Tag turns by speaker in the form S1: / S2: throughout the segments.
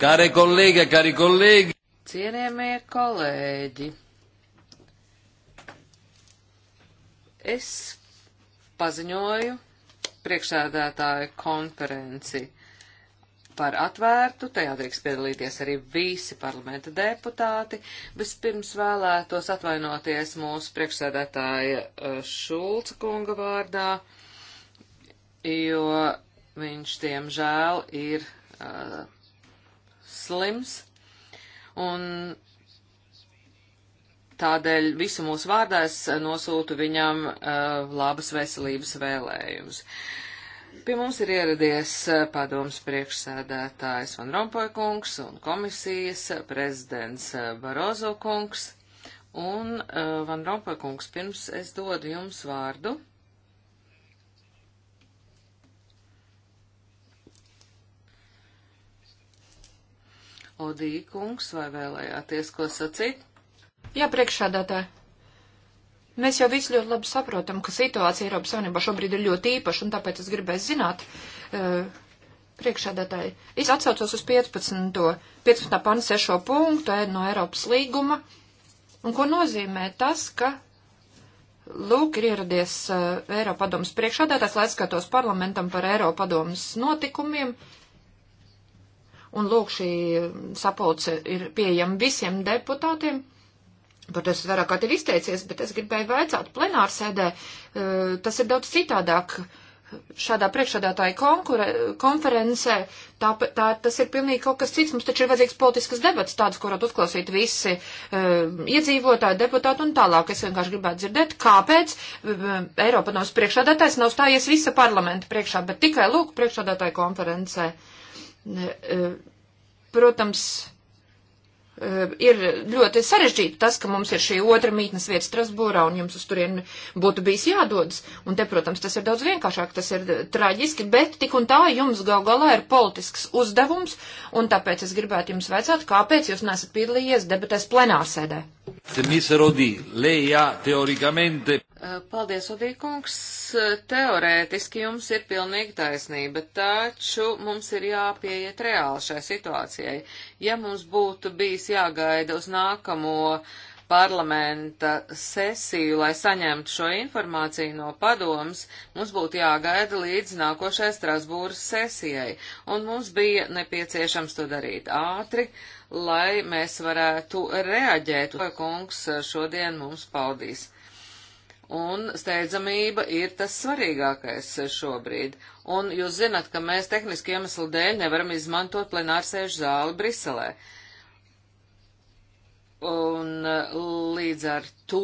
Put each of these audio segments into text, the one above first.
S1: Care kolēģi, cari kolēģi. Cienījamie kolēģi, es paziņoju priekšsēdētāju konferenci par atvērtu, tajā drīkst piedalīties arī visi parlamenta deputāti. Vispirms vēlētos atvainoties mūsu priekšsēdētāja eh, Šulca kunga vārdā, jo viņš, diemžēl, ir uh, slims, un tādēļ visu mūsu vārdā es nosūtu viņam uh, labas veselības vēlējumus. Pie mums ir ieradies uh, padoms priekšsēdētājs Van Rompuy kungs un komisijas prezidents uh, Barozo kungs. Un uh, Van Rompuy kungs, pirms es dodu jums vārdu. Odī kungs, vai vēlējāties ko sacīt?
S2: Jā, priekšādātāji. Mēs jau visi ļoti labi saprotam, ka situācija Eiropas Savienībā šobrīd ir ļoti īpaša, un tāpēc es gribēju zināt, eh, priekšādātāji, es atsaucos uz 15. 15. pāns 6. punktu no Eiropas līguma, un ko nozīmē tas, ka, lūk, ir ieradies eh, Eiropadomas priekšādātājs, lai skatos parlamentam par Eiropadomas notikumiem, uh, Un lūk, šī sapulce ir pieejama visiem deputātiem. Par to es vairāk kā ir izteicies, bet es gribēju vaicāt plenārsēdē. Eh, tas ir daudz citādāk šādā priekšādātāja konkure, konferencē, tā, tā, tas ir pilnīgi kaut kas cits. Mums taču ir vajadzīgs politiskas debats, tādas, kurot uzklausīt visi uh, iedzīvotāji, deputāti un tālāk. Es vienkārši gribētu dzirdēt, kāpēc uh, Eiropa nav priekšādātājs, nav stājies visa parlamenta priekšā, bet tikai lūk priekšādātāja konferencē. Uh, E, protams, e, ir ļoti sarežģīti tas, ka mums ir šī otra mītnes vieta Strasbūrā un jums uz turieni būtu bijis jādodas. Un te, protams, tas ir daudz vienkāršāk, tas ir traģiski, bet tik un tā jums gal galā ir politisks uzdevums, un tāpēc es gribētu jums veicāt, kāpēc jūs
S1: nesat piedalījies debatēs plenārsēdē. Denise Rodī, lejā teorikamente. Eh, paldies, Odīkungs. Eh, teorētiski jums ir pilnīgi taisnība, taču mums ir jāpieiet reāli šai situācijai. Ja mums būtu bijis jāgaida uz nākamo parlamenta sesiju, lai saņemtu šo informāciju no padomas, mums būtu jāgaida līdz nākošai Strasbūras sesijai, un mums bija nepieciešams to darīt ātri, lai mēs varētu reaģēt, ko kungs eh, šodien mums paudīs. Un steidzamība ir tas svarīgākais šobrīd. Un jūs zināt, ka mēs tehniski iemeslu dēļ nevaram izmantot plenārsēžu zāli Briselē. Un uh, līdz ar to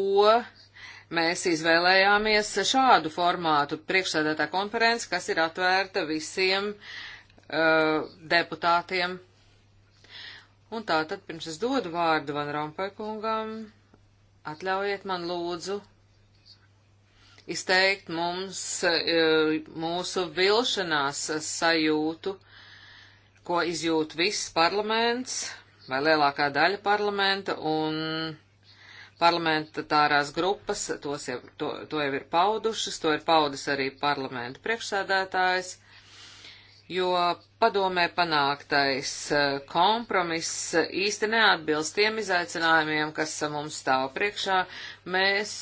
S1: mēs izvēlējāmies šādu formātu priekšsēdētā konferences, kas ir atvērta visiem uh, deputātiem. Un tā tad pirms es dodu vārdu Van Rompekungam, atļaujiet man lūdzu izteikt mums e, mūsu vilšanās sajūtu, ko izjūt viss parlaments vai lielākā daļa parlamenta un parlamentārās grupas, tos jau, to, to jau ir paudušas, to ir paudis arī parlamenta priekšsēdētājs, jo padomē panāktais e, kompromiss īsti neatbilst tiem izaicinājumiem, kas mums stāv priekšā. Mēs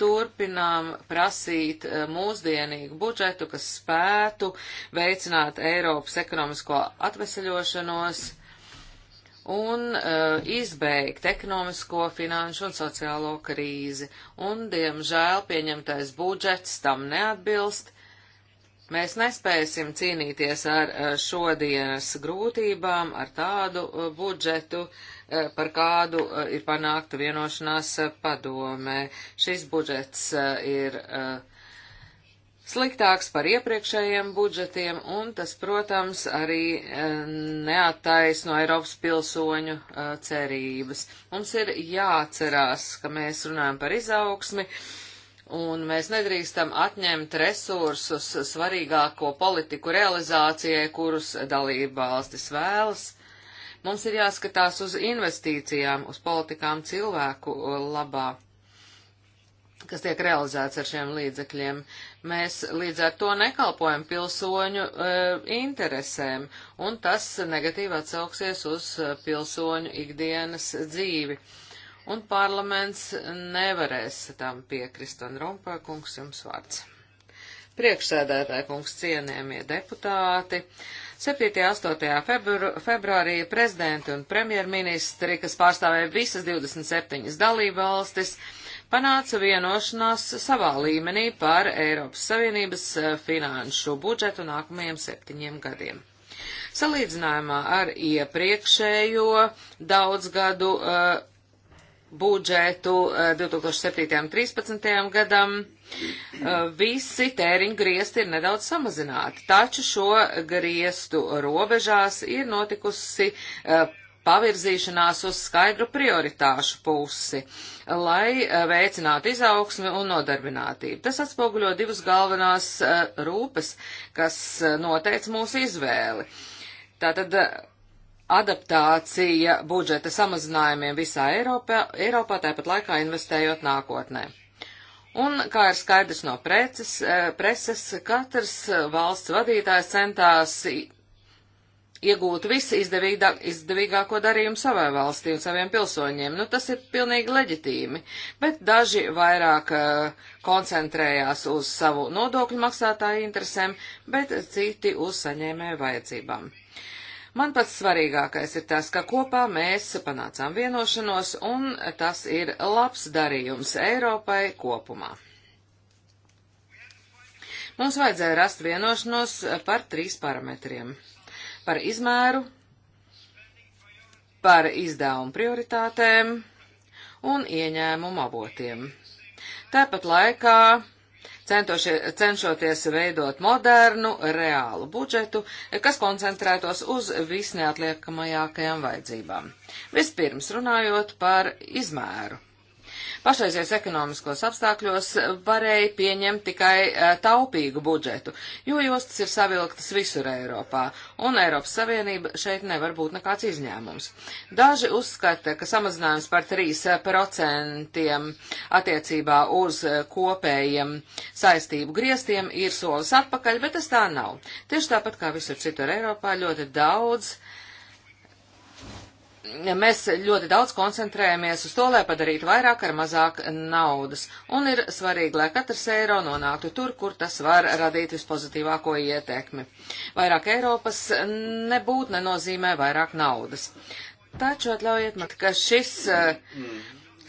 S1: turpinām prasīt eh, mūsdienīgu budžetu, kas spētu veicināt Eiropas ekonomisko atveseļošanos un uh, izbeigt ekonomisko, finanšu un sociālo krīzi. Un, diemžēl, pieņemtais budžets tam neatbilst, Mēs nespēsim cīnīties ar eh, šodienas grūtībām, ar tādu eh, budžetu, eh, par kādu ir panākta vienošanās padomē. Šis budžets ir sliktāks par iepriekšējiem budžetiem, un tas, protams, arī neattaisno Eiropas pilsoņu cerības. Mums ir jāatcerās, ka mēs runājam par izaugsmi un mēs nedrīkstam atņemt resursus svarīgāko politiku realizācijai, kurus dalība valstis vēlas. Mums ir jāskatās uz investīcijām, uz politikām cilvēku labā, kas tiek realizēts ar šiem līdzekļiem. Mēs līdz ar to nekalpojam pilsoņu e, interesēm, un tas negatīvi atsauksies uz e, pilsoņu ikdienas dzīvi. E, un parlaments nevarēs tam piekrist. Un Rompā kungs jums vārds. Priekšsēdētāji kungs cienējamie deputāti. 7. un 8. februārī prezidenti un premjerministri, kas pārstāvēja visas 27 dalībvalstis, panāca vienošanās savā līmenī par Eiropas Savienības eh, finanšu budžetu nākamajiem septiņiem gadiem. Salīdzinājumā ar iepriekšējo daudzgadu uh, budžetu 2007.13. Eh, gadam eh, visi tēriņu griezti ir nedaudz samazināti, taču šo griestu robežās ir notikusi eh, pavirzīšanās uz skaidru prioritāšu pusi, lai veicinātu izaugsmi un nodarbinātību. Tas atspoguļo divas galvenās rūpes, kas noteica mūsu izvēli. Tātad adaptācija budžeta samazinājumiem visā Eiropā, Eiropā tāpat laikā investējot nākotnē. Un, kā ir skaidrs no preces, eh, preses, katrs valsts vadītājs centās iegūt visu izdevīgā, izdevīgāko darījumu savai valstī un saviem pilsoņiem. Nu, tas ir pilnīgi leģitīmi, bet daži vairāk uh, koncentrējās uz savu nodokļu maksātāju interesēm, bet citi uz saņēmēju vajadzībām. Uh, Man pats svarīgākais ir tas, ka kopā mēs panācām vienošanos, un tas ir labs darījums Eiropai kopumā. Mums vajadzēja rast vienošanos par trīs parametriem - par izmēru, par izdevumu prioritātēm un ieņēmumu avotiem. Tāpat laikā centošie, cenšoties veidot modernu, reālu budžetu, kas koncentrētos uz visneatliekamajākajām vajadzībām. Vispirms runājot par izmēru pašreizies ekonomiskos apstākļos varēja pieņemt tikai eh, taupīgu budžetu, jo jostas ir savilktas visur Eiropā, un Eiropas Savienība šeit nevar būt nekāds izņēmums. Daži uzskata, ka samazinājums par 3% attiecībā uz eh, kopējiem saistību griestiem ir solis atpakaļ, bet tas tā nav. Tieši tāpat kā visur citur Eiropā ļoti daudz uh, mēs ļoti daudz koncentrējamies uz to, lai padarītu vairāk ar mazāk naudas. Un ir svarīgi, lai katrs eiro nonāktu tur, kur tas var radīt vispozitīvāko ietekmi. Vairāk Eiropas nebūt nenozīmē vairāk naudas. Taču atļaujiet man, ka šis eh,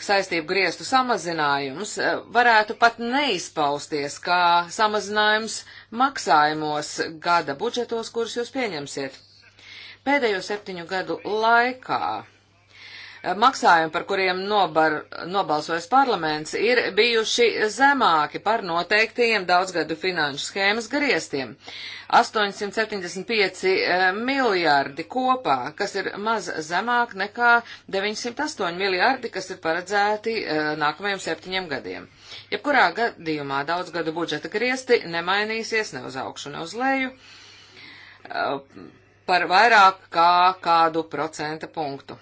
S1: saistību griestu samazinājums eh, varētu pat neizpausties kā samazinājums maksājumos gada budžetos, kurus jūs pieņemsiet. Pēdējo septiņu gadu laikā maksājumi, par kuriem nobar, nobalsojas parlaments, ir bijuši zemāki par noteiktajiem daudzgadu finanšu schēmas griestiem. 875 eh, miljardi kopā, kas ir maz zemāk nekā 908 miljardi, kas ir paredzēti eh, nākamajiem septiņiem gadiem. Jebkurā gadījumā daudzgadu budžeta griesti nemainīsies ne uz augšu, ne uz leju eh, par vairāk kā kādu procenta punktu.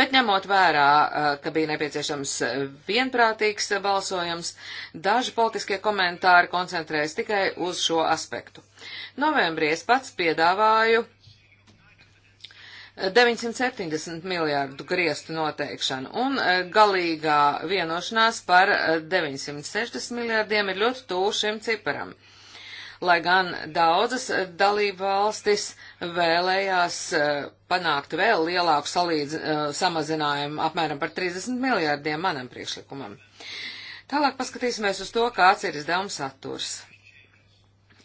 S1: Bet ņemot vērā, eh, ka bija nepieciešams eh, vienprātīgs balsojums, daži politiskie komentāri koncentrējas tikai uz šo aspektu. Novembrī es pats piedāvāju 970 eh, miljārdu griestu noteikšanu, un galīgā vienošanās par 960 miljārdiem ir ļoti tūšiem ciparam lai gan daudzas dalība valstis vēlējās eh, panākt vēl lielāku salīdz, eh, samazinājumu apmēram par 30 miljārdiem manam priekšlikumam. Tālāk paskatīsimies uz to, kāds ir izdevums saturs.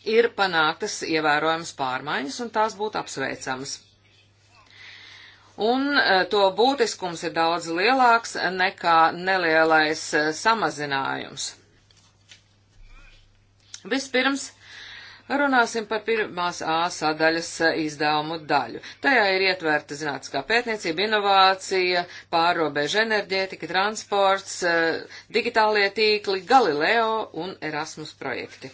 S1: Ir panāktas ievērojamas pārmaiņas, un tās būtu apsveicamas. Un eh, to būtiskums ir daudz lielāks nekā nelielais samazinājums. Vispirms Runāsim par pirmās A sadaļas e, izdevumu daļu. Tajā ir ietverta zinātniskā pētniecība, inovācija, pārobeža enerģētika, transports, e, digitālie tīkli, Galileo un Erasmus projekti.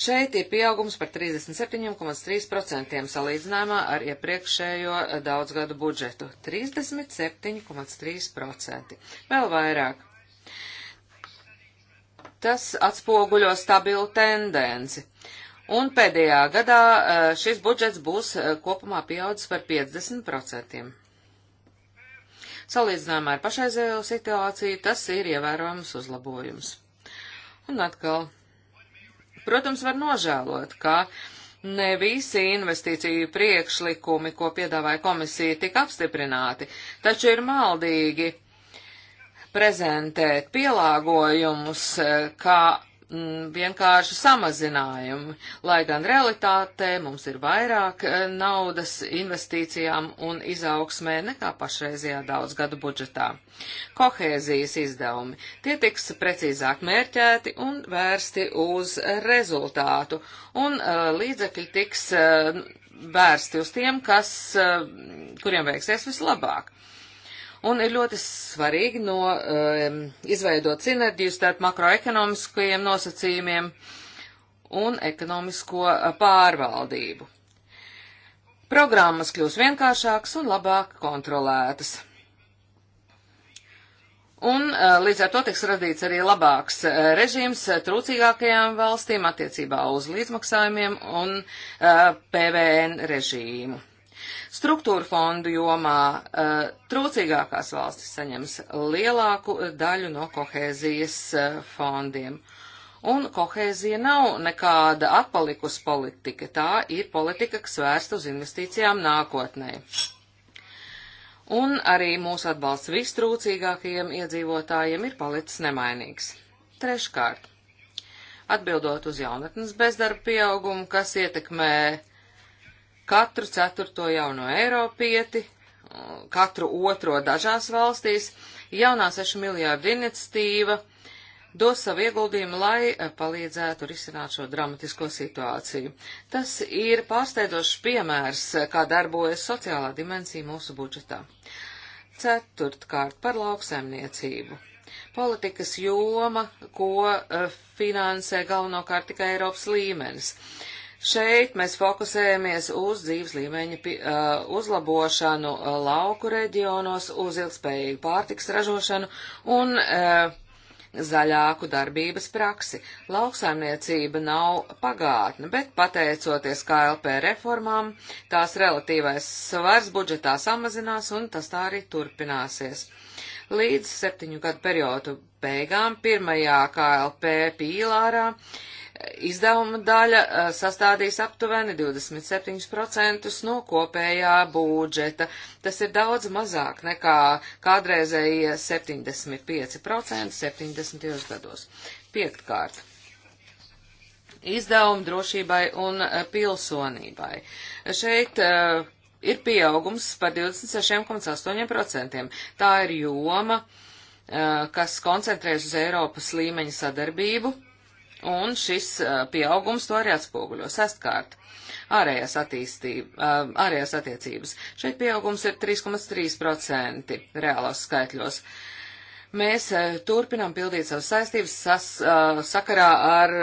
S1: Šeit ir pieaugums par 37,3% salīdzinājumā ar iepriekšējo e, daudzgadu budžetu - 37,3%. Vēl vairāk. Tas atspoguļo stabilu tendenci. Un pēdējā gadā e, šis budžets būs e, kopumā pieaudzis par 50%. Salīdzinājumā ar pašreizējo situāciju tas ir ievērojams uzlabojums. Un atkal, protams, var nožēlot, ka ne visi investīciju priekšlikumi, ko piedāvāja komisija, tika apstiprināti, taču ir maldīgi prezentēt pielāgojumus e, kā vienkārši samazinājumi, lai gan realitātē mums ir vairāk e, naudas investīcijām un izaugsmē nekā pašreizajā daudzgadu budžetā. Kohēzijas izdevumi. Tie tiks precīzāk mērķēti un vērsti uz rezultātu, un e, līdzekļi tiks vērsti uz tiem, kas, kuriem veiksies vislabāk. Un ir ļoti svarīgi no, um, izveidot sinerģiju starp makroekonomiskajiem nosacījumiem un ekonomisko uh, pārvaldību. Programmas kļūs vienkāršākas un labāk kontrolētas. Un uh, līdz ar to tiks radīts arī labāks uh, režīms trūcīgākajām valstīm attiecībā uz līdzmaksājumiem un PVN režīmu. Struktūra fondu jomā eh, trūcīgākās valstis saņems lielāku daļu no kohēzijas eh, fondiem. Un kohēzija nav nekāda atpalikus politika, tā ir politika, kas vērsta uz investīcijām nākotnē. Un arī mūsu atbalsts vistrūcīgākajiem iedzīvotājiem ir palicis nemainīgs. Treškārt, atbildot uz jaunatnes bezdarba pieaugumu, kas ietekmē katru ceturto jauno Eiropieti, katru otro dažās valstīs, jaunā 6 miljārdu iniciatīva dos savu ieguldījumu, lai eh, palīdzētu risināt šo dramatisko situāciju. Tas ir pārsteidošs piemērs, eh, kā darbojas sociālā dimensija mūsu budžetā. Ceturtkārt par lauksaimniecību. Politikas joma, ko eh, finansē galvenokārt tikai Eiropas līmenis. Uh, Šeit mēs fokusējamies uz dzīves līmeņa uh, uzlabošanu uh, lauku reģionos, uz ilgspējīgu pārtiks ražošanu un uh, zaļāku darbības praksi. Lauksaimniecība nav pagātne, bet pateicoties KLP reformām, tās relatīvais svars budžetā samazinās un tas tā arī turpināsies. Līdz septiņu gadu periodu beigām pirmajā KLP pīlārā uh, Izdevuma daļa eh, sastādīs aptuveni 27% no kopējā budžeta. Tas ir daudz mazāk nekā kādreizējie 75% 70. gados. Piektkārt. Izdevumi drošībai un eh, pilsonībai. Šeit uh, ir pieaugums par 26,8%. Tā ir joma, uh, kas koncentrēs uz Eiropas līmeņa sadarbību un šis pieaugums to arī atspoguļo. Sestkārt, ārējās, ārējās attiecības. Šeit pieaugums ir 3,3% reālos skaitļos. Mēs turpinām pildīt savas saistības sas, sakarā ar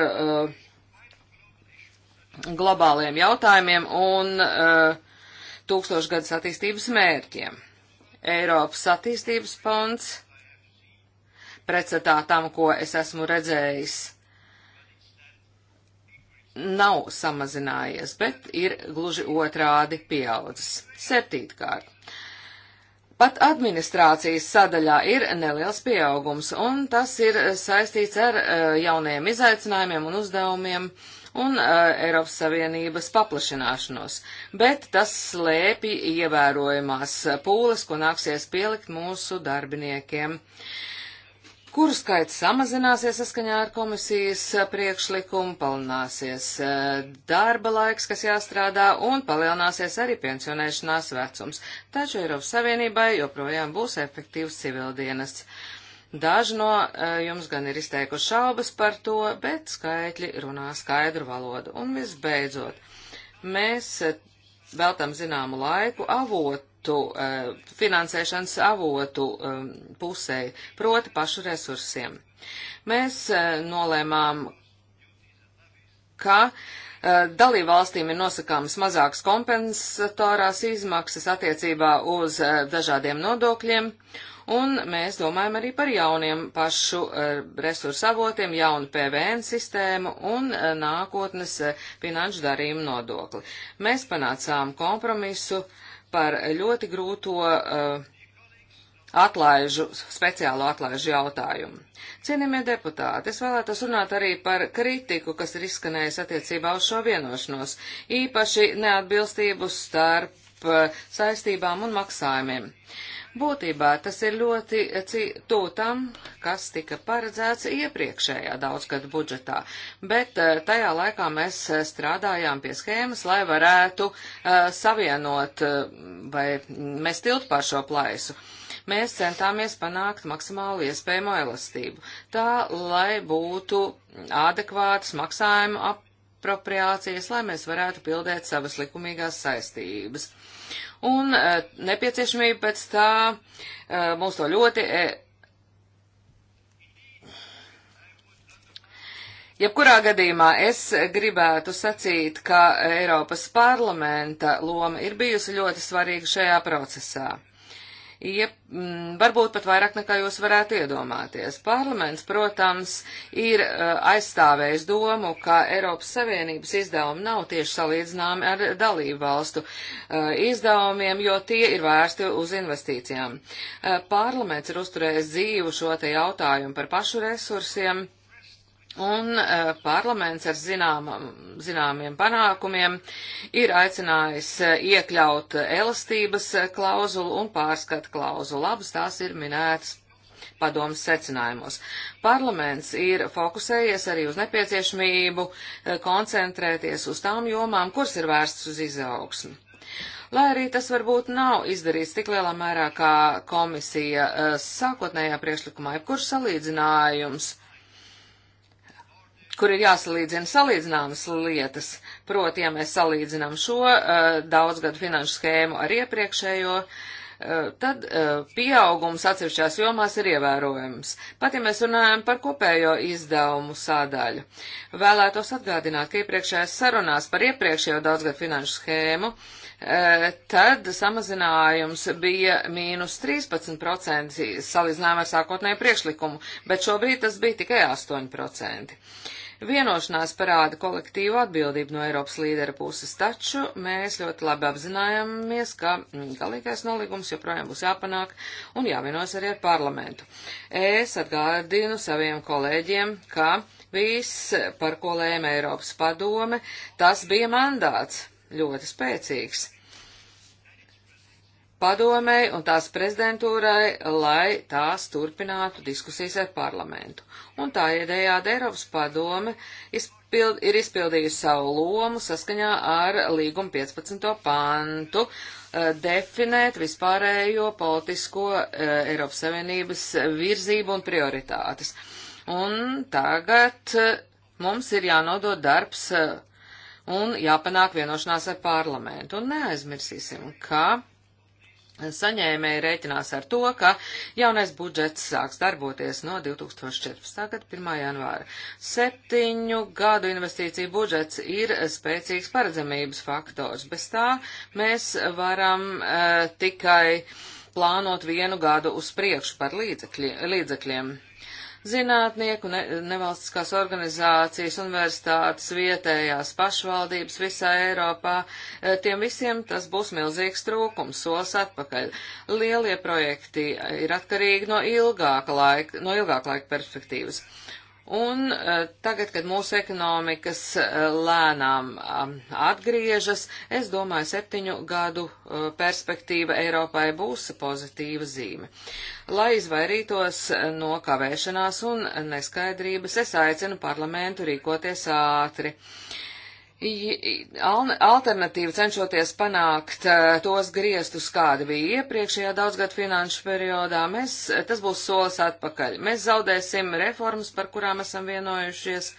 S1: globāliem jautājumiem un tūkstošgadus attīstības mērķiem. Eiropas attīstības fonds, pretstatā tam, ko es esmu redzējis nav samazinājies, bet ir gluži otrādi pieaudzis. Septītkārt. Pat administrācijas sadaļā ir neliels pieaugums, un tas ir saistīts ar uh, jaunajiem izaicinājumiem un uzdevumiem un uh, Eiropas Savienības paplašināšanos, bet tas slēpi ievērojamās pūles, ko nāksies pielikt mūsu darbiniekiem. Uh, kuru skaits samazināsies saskaņā ar komisijas priekšlikumu, palielināsies eh, darba laiks, kas jāstrādā, un palielināsies arī pensionēšanās vecums. Taču Eiropas Savienībai joprojām būs efektīvs civildienests. Daži no eh, jums gan ir izteikuši šaubas par to, bet skaitļi runā skaidru valodu. Un visbeidzot, mēs eh, veltam zināmu laiku avot citu uh, eh, finansēšanas avotu um, pusē, proti pašu resursiem. Mēs uh, nolēmām, ka dalībvalstīm ir nosakāmas mazākas kompensatorās izmaksas attiecībā uz dažādiem nodokļiem, un mēs domājam arī par jauniem pašu resursu avotiem, jaunu PVN sistēmu un nākotnes finanšu darījumu nodokli. Mēs panācām kompromisu uh, par ļoti grūto uh, atlaižu, speciālo atlaižu jautājumu. Cienījamie deputāti, es vēlētos runāt arī par kritiku, kas ir izskanējusi attiecībā uz šo vienošanos, īpaši neatbilstību starp uh, saistībām un maksājumiem. Uh, Būtībā tas ir ļoti eh, tuvu tam, kas tika paredzēts iepriekšējā daudzgadu budžetā, bet eh, tajā laikā mēs eh, strādājām pie schēmas, lai varētu uh, savienot uh, vai mēs tiltu pār šo plaisu. Mēs centāmies panākt maksimālu iespējamo elastību, tā lai būtu adekvātas maksājuma apropriācijas, lai mēs varētu pildēt savas likumīgās saistības. Uh, un e, nepieciešamība pēc tā e, mums to ļoti. E, Jebkurā gadījumā es gribētu sacīt, ka Eiropas parlamenta loma ir bijusi ļoti svarīga šajā procesā ja, m, mm, varbūt pat vairāk nekā jūs varētu iedomāties. Parlaments, protams, ir uh, aizstāvējis domu, ka Eiropas Savienības izdevumi nav tieši salīdzināmi ar dalību valstu uh, izdevumiem, jo tie ir vērsti uz investīcijām. Uh, parlaments ir uzturējis dzīvu šo te jautājumu par pašu resursiem Un uh, parlaments ar zinām, zināmiem panākumiem ir aicinājis eh, iekļaut elastības eh, klauzulu un pārskatu klauzulu. Abas tās ir minētas padomas secinājumos. Parlaments ir fokusējies arī uz nepieciešamību koncentrēties uz tām jomām, kuras ir vērstas uz izaugsmu. Lai arī tas varbūt nav izdarīts tik lielā mērā, kā komisija sākotnējā priekšlikumā, jebkurš salīdzinājums uh, kur ir jāsalīdzina salīdzināmas lietas. Proti, ja mēs salīdzinām šo uh, daudzgadu finanšu schēmu ar iepriekšējo, uh, tad uh, pieaugums atsevišķās jomās ir ievērojams. Pat ja mēs runājam par kopējo izdevumu sādaļu, vēlētos atgādināt, ka iepriekšējās sarunās par iepriekšējo daudzgadu finanšu schēmu, tad samazinājums bija mīnus 13% salīdzinājumā ar sākotnēju priekšlikumu, bet šobrīd tas bija tikai 8%. Vienošanās parāda kolektīvu atbildību no Eiropas līdera puses, taču mēs ļoti labi apzināmies, ka mm, galīgais nolīgums joprojām būs jāpanāk un jāvienos arī ar parlamentu. Es atgādinu saviem kolēģiem, ka viss, par ko lēma Eiropas padome, tas bija mandāts ļoti spēcīgs padomēji un tās prezidentūrai, lai tās turpinātu diskusijas ar parlamentu. Un tā iedējādi Eiropas padome izpild, ir izpildījusi savu lomu saskaņā ar līgumu 15. pantu uh, definēt vispārējo politisko uh, Eiropas Savienības virzību un prioritātes. Un tagad uh, mums ir jānodod darbs un jāpanāk vienošanās ar parlamentu. Un neaizmirsīsim, ka Saņēmēji rēķinās ar to, ka jaunais budžets sāks darboties no 2014. gada 1. janvāra. Septiņu gadu investīciju budžets ir spēcīgs paredzamības faktors. Bez tā mēs varam uh, tikai plānot vienu gadu uz priekšu par līdzekļi, līdzekļiem. Zinātnieku, ne, nevalstiskās organizācijas, universitātes, vietējās pašvaldības visā Eiropā, e, tiem visiem tas būs milzīgs trūkums, solis atpakaļ. Lielie projekti ir atkarīgi no ilgāka laika, no ilgāka laika perspektīvas. Uh, Un eh, tagad, kad mūsu ekonomikas eh, lēnām atgriežas, es domāju, septiņu gadu eh, perspektīva Eiropai būs pozitīva zīme. Lai izvairītos no kavēšanās un neskaidrības, es aicinu parlamentu rīkoties ātri. Uh, alternatīva cenšoties panākt eh, tos griestus, kādi bija iepriekšējā daudzgad finanšu periodā, mēs, eh, tas būs solis atpakaļ. Mēs zaudēsim reformas, par kurām esam vienojušies,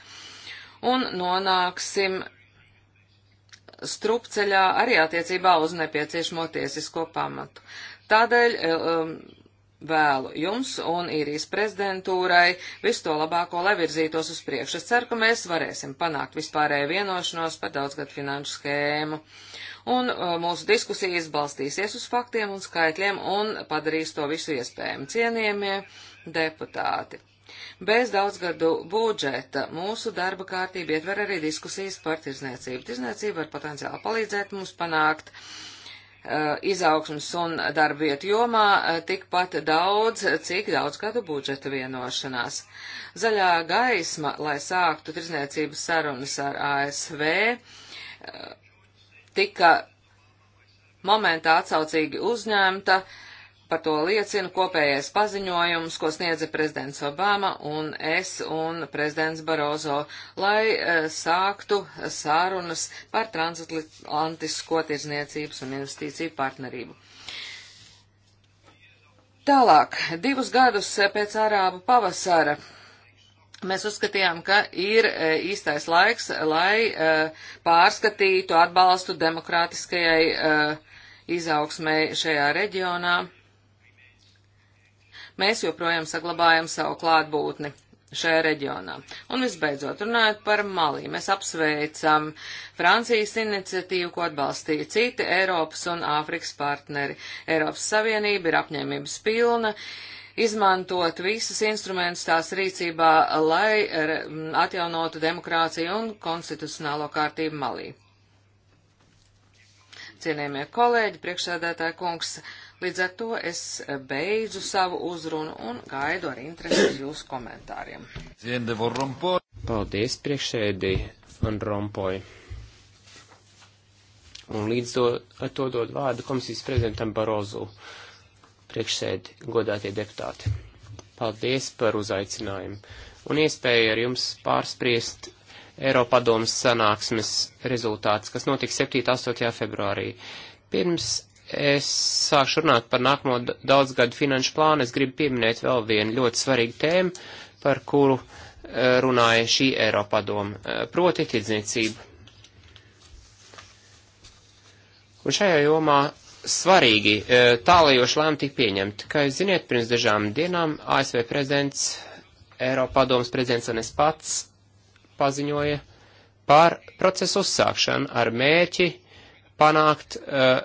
S1: un nonāksim strupceļā arī attiecībā uz nepieciešamo tiesisko pamatu. Tādēļ eh, um, vēlu jums un īrijas prezidentūrai visu to labāko, lai virzītos uz priekšu. Es ceru, ka mēs varēsim panākt vispārēju vienošanos par daudzgad finanšu schēmu. Un uh, mūsu diskusijas balstīsies uz faktiem un skaitļiem un padarīs to visu iespējumu cienījamie deputāti. Bez daudzgadu budžeta mūsu darba kārtība ietver arī diskusijas par tirzniecību. Tirzniecība var potenciāli palīdzēt mums panākt uh, Eh, izaugsmas un darbvietu jomā eh, tikpat daudz, cik daudz gadu budžeta vienošanās. Zaļā gaisma, lai sāktu tirzniecības sarunas ar ASV, eh, tika momentā atsaucīgi uzņemta uh, Par to liecina kopējais paziņojums, ko sniedza prezidents Obama un es un prezidents Barozo, lai uh, sāktu sārunas par transatlantisko tirzniecības un investīciju partnerību. Tālāk, divus gadus pēc Arābu pavasara Mēs uzskatījām, ka ir e, īstais laiks, lai uh, pārskatītu atbalstu demokrātiskajai uh, izaugsmai šajā reģionā mēs joprojām saglabājam savu klātbūtni šajā reģionā. Un visbeidzot, runājot par Malī, mēs apsveicam Francijas iniciatīvu, ko atbalstīja citi Eiropas un Āfrikas partneri. Eiropas Savienība ir apņēmības pilna izmantot visus instrumentus tās rīcībā, lai atjaunotu demokrātiju un konstitucionālo kārtību Malī. Cienījamie kolēģi, priekšsēdētāji kungs, Līdz ar to es beidzu savu uzrunu un gaidu ar interesi jūsu komentāriem.
S3: Paldies priekšēdī un rompoju. Un līdz to, to dod vārdu komisijas prezidentam Barozu priekšsēdi, godātie deputāti. Paldies par uzaicinājumu un iespēju ar jums pārspriest Eiropadomas sanāksmes rezultāts, kas notiks 7. un 8. februārī. Pirms es sākšu runāt par nākamo daudzgadu finanšu plānu, es gribu pieminēt vēl vienu ļoti svarīgu tēmu, par kuru eh, runāja šī Eiropa doma, eh, proti tirdzniecība. Un šajā jomā svarīgi eh, tālajoši lēmumi tika pieņemti. Kā jūs ziniet, pirms dažām dienām ASV prezidents, Eiropa domas prezidents un es pats paziņoja par procesu uzsākšanu ar mērķi panākt uh,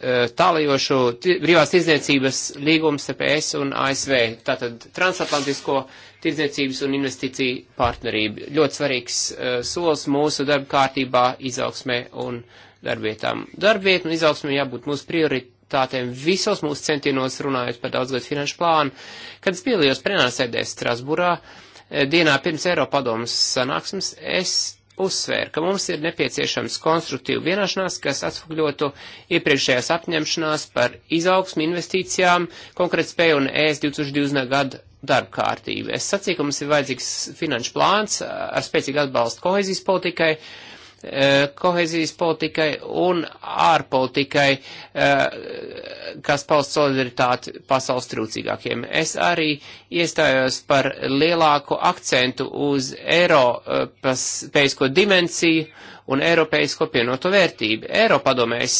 S3: E, tālajošu brīvās tirdzniecības līgumu starp ES un ASV, tātad transatlantisko tirdzniecības un investīciju partnerību. Ļoti svarīgs uh, solis mūsu darba kārtībā, izaugsmē un darbietām. Darbiet un izaugsmē jābūt mūsu prioritātēm visos mūsu centienos runājot par daudzgad finanšu plānu. Kad es piedalījos plenārsēdē Strasburā, e, dienā pirms Eiropadomas sanāksmes, es uzsvēra, ka mums ir nepieciešams konstruktīva vienošanās, kas atspūgļotu iepriekšējās apņemšanās par izaugsmu, investīcijām, konkrētspēju un ES 2020. gada darba kārtību. Es sacīju, ka mums ir vajadzīgs finanšu plāns ar spēcīgu atbalstu kohezijas politikai, uh, Eh, kohezijas politikai un ārpolitikai, eh, kas paust solidaritāti pasaules trūcīgākiem. Es arī iestājos par lielāku akcentu uz Eiropasko eh, dimensiju un Eiropeisko pienoto vērtību. Eiropadomē es,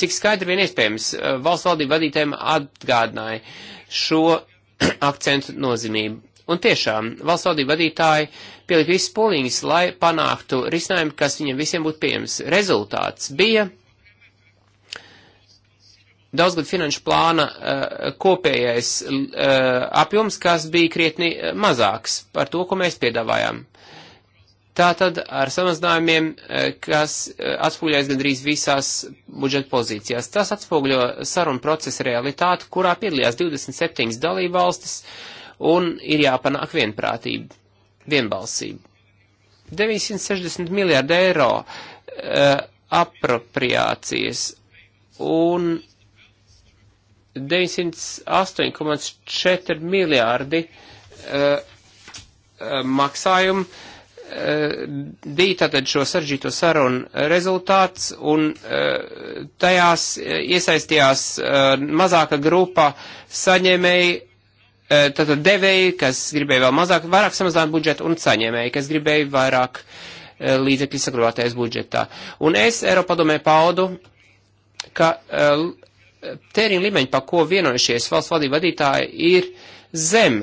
S3: cik skaidri vien iespējams, valsts valdību vadītājiem atgādināja šo akcentu nozīmību Un tiešām valsts valdība vadītāji pielika visas polīņas, lai panāktu risinājumu, kas viņiem visiem būtu pieejams. Rezultāts bija daudzgad finanšu plāna uh, kopējais uh, apjoms, kas bija krietni eh, mazāks par to, ko mēs piedāvājām. Tātad ar samazinājumiem, kas atspūļojas gandrīz visās budžeta pozīcijās. Tas atspūļo sarunu procesa realitāti, kurā piedalījās 27 dalībvalstis, uh, un ir jāpanāk vienprātība, vienbalsība. 960 miljārdi eiro uh, apropriācijas un 908,4 miljārdi uh, uh, maksājumu bija tātad šo saržģīto sarunu rezultāts, un tajās iesaistījās mazāka grupa saņēmēji Eh, tātad devēji, kas gribēja vēl mazāk, vairāk samazināt budžetu, un saņēmēji, kas gribēja vairāk eh, līdzekļu saglabāties budžetā. Un es Eiropadomē paudu, ka eh, tēriņa līmeņi, pa ko vienojušies valsts valdību vadītāji, ir zem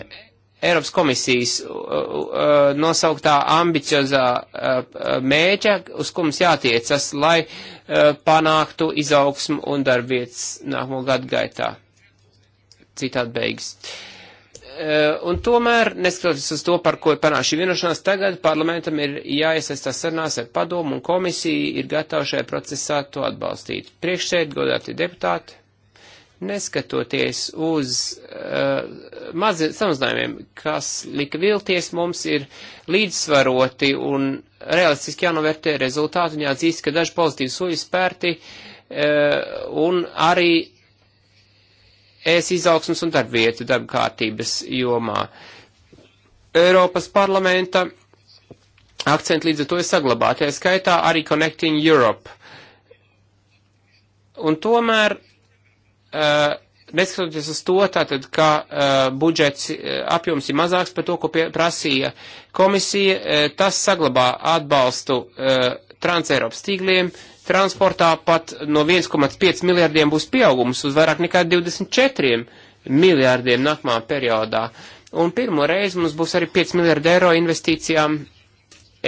S3: Eiropas komisijas uh, uh, nosauktā ambiciozā uh, mēģa, uz ko mums jātiecas, lai panāktu izaugsmu un darbvietas nākamo gadu gaitā. Citādi beigas. Uh, Eh, un tomēr, neskatoties uz to, par ko panāš šī vienošanās, tagad parlamentam ir jāiesaistās sarunās ar padomu un komisiju ir gatava šajā procesā to atbalstīt. Priekšsēd, godāti deputāti, neskatoties uz uh, eh, maziem samazinājumiem, kas lika vilties, mums ir līdzsvaroti un realistiski jānovērtē rezultāti un jāatzīst, ka daži pozitīvi soļi spērti uh, un arī es izaugsmas un darbvietu darba kārtības jomā. Eiropas parlamenta akcents līdz ar to ir saglabātajā skaitā arī Connecting Europe. Un tomēr, uh, neskatoties uz to, tātad, ka uh, budžets uh, apjoms ir mazāks par to, ko pie, prasīja komisija, uh, tas saglabā atbalstu uh, Transeiropas tīkliem, uh, transportā pat no 1,5 miljardiem būs pieaugums uz vairāk nekā 24 miljārdiem nākamā periodā. Un pirmo reizi mums būs arī 5 miljārdi eiro investīcijām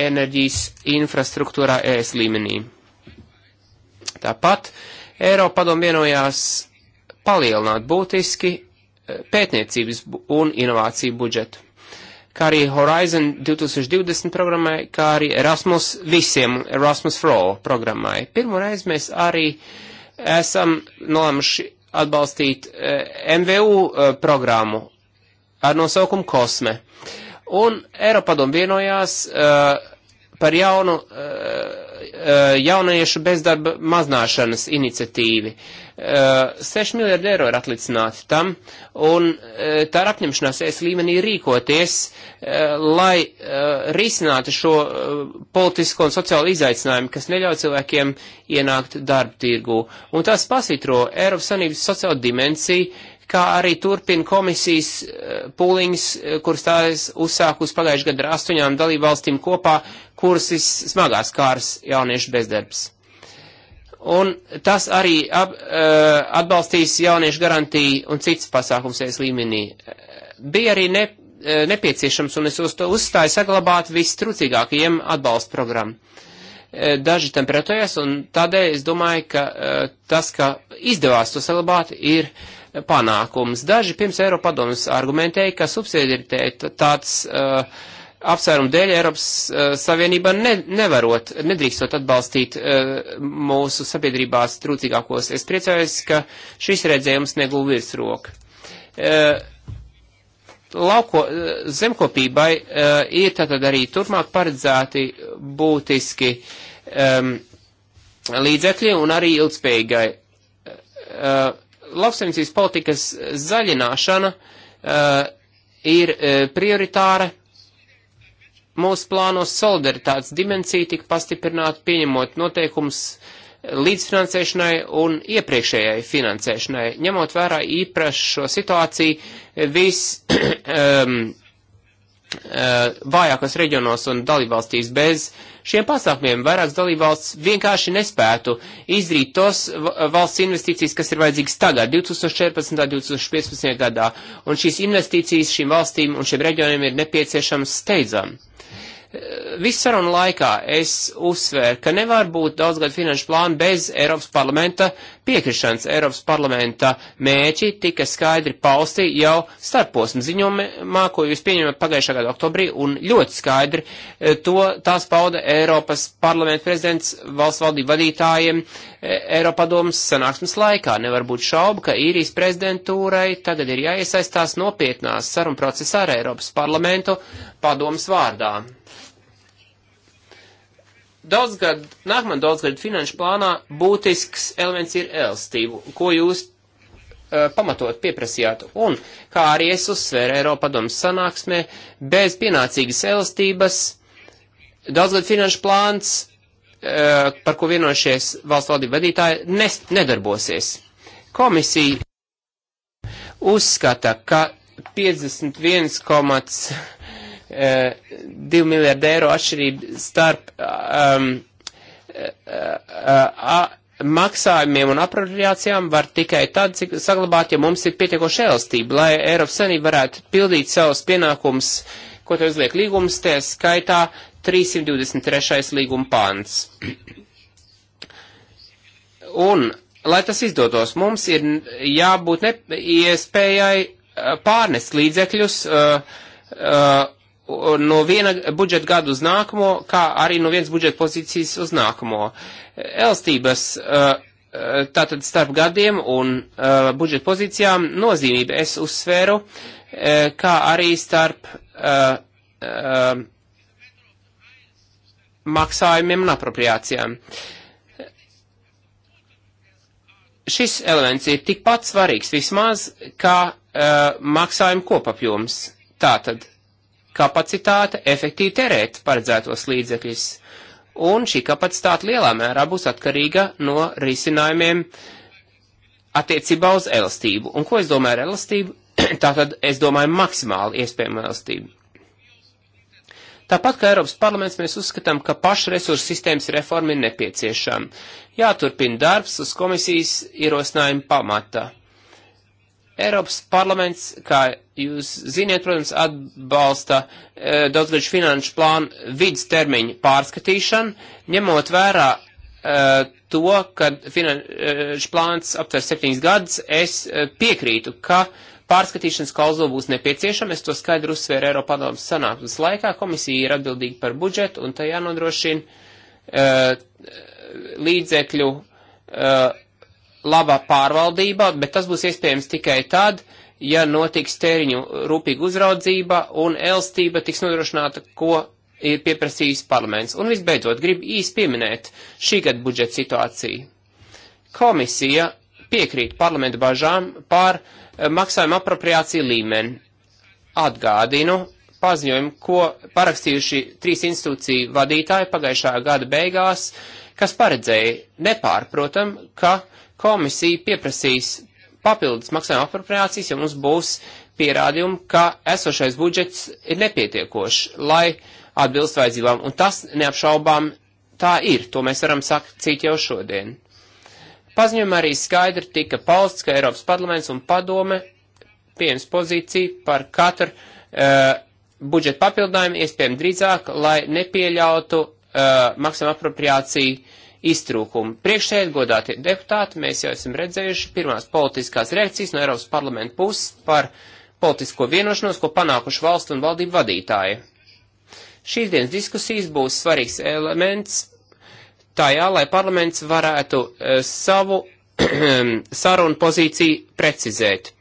S3: enerģijas infrastruktūrā ES līmenī. Tāpat Eiropa padomu vienojās palielināt būtiski eh, pētniecības un inovāciju budžetu kā arī Horizon 2020 programmai, kā arī Erasmus visiem, Erasmus for All programmai. Pirmoreiz mēs arī esam nolēmuši atbalstīt eh, MVU eh, programmu ar nosaukumu Kosme. Un Eiropadom vienojās eh, par jaunu, eh, eh, jauniešu bezdarba maznāšanas iniciatīvi. Uh, 6 eh, miljardi eiro ir atlicināti tam, un eh, tā ir apņemšanās es līmenī rīkoties, eh, lai risinātu šo politisko un sociālo izaicinājumu, kas neļauj cilvēkiem ienākt darba tirgu. Un tās pasvitro Eiropas Sanības sociālo dimensiju, kā arī turpina komisijas pūliņas, kuras tās uzsāk uz pagājušajā gadā astoņām dalībvalstīm kopā, kuras ir smagās kāras jauniešu bezdarbs. Un tas arī ap, eh, atbalstīs jauniešu garantiju un citas pasākums es līmenī. Bija arī ne, eh, nepieciešams, un es uz to uzstāju, saglabāt vistrucīgākajiem atbalsta programmu. Eh, daži tam pretojas, un tādēļ es domāju, ka tas, ka izdevās to saglabāt, ir panākums. Daži pirms Eiropadomas argumentēja, ka subsidiaritētāts uh, apsvērumu dēļ Eiropas uh, Savienība ne, nevarot, nedrīkstot atbalstīt uh, mūsu sabiedrībās trūcīgākos. Es priecājos, ka šis redzējums neguva virsroku. Uh, lauko, zemkopībai uh, ir tātad arī turpmāk paredzēti būtiski um, līdzekļi un arī ilgspējīgai. Uh, Lauksaimniecības politikas zaļināšana uh, ir uh, prioritāra Mūsu plānos solidaritātes dimensija tika pastiprināta pieņemot noteikums līdzfinansēšanai un iepriekšējai finansēšanai. Ņemot vērā īpašo situāciju, viss um, uh, vājākos reģionos un dalībvalstīs bez šiem pasākumiem vairākas dalībvalsts vienkārši nespētu izdarīt tos valsts investīcijas, kas ir vajadzīgas tagad, 2014. 2015. gadā, un šīs investīcijas šīm valstīm un šiem reģioniem ir nepieciešams steidzami. Visu sarunu laikā es uzsvēru, ka nevar būt daudzgadu finanšu plānu bez Eiropas parlamenta piekrišanas. Eiropas parlamenta mēķi tika skaidri pausti jau starposmu ziņojumā, ko jūs pieņemat pagājušā gada oktobrī, un ļoti skaidri e, to tās pauda Eiropas parlamenta prezidents valsts valdību vadītājiem e, Eiropadomas sanāksmes laikā. Nevar būt šaubu, ka īrijas prezidentūrai tagad ir jāiesaistās nopietnās sarunu procesā ar Eiropas parlamentu padomas vārdā. Daudzgad, nākamā daudzgada finanšu plānā būtisks elements ir elstību, ko jūs e, pamatot pieprasījāt. Un, kā arī es uzsvēru Eiropadomas sanāksmē, bez pienācīgas elastības daudzgad finanšu plāns, e, par ko vienošies valsts valdību vadītāji, nes, nedarbosies. Komisija uzskata, ka 51, 2 miljārdu eiro atšķirība starp um, uh, uh, maksājumiem un apropriācijām var tikai tad saglabāt, ja mums ir pietiekoša elastība, lai Eiropas Savienība varētu pildīt savus pienākumus, ko te uzliek līgums, tie skaitā 323. līguma pāns. Un, lai tas izdotos, mums ir jābūt ne, iespējai uh, pārnest līdzekļus uh, uh, no viena budžeta gada uz nākamo, kā arī no vienas budžeta pozīcijas uz nākamo. Elstības eh, eh, tātad starp gadiem un eh, budžeta pozīcijām nozīmība es uzsvēru, kā arī starp maksājumiem un apropriācijām. Šis elements ir tikpat svarīgs vismaz kā uh, maksājuma kopapjoms. Tātad kapacitāte efektīvi terēt paredzētos līdzekļus. Un šī kapacitāte lielā mērā būs atkarīga no risinājumiem attiecībā uz elastību. Un ko es domāju ar elastību? Tātad es domāju maksimāli iespējamu elastību. Tāpat kā Eiropas parlaments, mēs uzskatām, ka paša resursu sistēmas reforma ir nepieciešama. Jāturpina darbs uz komisijas ierosinājumu pamata. Eiropas parlaments, kā jūs ziniet, protams, atbalsta e, daudzgaļu finanšu plānu vidas termiņu pārskatīšanu, ņemot vērā e, to, ka finanšu plāns aptver septiņas gadus, es e, piekrītu, ka pārskatīšanas klauzula būs nepieciešama. Es to skaidru uzsvēru Eiropadomas sanāksmes laikā. Komisija ir atbildīga par budžetu un tajā nodrošina e, līdzekļu. E, labā pārvaldībā, bet tas būs iespējams tikai tad, ja notiks tēriņu rūpīga uzraudzība un elstība tiks nodrošināta, ko ir pieprasījis parlaments. Un visbeidzot, gribu īsti pieminēt šī gada budžeta situāciju. Komisija piekrīt parlamenta bažām par eh, maksājuma apropriāciju līmeni. Atgādinu paziņojumu, ko parakstījuši trīs institūciju vadītāji pagājušā gada beigās, kas paredzēja nepārprotam, ka komisija pieprasīs papildus maksājuma apropriācijas, ja mums būs pierādījumi, ka esošais budžets ir nepietiekošs, lai atbilst vajadzībām. Un tas neapšaubām tā ir, to mēs varam sacīt jau šodien. Paziņojumā arī skaidri tika pausts, ka Eiropas parlaments un padome pieņems pozīciju par katru uh, budžeta papildinājumu, iespējami drīzāk, lai nepieļautu uh, maksājuma apropriāciju uh, iztrūkumu. Priekšsēd godātie deputāti, mēs jau esam redzējuši pirmās politiskās reakcijas no Eiropas parlamenta puses par politisko vienošanos, ko panākuši valstu un valdību vadītāji. Šīs dienas diskusijas būs svarīgs elements tajā, lai parlaments varētu e, savu sarunu pozīciju precizēt.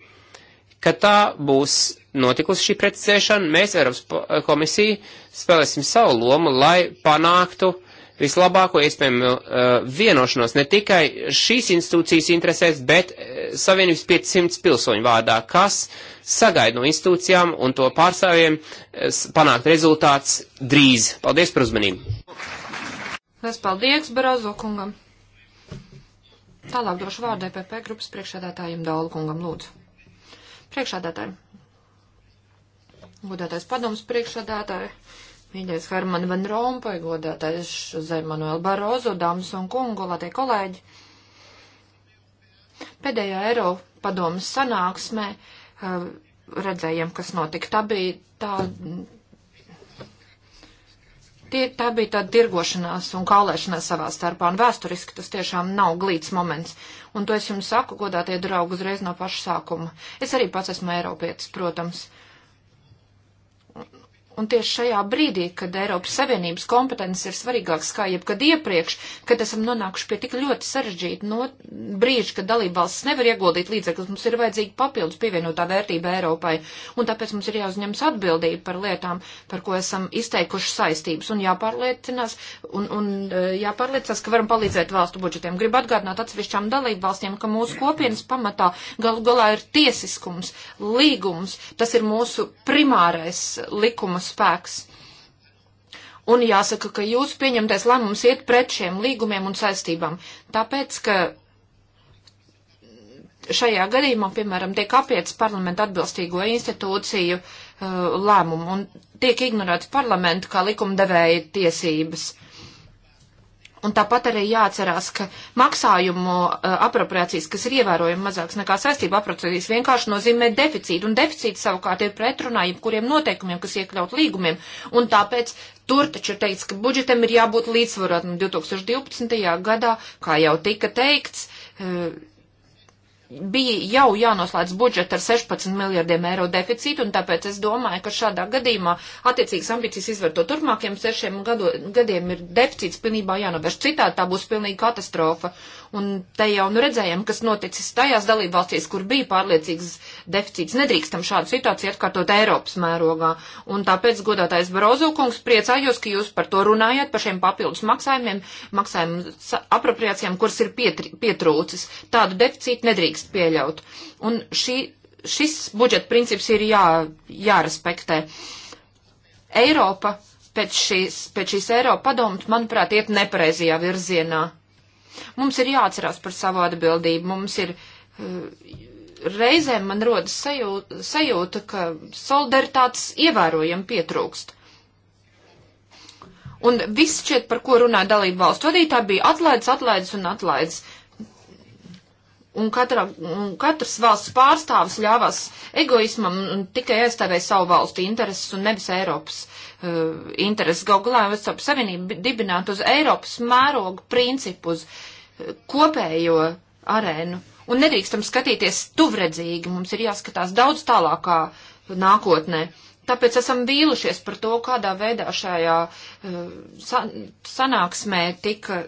S3: Kad tā būs notikusi šī precizēšana, mēs Eiropas e, komisija spēlēsim savu lomu, lai panāktu uh, vislabāko iespējamo uh, vienošanos ne tikai šīs institūcijas interesēs, bet uh, Savienības 500 pilsoņu vārdā, kas sagaida no institūcijām un to pārstāvjiem uh, panākt rezultāts drīz. Paldies par uzmanību!
S2: Es paldies Barazo kungam! Tālāk došu vārdu EPP grupas priekšādātājiem Daulu kungam lūdzu. Priekšādātājiem. Godātais padoms priekšādātājiem. Mīļais Herman Van Rompuy, godātais Zemanuel Barozo, dāmas un kungu, godātie kolēģi. Pēdējā Eiropa padomas sanāksmē uh, redzējām, kas notika. Tā bija tā, tie, tā bija tā dirgošanās un kālēšanās savā starpā, un vēsturiski tas tiešām nav glīts moments. Un to es jums saku, godātie draugi, uzreiz no paša sākuma. Es arī pats esmu Eiropietis, protams. Uh, Un tieši šajā brīdī, kad Eiropas Savienības kompetences ir svarīgākas kā jebkad iepriekš, kad esam nonākuši pie tik ļoti sarežģīta no brīža, kad dalībvalsts nevar ieguldīt līdzekļus, mums ir vajadzīga papildus pievienotā vērtība Eiropai. Un tāpēc mums ir jāuzņemas atbildība par lietām, par ko esam izteikuši saistības. Un jāpārliecinās, un, un e, jāpārliecinās, ka varam palīdzēt valstu budžetiem. Gribu atgādināt atsevišķām dalībvalstīm, ka mūsu kopienas pamatā galu galā ir tiesiskums, līgums. Tas ir mūsu primārais likums virzīšanās spēks. Un jāsaka, ka jūsu pieņemtais lēmums iet pret šiem līgumiem un saistībām, tāpēc, ka šajā gadījumā, piemēram, tiek apiets parlamentu atbilstīgo institūciju uh, lēmumu un tiek ignorēts parlamentu kā likumdevēja tiesības. Uh, Un tāpat arī jāatcerās, ka maksājumu eh, apropriācijas, kas ir ievērojami mazāks nekā saistību apropriācijas, vienkārši nozīmē deficītu. Un deficīts savukārt ir pretrunā jebkuriem noteikumiem, kas iekļaut līgumiem. Un tāpēc tur taču ir teikts, ka budžetam ir jābūt līdzsvarotam 2012. gadā, kā jau tika teikts. Uh, bija jau jānoslēdz budžets ar 16 miljardiem eiro deficītu, un tāpēc es domāju, ka šādā gadījumā attiecīgas ambīcijas izvērto turpmākiem sešiem gadu, gadiem ir deficīts pilnībā jānovērš. Citādi tā būs pilnīga katastrofa. Un te jau nu redzējām, kas noticis tajās dalībvalstīs, kur bija pārliecīgs deficīts. Nedrīkstam šādu situāciju atkārtot Eiropas mērogā. Un tāpēc, godātais Barozo kungs, priecājos, ka jūs par to runājat, par šiem papildus maksājumiem, maksājumu apropriācijām, kuras ir pietri, pietrūcis. Tādu deficītu nedrīkst pieļaut. Un šī, šis budžeta princips ir jā, jārespektē. Eiropa pēc šīs, pēc šīs Eiropa padomas, manuprāt, iet nepareizajā virzienā. Mums ir jāatcerās par savu atbildību, mums ir eh, reizēm man rodas sajūta, sajūta ka solidaritātes ievērojami pietrūkst. Un viss šķiet, par ko runāja dalību valstu vadītāji, bija atlaids, atlaids un atlaids. Un, katra, un katrs valsts pārstāvis ļāvās egoismam un tikai aizstāvēja savu valstu intereses un nevis Eiropas uh, Eh, intereses. Galu galā Eiropas Savienība dibināta uz Eiropas mērogu principu, uz eh, kopējo arēnu. Un nedrīkstam skatīties tuvredzīgi, mums ir jāskatās daudz tālākā nākotnē. Tāpēc esam vīlušies par to, kādā veidā šajā uh, sanāksmē tika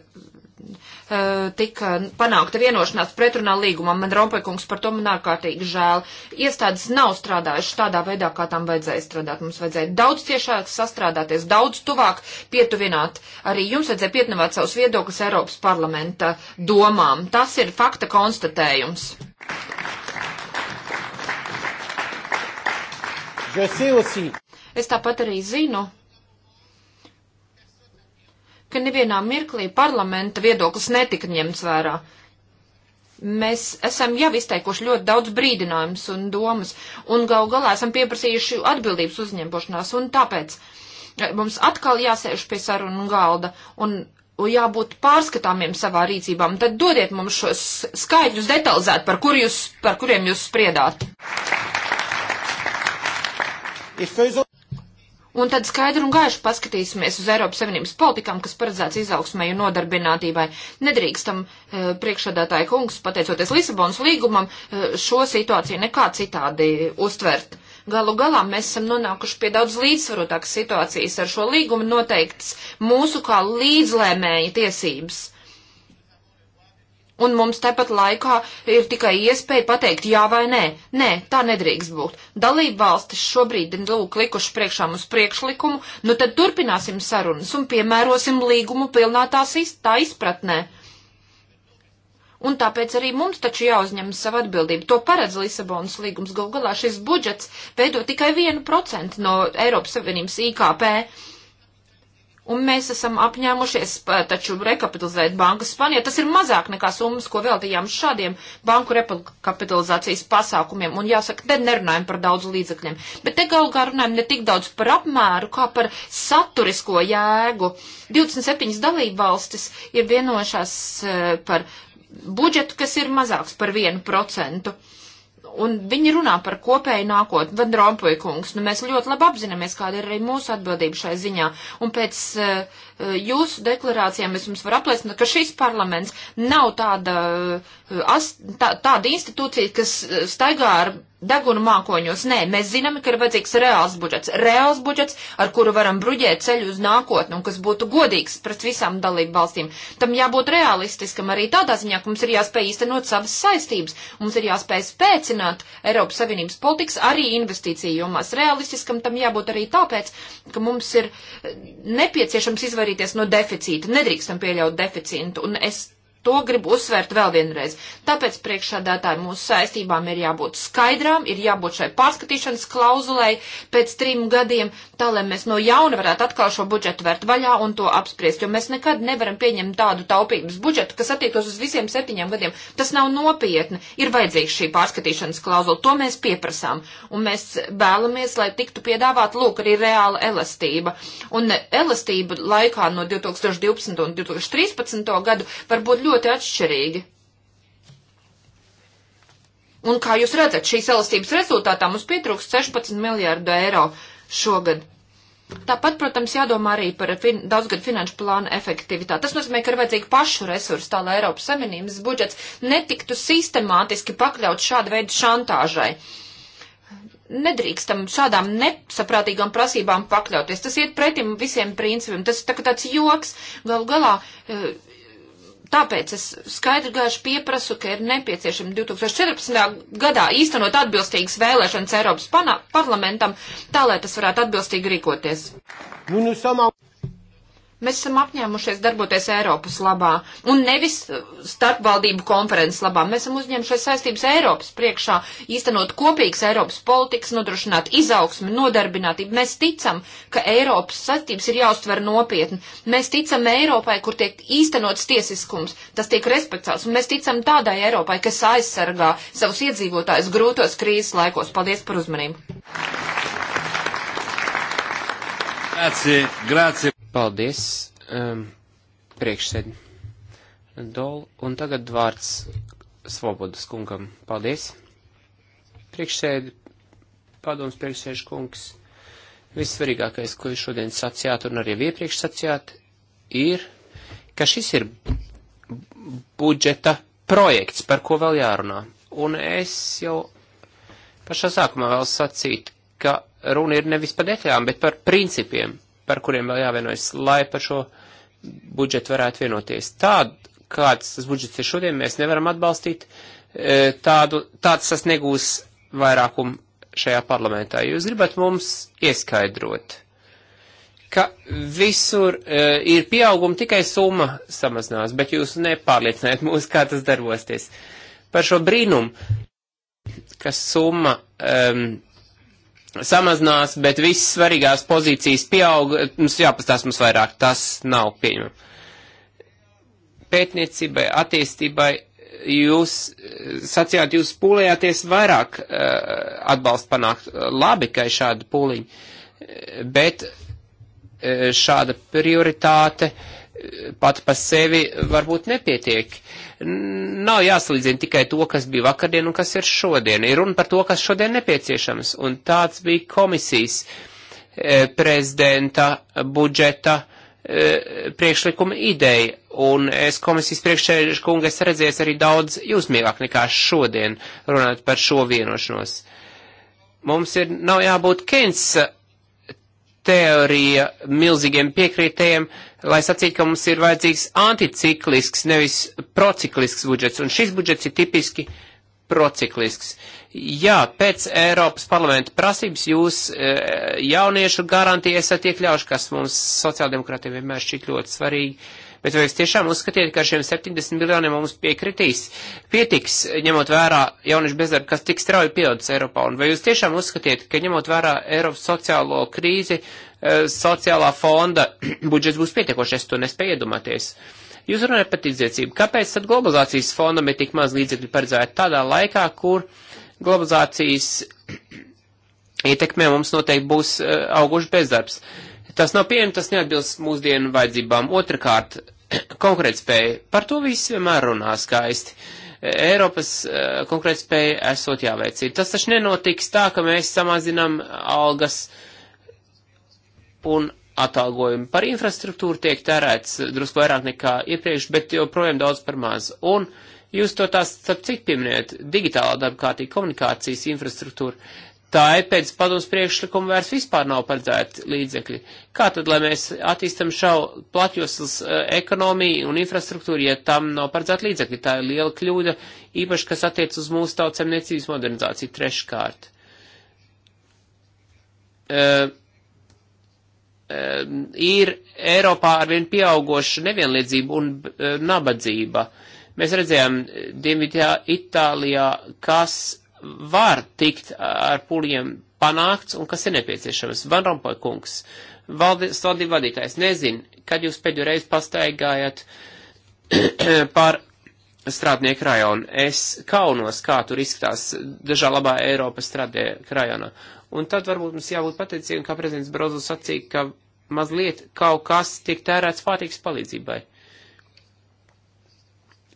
S2: Eh, tika panākta vienošanās pretrunā līgumam. Man Rompēkungs par to man ārkārtīgi žēl. Iestādes nav strādājušas tādā veidā, kā tam vajadzēja strādāt. Mums vajadzēja daudz ciešāk sastrādāties, daudz tuvāk pietuvināt. Arī jums vajadzēja pietuvināt savus viedokļus Eiropas parlamenta domām. Tas ir fakta konstatējums. Es tāpat arī zinu, ka nevienā mirklī parlamenta viedoklis netika ņemts vērā. Mēs esam jau izteikuši ļoti daudz brīdinājumus un domas, un gal galā esam pieprasījuši atbildības uzņemšanās, un tāpēc eh, mums atkal jāsēž pie sarunu galda un, un jābūt pārskatāmiem savā rīcībām. Tad dodiet mums šos skaidrus detalizēt, par, kur jūs, par kuriem jūs spriedāt. If those Un tad skaidri un gaiši paskatīsimies uz Eiropas Savienības politikām, kas paredzēts izaugsmai un nodarbinātībai. Nedrīkstam e, priekšādātāja kungs, pateicoties Lisabonas līgumam, e, šo situāciju nekā citādi uztvert. Galu galā mēs esam nonākuši pie daudz līdzsvarotākas situācijas ar šo līgumu noteikts mūsu kā līdzlēmēja tiesības Un mums tepat laikā ir tikai iespēja pateikt jā vai nē. Nē, tā nedrīkst būt. Dalība valstis šobrīd ir lūk likuši priekšā mums priekšlikumu, nu tad turpināsim sarunas un piemērosim līgumu pilnā tās iz, tā izpratnē. Un tāpēc arī mums taču jāuzņem savu atbildību. To paredz Lisabonas līgums. Galu galā šis budžets veido tikai vienu procentu no Eiropas Savienības IKP. Un mēs esam apņēmušies taču rekapitalizēt banku Spanijā. Tas ir mazāk nekā summas, ko veltījām šādiem banku rekapitalizācijas pasākumiem. Un jāsaka, te nerunājam par daudz līdzekļiem. Bet te galu galā runājam ne tik daudz par apmēru, kā par saturisko jēgu. 27 dalībvalstis ir vienojušās eh, par budžetu, kas ir mazāks par 1%. Un viņi runā par kopēju nākotni, Van Rompuy kungs. Nu, mēs ļoti labi apzināmies, kāda ir arī mūsu atbildība šai ziņā. Un pēc uh, Eh, jūsu deklarācijā mēs jums varam apliecināt, ka šis parlaments nav tāda, eh, tā, tāda institūcija, kas eh, staigā ar degunu mākoņos. Nē, mēs zinām, ka ir vajadzīgs reāls budžets. Reāls budžets, ar kuru varam bruģēt ceļu uz nākotni un kas būtu godīgs pret visām dalību valstīm. Tam jābūt realistiskam arī tādā ziņā, ka mums ir jāspēj īstenot savas saistības. Mums ir jāspēj spēcināt Eiropas Savienības politikas arī investīciju jomās. Realistiskam tam jābūt arī tāpēc, ka mums ir nepieciešams izvairīties izvairīties no deficīta. Nedrīkstam pieļaut deficītu, un es to gribu uzsvērt vēl vienreiz. Tāpēc priekšādātāji mūsu saistībām ir jābūt skaidrām, ir jābūt šai pārskatīšanas klauzulai pēc trim gadiem, tā lai mēs no jauna varētu atkal šo budžetu vērt vaļā un to apspriest, jo mēs nekad nevaram pieņemt tādu taupības budžetu, kas attiektos uz visiem septiņiem gadiem. Tas nav nopietni. Ir vajadzīga šī pārskatīšanas klauzula. To mēs pieprasām. Un mēs vēlamies, lai tiktu piedāvāt, lūk, arī reāla elastība. Un elastība laikā no 2012 un 2013 gadu var būt ļoti ļoti atšķirīgi. Un kā jūs redzat, šīs elastības rezultātā mums pietrūks 16 miljārdu eiro šogad. Tāpat, protams, jādomā arī par fin daudzgadu finanšu plānu efektivitāti. Tas nozīmē, ka ir vajadzīgi pašu resursu, tā lai Eiropas Savienības budžets netiktu sistemātiski pakļauts šāda veida šantāžai. Nedrīkstam šādām nesaprātīgām prasībām pakļauties. Tas iet pretim visiem principiem. Tas ir tā, tāds joks. Galu galā. Uh, Tāpēc es skaidri gaiši pieprasu, ka ir nepieciešama 2014. gadā īstenot atbilstīgas vēlēšanas Eiropas parlamentam, tā lai tas varētu atbilstīgi rīkoties. Mēs esam apņēmušies darboties Eiropas labā un nevis starpvaldību konferences labā. Mēs esam uzņēmušies saistības Eiropas priekšā, īstenot kopīgas Eiropas politikas, nodrošināt izaugsmi, nodarbinātību. Mēs ticam, ka Eiropas saistības ir jāuztver nopietni. Mēs ticam Eiropai, kur tiek īstenots tiesiskums, tas tiek respektēts, un mēs ticam tādai Eiropai, kas aizsargā savus iedzīvotājus grūtos krīzes laikos. Paldies par uzmanību!
S3: Grazie, grazie. Paldies, um, priekšsēdi. Dol, un tagad vārds Svobodas kungam. Paldies. Priekšsēdi, padoms priekšsēžu kungs. Vissvarīgākais, ko jūs šodien sacījāt un arī iepriekš sacījāt, ir, ka šis ir budžeta projekts, par ko vēl jārunā. Un es jau pašā sākumā vēl sacīt, ka runa ir nevis par detaļām, bet par principiem par kuriem vēl jāvienojas, lai par šo budžetu varētu vienoties. Tād, kāds tas budžets ir šodien, mēs nevaram atbalstīt, e, tādu, tāds tas negūs vairākumu šajā parlamentā. Jūs gribat mums ieskaidrot, ka visur uh, ir pieauguma tikai summa samazinās, bet jūs nepārliecināt mūs, kā tas darbosies. Par šo brīnumu, ka summa um, samazinās, bet viss svarīgās pozīcijas pieaug, mums jāpastās mums vairāk, tas nav pieņemami. Pētniecībai, attīstībai jūs eh, sacījāt, jūs pūlējāties vairāk uh, atbalstu panākt. Labi, ka ir šāda pūliņa, eh, bet uh, šāda prioritāte uh, pat pa sevi varbūt nepietiek. Nav jāsalīdzina tikai to, kas bija vakardien un kas ir šodien. Ir runa par to, kas šodien nepieciešams. Un tāds bija komisijas e, prezidenta budžeta e, priekšlikuma ideja. Un es komisijas priekšsēdžu kungu es redzēju arī daudz jūsmīgāk nekā šodien runāt par šo vienošanos. Mums ir, nav jābūt Keynes teorija milzīgiem piekritējiem, lai sacītu, ka mums ir vajadzīgs anticiklisks, nevis prociklisks budžets, un šis budžets ir tipiski prociklisks. Jā, pēc Eiropas parlamenta prasības jūs e, jauniešu garantija esat iekļauši, kas mums sociāldemokrātiem vienmēr šķiet ļoti svarīgi. Uh, Bet vai jūs tiešām uzskatiet, ka ar šiem 70 miljoniem mums piekritīs, pietiks, ņemot vērā jauniešu bezdarbu, kas tik strauji pieaudzis Eiropā? Un vai jūs tiešām uzskatiet, ka ņemot vērā Eiropas sociālo krīzi, eh, sociālā fonda budžets būs pietiekošais, to nespēju iedomāties? Jūs runājat par tirdzniecību. Kāpēc tad globalizācijas fondam ir tik maz līdzekļu paredzēta tādā laikā, kur globalizācijas ietekmē mums noteikti būs eh, auguši bezdarbs? Uh, Tas nav pieņemts, tas neatbilst mūsdienu vajadzībām. Otrakārt, konkrētspēja. Par to viss vienmēr runā skaisti. Eiropas eh, konkrētspēja esot jāveicina. Tas taču nenotiks tā, ka mēs samazinam algas un atalgojumu. Par infrastruktūru tiek tērēts drusku vairāk nekā iepriekš, bet joprojām daudz par maz. Un jūs to tās, starp citu, pieminiet, digitāla darba kārtība, komunikācijas infrastruktūra tā ir pēc padomus priekšlikuma vairs vispār nav paredzēti līdzekļi. Kā tad, lai mēs attīstam šau platjoslas e, ekonomiju un infrastruktūru, ja tam nav paredzēti līdzekļi? Tā ir liela kļūda, īpaši, kas attiec uz mūsu tautsemniecības modernizāciju treškārt. Uh, uh, ir Eiropā arvien pieaugoša nevienlīdzība un uh, nabadzība. Mēs redzējām Dienvidā Itālijā, kas var tikt ar pūliem panākts un kas ir nepieciešams. Van Rompuy kungs, valdība vadītājs, nezin, kad jūs pēdējo reizi pastaigājat par strādnieku rajonu. Es kaunos, kā tur izskatās dažā labā Eiropas strādnieku rajonā. Un tad varbūt mums jābūt pateicīgiem, kā prezidents Brozus sacīja, ka mazliet kaut kas tiek tērēts pārtīks palīdzībai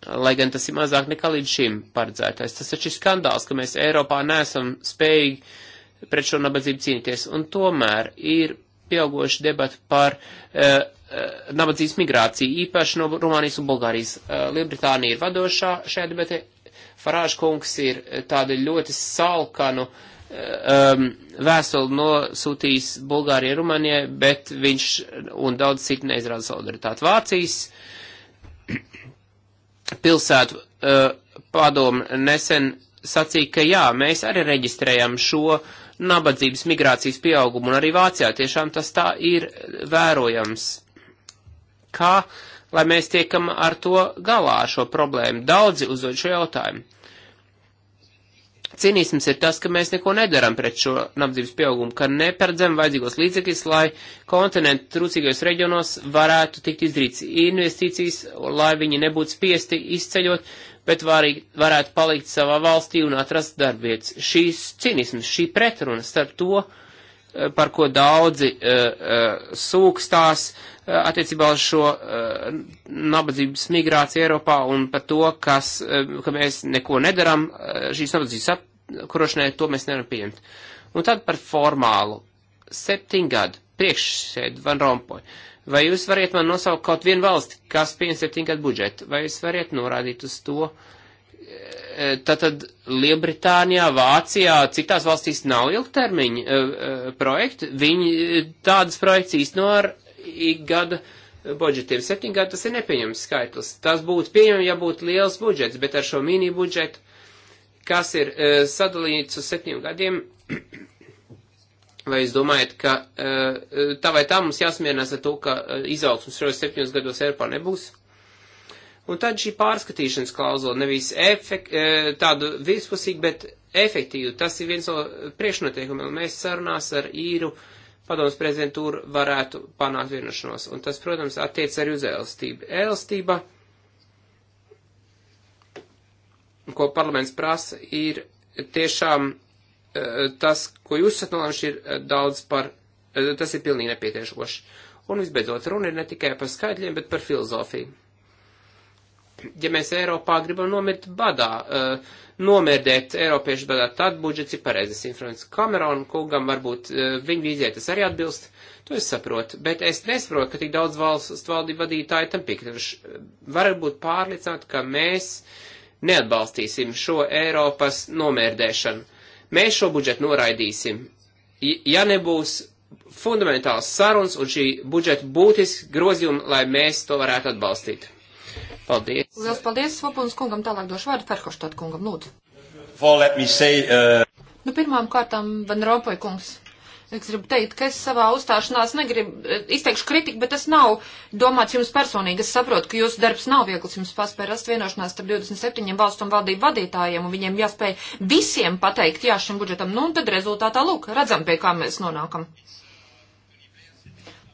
S3: lai gan tas ir mazāk nekā līdz šim paredzētais. Tas taču ir skandāls, ka mēs Eiropā nesam spējīgi pret šo nabadzību cīnīties, un tomēr ir pieaugoši debati par uh, uh, nabadzības migrāciju, īpaši no Rumānijas un Bulgārijas. Uh, Lielbritānija ir vadošā šajā debatē, Farāža kungs ir tādu ļoti salkanu um, vēstuli nosūtījis Bulgārijai, Rumānijai, bet viņš un daudz citu neizrāda solidaritāti. Vācijas pilsētu uh, padomu nesen sacīja, ka jā, mēs arī reģistrējam šo nabadzības migrācijas pieaugumu, un arī Vācijā tiešām tas tā ir vērojams. Kā, lai mēs tiekam ar to galā šo problēmu? Daudzi uzdod šo jautājumu. Cīnisms ir tas, ka mēs neko nedaram pret šo nabadzības pieaugumu, ka neparedzam vajadzīgos līdzekļus, lai kontinentu trūcīgajos reģionos varētu tikt izdarīts investīcijas, lai viņi nebūtu spiesti izceļot, bet varī, varētu palikt savā valstī un atrast darbvietas. Šīs cīnisms, šī pretruna starp to, eh, par ko daudzi uh, uh, sūkstās uh, attiecībā uz šo uh, nabadzības migrāciju Eiropā un par to, kas, uh, ka mēs neko nedaram uh, šīs nabadzības ap, kurošanai, to mēs nevaram pieņemt. Un tad par formālu. Septiņu gadu priekšsēd Van Rompuy. Vai jūs variet man nosaukt kaut vienu valsti, kas pieņem septiņu gadu budžetu? Vai jūs variet norādīt uz to? Tātad e, Lielbritānijā, Vācijā, citās valstīs nav ilgtermiņa uh, uh, projekti. Viņi tādas projekts īsteno ar ik gada budžetiem. Septiņu gadu tas ir nepieņemams skaitlis. Tas būtu pieņemams, ja būtu liels budžets, bet ar šo mini budžetu kas ir uh, sadalīts uz septiem gadiem. Vai jūs domājat, ka uh, tā vai tā mums jāsmierinās ar to, ka uh, izaugsmas šajos septņos gados Eiropā nebūs? Un tad šī pārskatīšanas klauzula nevis efek, uh, tādu vispusīgu, bet efektīvu. Tas ir viens no priekšnoteikumiem. Mēs sarunās ar īru padomus prezidentūru varētu panākt vienošanos. Un tas, protams, attiec arī uz elstību. Elstība. elstība ko parlaments prasa, ir tiešām eh, tas, ko jūs esat nolēmuši, ir eh, daudz par, eh, tas ir pilnīgi nepietiekoši. Un visbeidzot, runa ir ne tikai par skaitļiem, bet par filozofiju. Ja mēs Eiropā gribam nomirt badā, nomērdēt Eiropiešu badā, tad budžets ir pareizes instruments. Kamerona kungam varbūt viņa vīzijai tas arī atbilst, to es saprotu, bet es nesaprotu, ka tik daudz valsts valdību vadītāji tam piekrituši. Varbūt pārliecināti, ka mēs uh, neatbalstīsim šo Eiropas nomērdēšanu. Mēs šo budžetu noraidīsim. Ja nebūs fundamentāls saruns un šī budžeta būtiski grozījumi, lai mēs to varētu atbalstīt. Paldies.
S2: Lielas paldies, Svopunas kungam, tālāk došu vārdu Ferhoštāt kungam, lūdzu.
S3: Well, say, uh...
S2: Nu, pirmām kārtām, Van Rompuy kungs, Es gribu teikt, ka es savā uzstāšanās negribu, izteikšu kritiku, bet tas nav domāts jums personīgi. Es saprotu, ka jūsu darbs nav viegls, jums paspēja rast vienošanās starp 27 valstu un valdību vadītājiem, un viņiem jāspēj visiem pateikt jā šim budžetam. Nu, un tad rezultātā, lūk, redzam, pie kā mēs nonākam.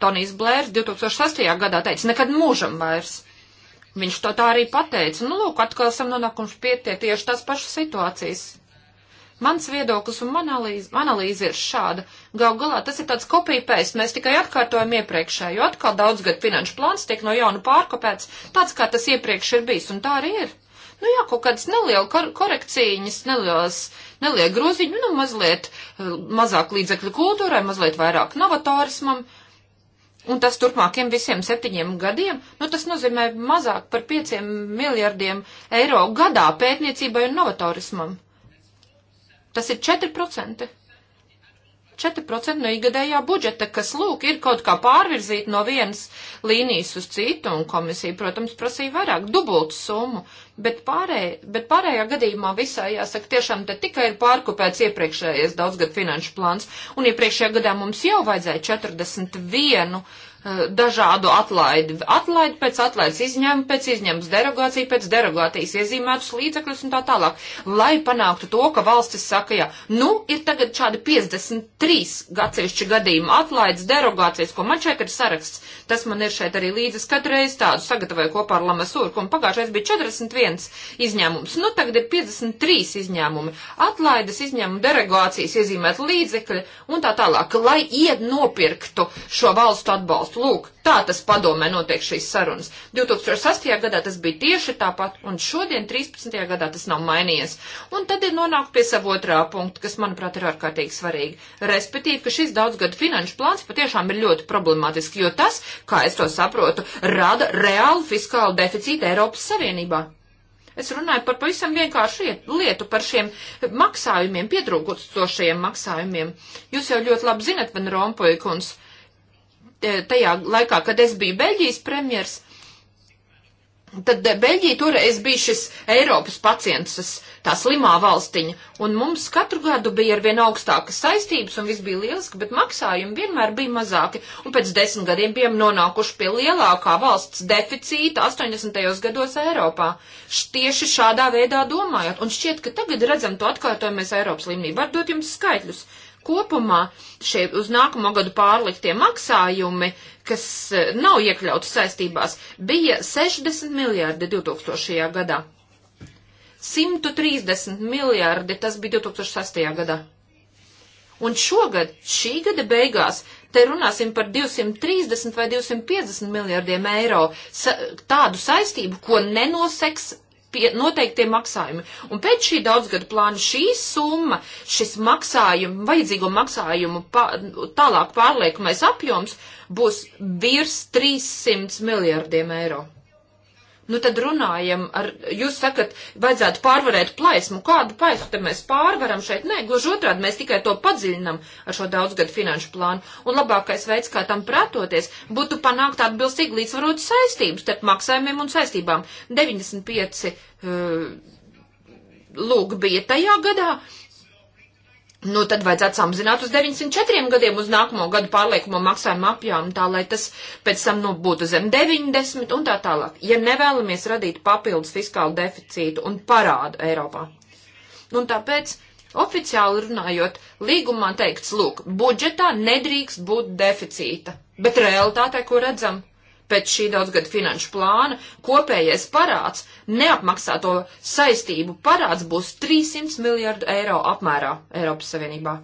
S2: Tonijs Blērs 2006. gadā teica, nekad mūžam vairs. Viņš to tā arī pateica. Nu, lūk, atkal esam nonākuši pie tie tieši tās pašas situācijas. Mans viedoklis un man analīze, analīze ir šāda. Gal galā tas ir tāds kopīpējs, mēs tikai atkārtojam iepriekšēju, atkal daudzgad finanšu plāns tiek no jauna pārkopēts, tāds kā tas iepriekš ir bijis, un tā arī ir. Nu jā, kaut kādas nelielas korekcijas, nelielas, neliela groziņa, nu mazliet eh, mazāk līdzekļu kultūrai, mazliet vairāk novatorismam, Un tas turpmākiem visiem septiņiem gadiem, nu tas nozīmē mazāk par pieciem miljardiem eiro gadā pētniecībai un novatorismam. Tas ir 4%. 4% no ikgadējā budžeta, kas, lūk, ir kaut kā pārvirzīt no vienas līnijas uz citu, un komisija, protams, prasīja vairāk, dubultu summu, bet, pārēj, bet pārējā gadījumā visā, jāsaka, tiešām te tikai ir pārkopēts iepriekšējais daudzgad finanšu plāns, un iepriekšējā gadā mums jau vajadzēja 41 Eh, dažādu atlaidi. Atlaidi pēc atlaides izņēmuma, pēc izņēmums derogācija, pēc derogācijas iezīmētus līdzekļus un tā tālāk. Lai panāktu to, ka valstis saka, jā, nu, ir tagad šādi 53 atsevišķi gadījumi atlaides, derogācijas, ko man šeit ir saraksts. Tas man ir šeit arī līdzes katreiz tādu sagatavoju kopā ar Lamasūru, un pagājušais bija 41 izņēmums. Nu, tagad ir 53 izņēmumi. Atlaides izņēmumi, derogācijas iezīmēt līdzekļi un tā tālāk, lai ied nopirktu šo valstu atbalstu valstu. Lūk, tā tas padomē notiek šīs sarunas. 2008. gadā tas bija tieši tāpat, un šodien, 13. gadā, tas nav mainījies. Un tad ir nonāk pie sava otrā punkta, kas, manuprāt, ir ārkārtīgi svarīgi. Respektīvi, ka šis daudzgadu finanšu plāns patiešām ir ļoti problemātisks, jo tas, kā es to saprotu, rada reālu fiskālu deficītu Eiropas Savienībā. Es runāju par pavisam vienkāršu lietu, par šiem maksājumiem, pietrūkstošajiem maksājumiem. Jūs jau ļoti labi zinat, Van Rompuikuns, E, tajā laikā, kad es biju Beļģijas premjers, Tad e, Beļģija toreiz bija šis Eiropas pacients, tā slimā valstiņa, un mums katru gadu bija arvien augstākas saistības, un viss bija lieliski, bet maksājumi vienmēr bija mazāki, un pēc desmit gadiem bijām nonākuši pie lielākā valsts deficīta 80. gados Eiropā. Tieši šādā veidā domājot, un šķiet, ka tagad redzam to atkārtojamies Eiropas līmenī. Var dot jums skaitļus. Uh, Kopumā šie uz nākamo gadu pārliktie maksājumi, kas e, nav iekļauti saistībās, bija 60 miljārdi 2000. gadā. 130 miljārdi tas bija 2006. gadā. Un šogad, šī gada beigās, te runāsim par 230 vai 250 miljardiem eiro sa tādu saistību, ko nenoseks pie, noteiktie maksājumi. Un pēc šī daudzgada plāna šī summa, šis maksājumu, vajadzīgo maksājumu pa, tālāk pārliekumais apjoms būs virs 300 miljardiem eiro. Nu tad runājam ar, jūs sakat, vajadzētu pārvarēt plaismu. Kādu plaismu te mēs pārvaram šeit? Nē, gluži otrādi, mēs tikai to padziļinam ar šo daudzgadu finanšu plānu. Un labākais veids, kā tam prātoties, būtu panākt atbilstīgi līdzvarot saistības starp maksājumiem un saistībām. 95 uh, eh, lūk bija tajā gadā, Nu, tad vajadzētu samazināt uz 904 gadiem uz nākamo gadu pārliekumu maksājumu apjomu, tā lai tas pēc tam nu, būtu zem 90 un tā tālāk. Ja nevēlamies radīt papildus fiskālu deficītu un parādu Eiropā. Nu, tāpēc, oficiāli runājot, līgumā teikts, lūk, budžetā nedrīkst būt deficīta, bet realitātē, ko redzam, pēc šī daudzgada finanšu plāna kopējais parāds, neapmaksāto saistību parāds būs 300 miljardu eiro apmērā Eiropas Savienībā.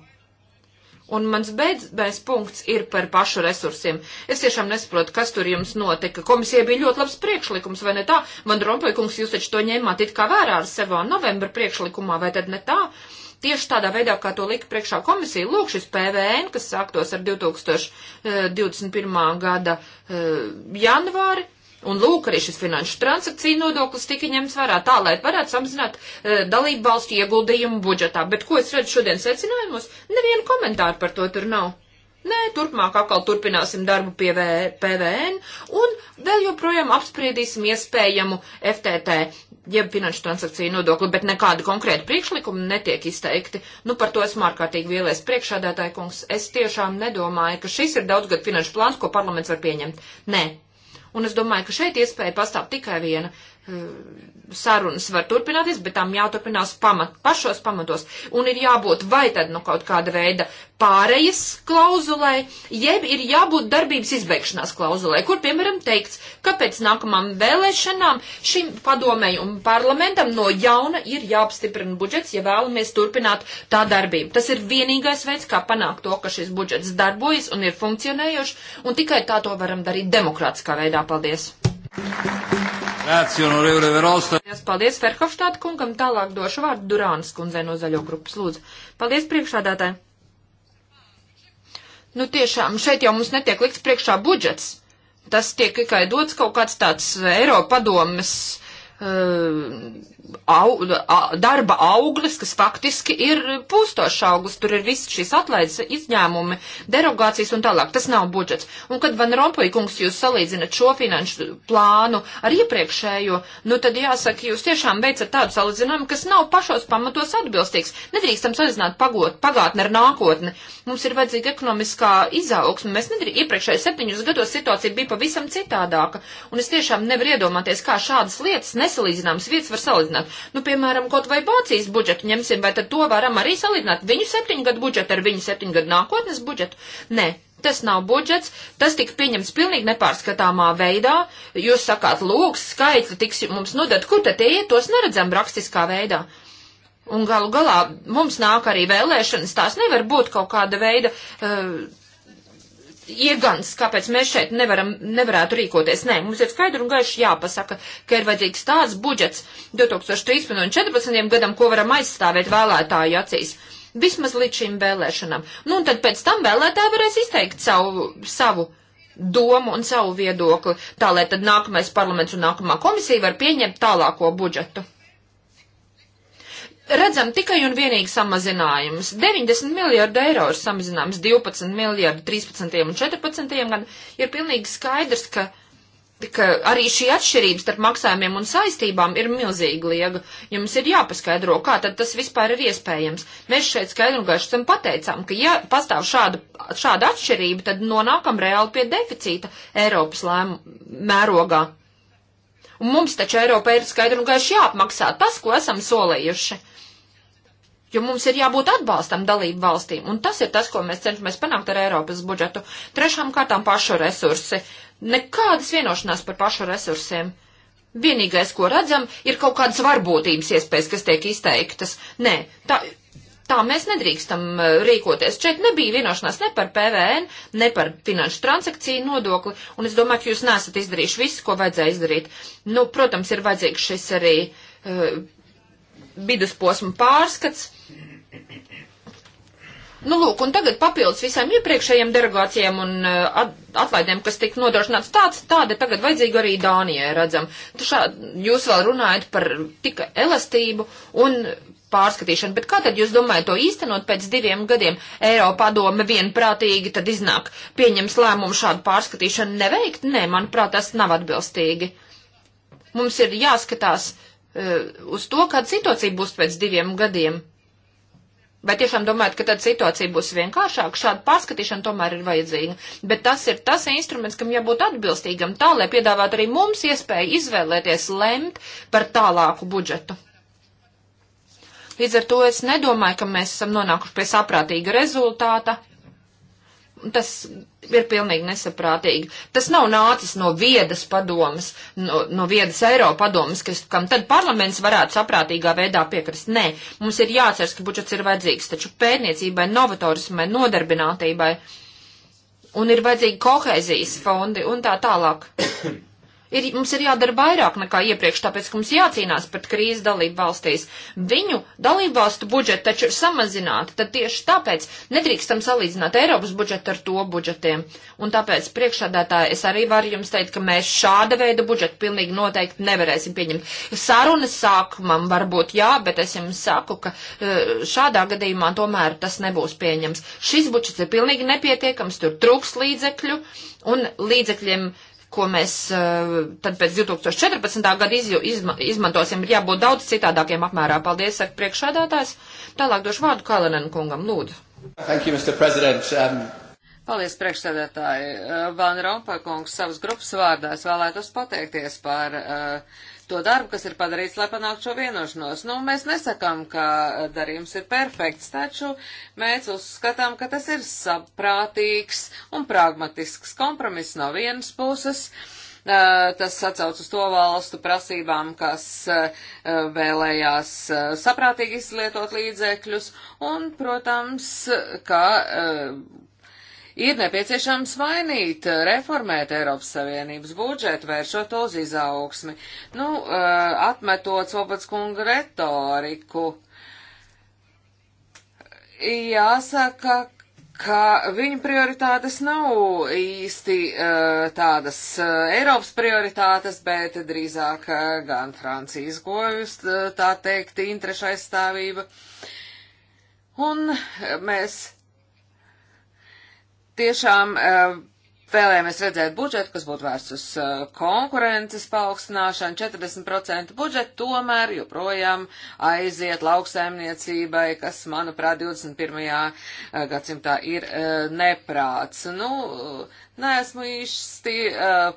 S2: Un mans beidzamais punkts ir par pašu resursiem. Es tiešām nesaprotu, kas tur jums notika. Komisija bija ļoti labs priekšlikums, vai ne tā? Man rompoja kungs, jūs taču to ņēmāt it kā vērā ar sevo novembra priekšlikumā, vai tad ne tā? Uh, tieši tādā veidā, kā to lika priekšā komisija. Lūk, šis PVN, kas sāktos ar 2021. Eh, gada eh, janvāri, Un lūk, arī šis finanšu transakciju nodoklis tika ņemts vērā tā, lai varētu samazināt e, dalību valstu ieguldījumu budžetā. Bet ko es redzu šodien secinājumos? Nevienu komentāru par to tur nav. Nē, turpmāk atkal turpināsim darbu pie v, PVN un vēl joprojām apspriedīsim iespējamu FTT jeb finanšu transakciju nodokli, bet nekāda konkrēta priekšlikuma netiek izteikti. Nu, par to esmu ārkārtīgi vielies priekšādātāja kungs. Es tiešām nedomāju, ka šis ir daudzgad finanšu plāns, ko parlaments var pieņemt. Nē. Un es domāju, ka šeit iespēja pastāv tikai viena Eh, sarunas var turpināties, bet tām jāturpinās pamat, pašos pamatos. Un ir jābūt vai tad nu kaut kāda veida pārejas klauzulē, jeb ir jābūt darbības izbeigšanās klauzulē, kur, piemēram, teikts, ka pēc nākamām vēlēšanām šim padomēju un parlamentam no jauna ir jāapstiprina budžets, ja vēlamies turpināt tā darbību. Tas ir vienīgais veids, kā panākt to, ka šis budžets darbojas un ir funkcionējošs, un tikai tā to varam darīt demokrātiskā veidā. Paldies!
S1: Paldies,
S2: paldies Ferhofštāta kungam. Tālāk došu vārdu Durānas kundzei no zaļo grupas. Lūdzu. Paldies priekšādātāji. Nu tiešām, šeit jau mums netiek likts priekšā budžets. Tas tiek tikai dots kaut kāds tāds Eiropadomes Eh, au, darba augļus, kas faktiski ir pūstošs augļus, tur ir viss šīs atlaides, izņēmumi, derogācijas un tālāk. Tas nav budžets. Un kad Van Rompuy kungs jūs salīdzinat šo finanšu plānu ar iepriekšējo, nu tad jāsaka, jūs tiešām veicat tādu salīdzinājumu, kas nav pašos pamatos atbilstīgs. Nedrīkstam salīdzināt pagot, pagātni ar nākotni. Mums ir vajadzīga ekonomiskā izaugsme. Mēs nedrīkstam, iepriekšējos septiņus gados situācija bija pavisam citādāka. Un es tiešām nevaru iedomāties, kā šādas lietas nes nesalīdzināmas vietas var salīdzināt. Nu, piemēram, kaut vai Vācijas budžetu ņemsim, vai tad to varam arī salīdzināt viņu septiņu gadu budžetu ar viņu septiņu gadu nākotnes budžetu? Nē. Tas nav budžets, tas tika pieņemts pilnīgi nepārskatāmā veidā. Jūs sakāt, lūk, skaitļi tiks mums nodot, kur tad tie iet, tos neredzam rakstiskā veidā. Un galu galā mums nāk arī vēlēšanas, tās nevar būt kaut kāda veida uh, iegans, kāpēc mēs šeit nevaram, nevarētu rīkoties. Nē, mums ir skaidri un gaiši jāpasaka, ka ir vajadzīgs tāds budžets 2013 un 2014 gadam, ko varam aizstāvēt vēlētāju acīs. Vismaz līdz šīm vēlēšanām. Nu, un tad pēc tam vēlētāji varēs izteikt savu, savu domu un savu viedokli, tā lai tad nākamais parlaments un nākamā komisija var pieņemt tālāko budžetu redzam tikai un vienīgi samazinājumus. 90 miljardu eiro ir samazinājums, 12 miljardu 13 un 14 gan ir pilnīgi skaidrs, ka, ka arī šī atšķirības starp maksājumiem un saistībām ir milzīgi liega. Jums ir jāpaskaidro, kā tad tas vispār ir iespējams. Mēs šeit skaidru gaišu esam pateicām, ka ja pastāv šāda, šāda atšķirība, tad nonākam reāli pie deficīta Eiropas lēmu mērogā. Un mums taču Eiropā ir skaidri un gaiši jāapmaksā tas, ko esam solījuši jo mums ir jābūt atbalstam dalību valstīm, un tas ir tas, ko mēs cenšamies panākt ar Eiropas budžetu. Trešām kārtām pašu resursi. Nekādas vienošanās par pašu resursiem. Vienīgais, ko redzam, ir kaut kādas varbūtības iespējas, kas tiek izteiktas. Nē, tā, tā mēs nedrīkstam uh, rīkoties. Šeit nebija vienošanās ne par PVN, ne par finanšu transakciju nodokli, un es domāju, ka jūs nesat izdarījuši visu, ko vajadzēja izdarīt. Nu, protams, ir vajadzīgs šis arī uh, vidusposma pārskats. Nu, lūk, un tagad papildus visām iepriekšējiem derogācijām un uh, atlaidēm, kas tika nodrošināts tāds, tāda tagad vajadzīga arī Dānijai, redzam. Tu šā, jūs vēl runājat par tika elastību un pārskatīšanu, bet kā tad jūs domājat to īstenot pēc diviem gadiem? Eiropā doma vienprātīgi tad iznāk pieņems lēmumu šādu pārskatīšanu neveikt? Nē, manuprāt, tas nav atbilstīgi. Mums ir jāskatās. Uh, Eh, uz to, kāda situācija būs pēc diviem gadiem. Vai tiešām domājat, ka tad situācija būs vienkāršāka? Šāda pārskatīšana tomēr ir vajadzīga. Bet tas ir tas instruments, kam jābūt atbilstīgam tā, lai piedāvātu arī mums iespēju izvēlēties lemt par tālāku budžetu. Līdz ar to es nedomāju, ka mēs esam nonākuši pie saprātīga rezultāta. Tas ir pilnīgi nesaprātīgi. Tas nav nācis no viedas padomas, no, no viedas Eiropa padomas, kas, kam tad parlaments varētu saprātīgā veidā piekrist. Nē, mums ir jāceras, ka budžets ir vajadzīgs, taču pētniecībai, novatorismai, nodarbinātībai un ir vajadzīgi kohēzijas fondi un tā tālāk. ir, mums ir jādara vairāk nekā iepriekš, tāpēc, ka mums jācīnās pret krīzes dalību valstīs. Viņu dalību valstu budžeti taču ir samazināti, tad tieši tāpēc nedrīkstam salīdzināt Eiropas budžetu ar to budžetiem. Un tāpēc priekšādātāji es arī varu jums teikt, ka mēs šāda veida budžetu pilnīgi noteikti nevarēsim pieņemt. Sarunas sākumam varbūt jā, bet es jums saku, ka eh, šādā gadījumā tomēr tas nebūs pieņems. Šis budžets ir pilnīgi nepietiekams, tur trūks līdzekļu un līdzekļiem uh, ko mēs eh, tad pēc 2014. gada iz, izma, izmantosim, ir jābūt daudz citādākiem apmērā. Paldies, saka priekšādātājs. Tālāk došu vārdu Kalenen kungam, lūdzu.
S3: Thank you, Mr. President. Um...
S1: Paldies, priekšsēdētāji. Uh, Van Rompuy kungs savas grupas vārdās vēlētos pateikties par uh, to darbu, kas ir padarīts, lai panāktu šo vienošanos. Nu, mēs nesakām, ka darījums ir perfekts, taču mēs uzskatām, ka tas ir saprātīgs un pragmatisks kompromiss no vienas puses. Tas atcauc uz to valstu prasībām, kas vēlējās saprātīgi izlietot līdzekļus, un, protams, ka ir nepieciešams mainīt, eh, reformēt Eiropas Savienības budžetu, vēršot uz izaugsmi, nu, eh, atmetot Sobatskunga retoriku. Jāsaka, ka viņu prioritātes nav īsti eh, tādas Eiropas prioritātes, bet drīzāk gan Francijas govjus, tā teikt, interešu aizstāvība. Un mēs tiešām eh, vēlējāmies redzēt budžetu, kas būtu vērsts uz eh, konkurences paaugstināšanu. 40% budžeta tomēr joprojām aiziet lauksaimniecībai, kas, manuprāt, 21. Eh, gadsimtā ir neprāts. Nu, neesmu īsti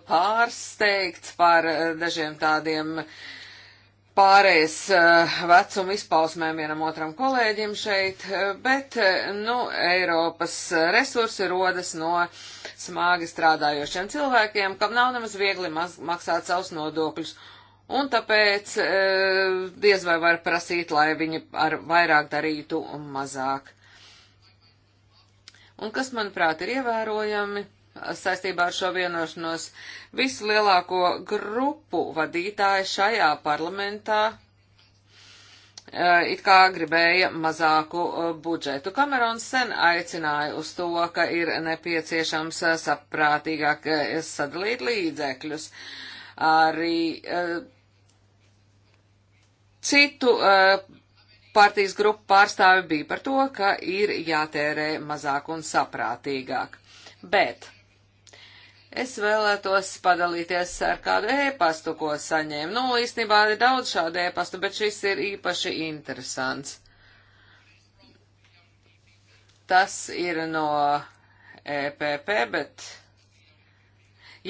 S1: pārsteigts par dažiem tādiem uh, pārējais eh, vecuma izpausmēm vienam otram kolēģim šeit, eh, bet, eh, nu, Eiropas resursi rodas no smagi strādājošiem cilvēkiem, kam nav nemaz viegli maksāt savus nodokļus. Un tāpēc diez vai var prasīt, lai viņi ar vairāk darītu un mazāk. Un kas, manuprāt, ir ievērojami, saistībā ar šo vienošanos. Visu lielāko grupu vadītāji šajā parlamentā eh, it kā gribēja mazāku eh, budžetu. Kamerons sen aicināja uz to, ka ir nepieciešams eh, saprātīgāk sadalīt līdzekļus. Arī citu partijas grupu pārstāvi bija par to, ka ir jātērē mazāk un saprātīgāk. Bet Es vēlētos padalīties ar kādu ēpastu, ko saņēmu. Nu, īstenībā ir daudz šādu ēpastu, bet šis ir īpaši interesants. Tas ir no EPP, bet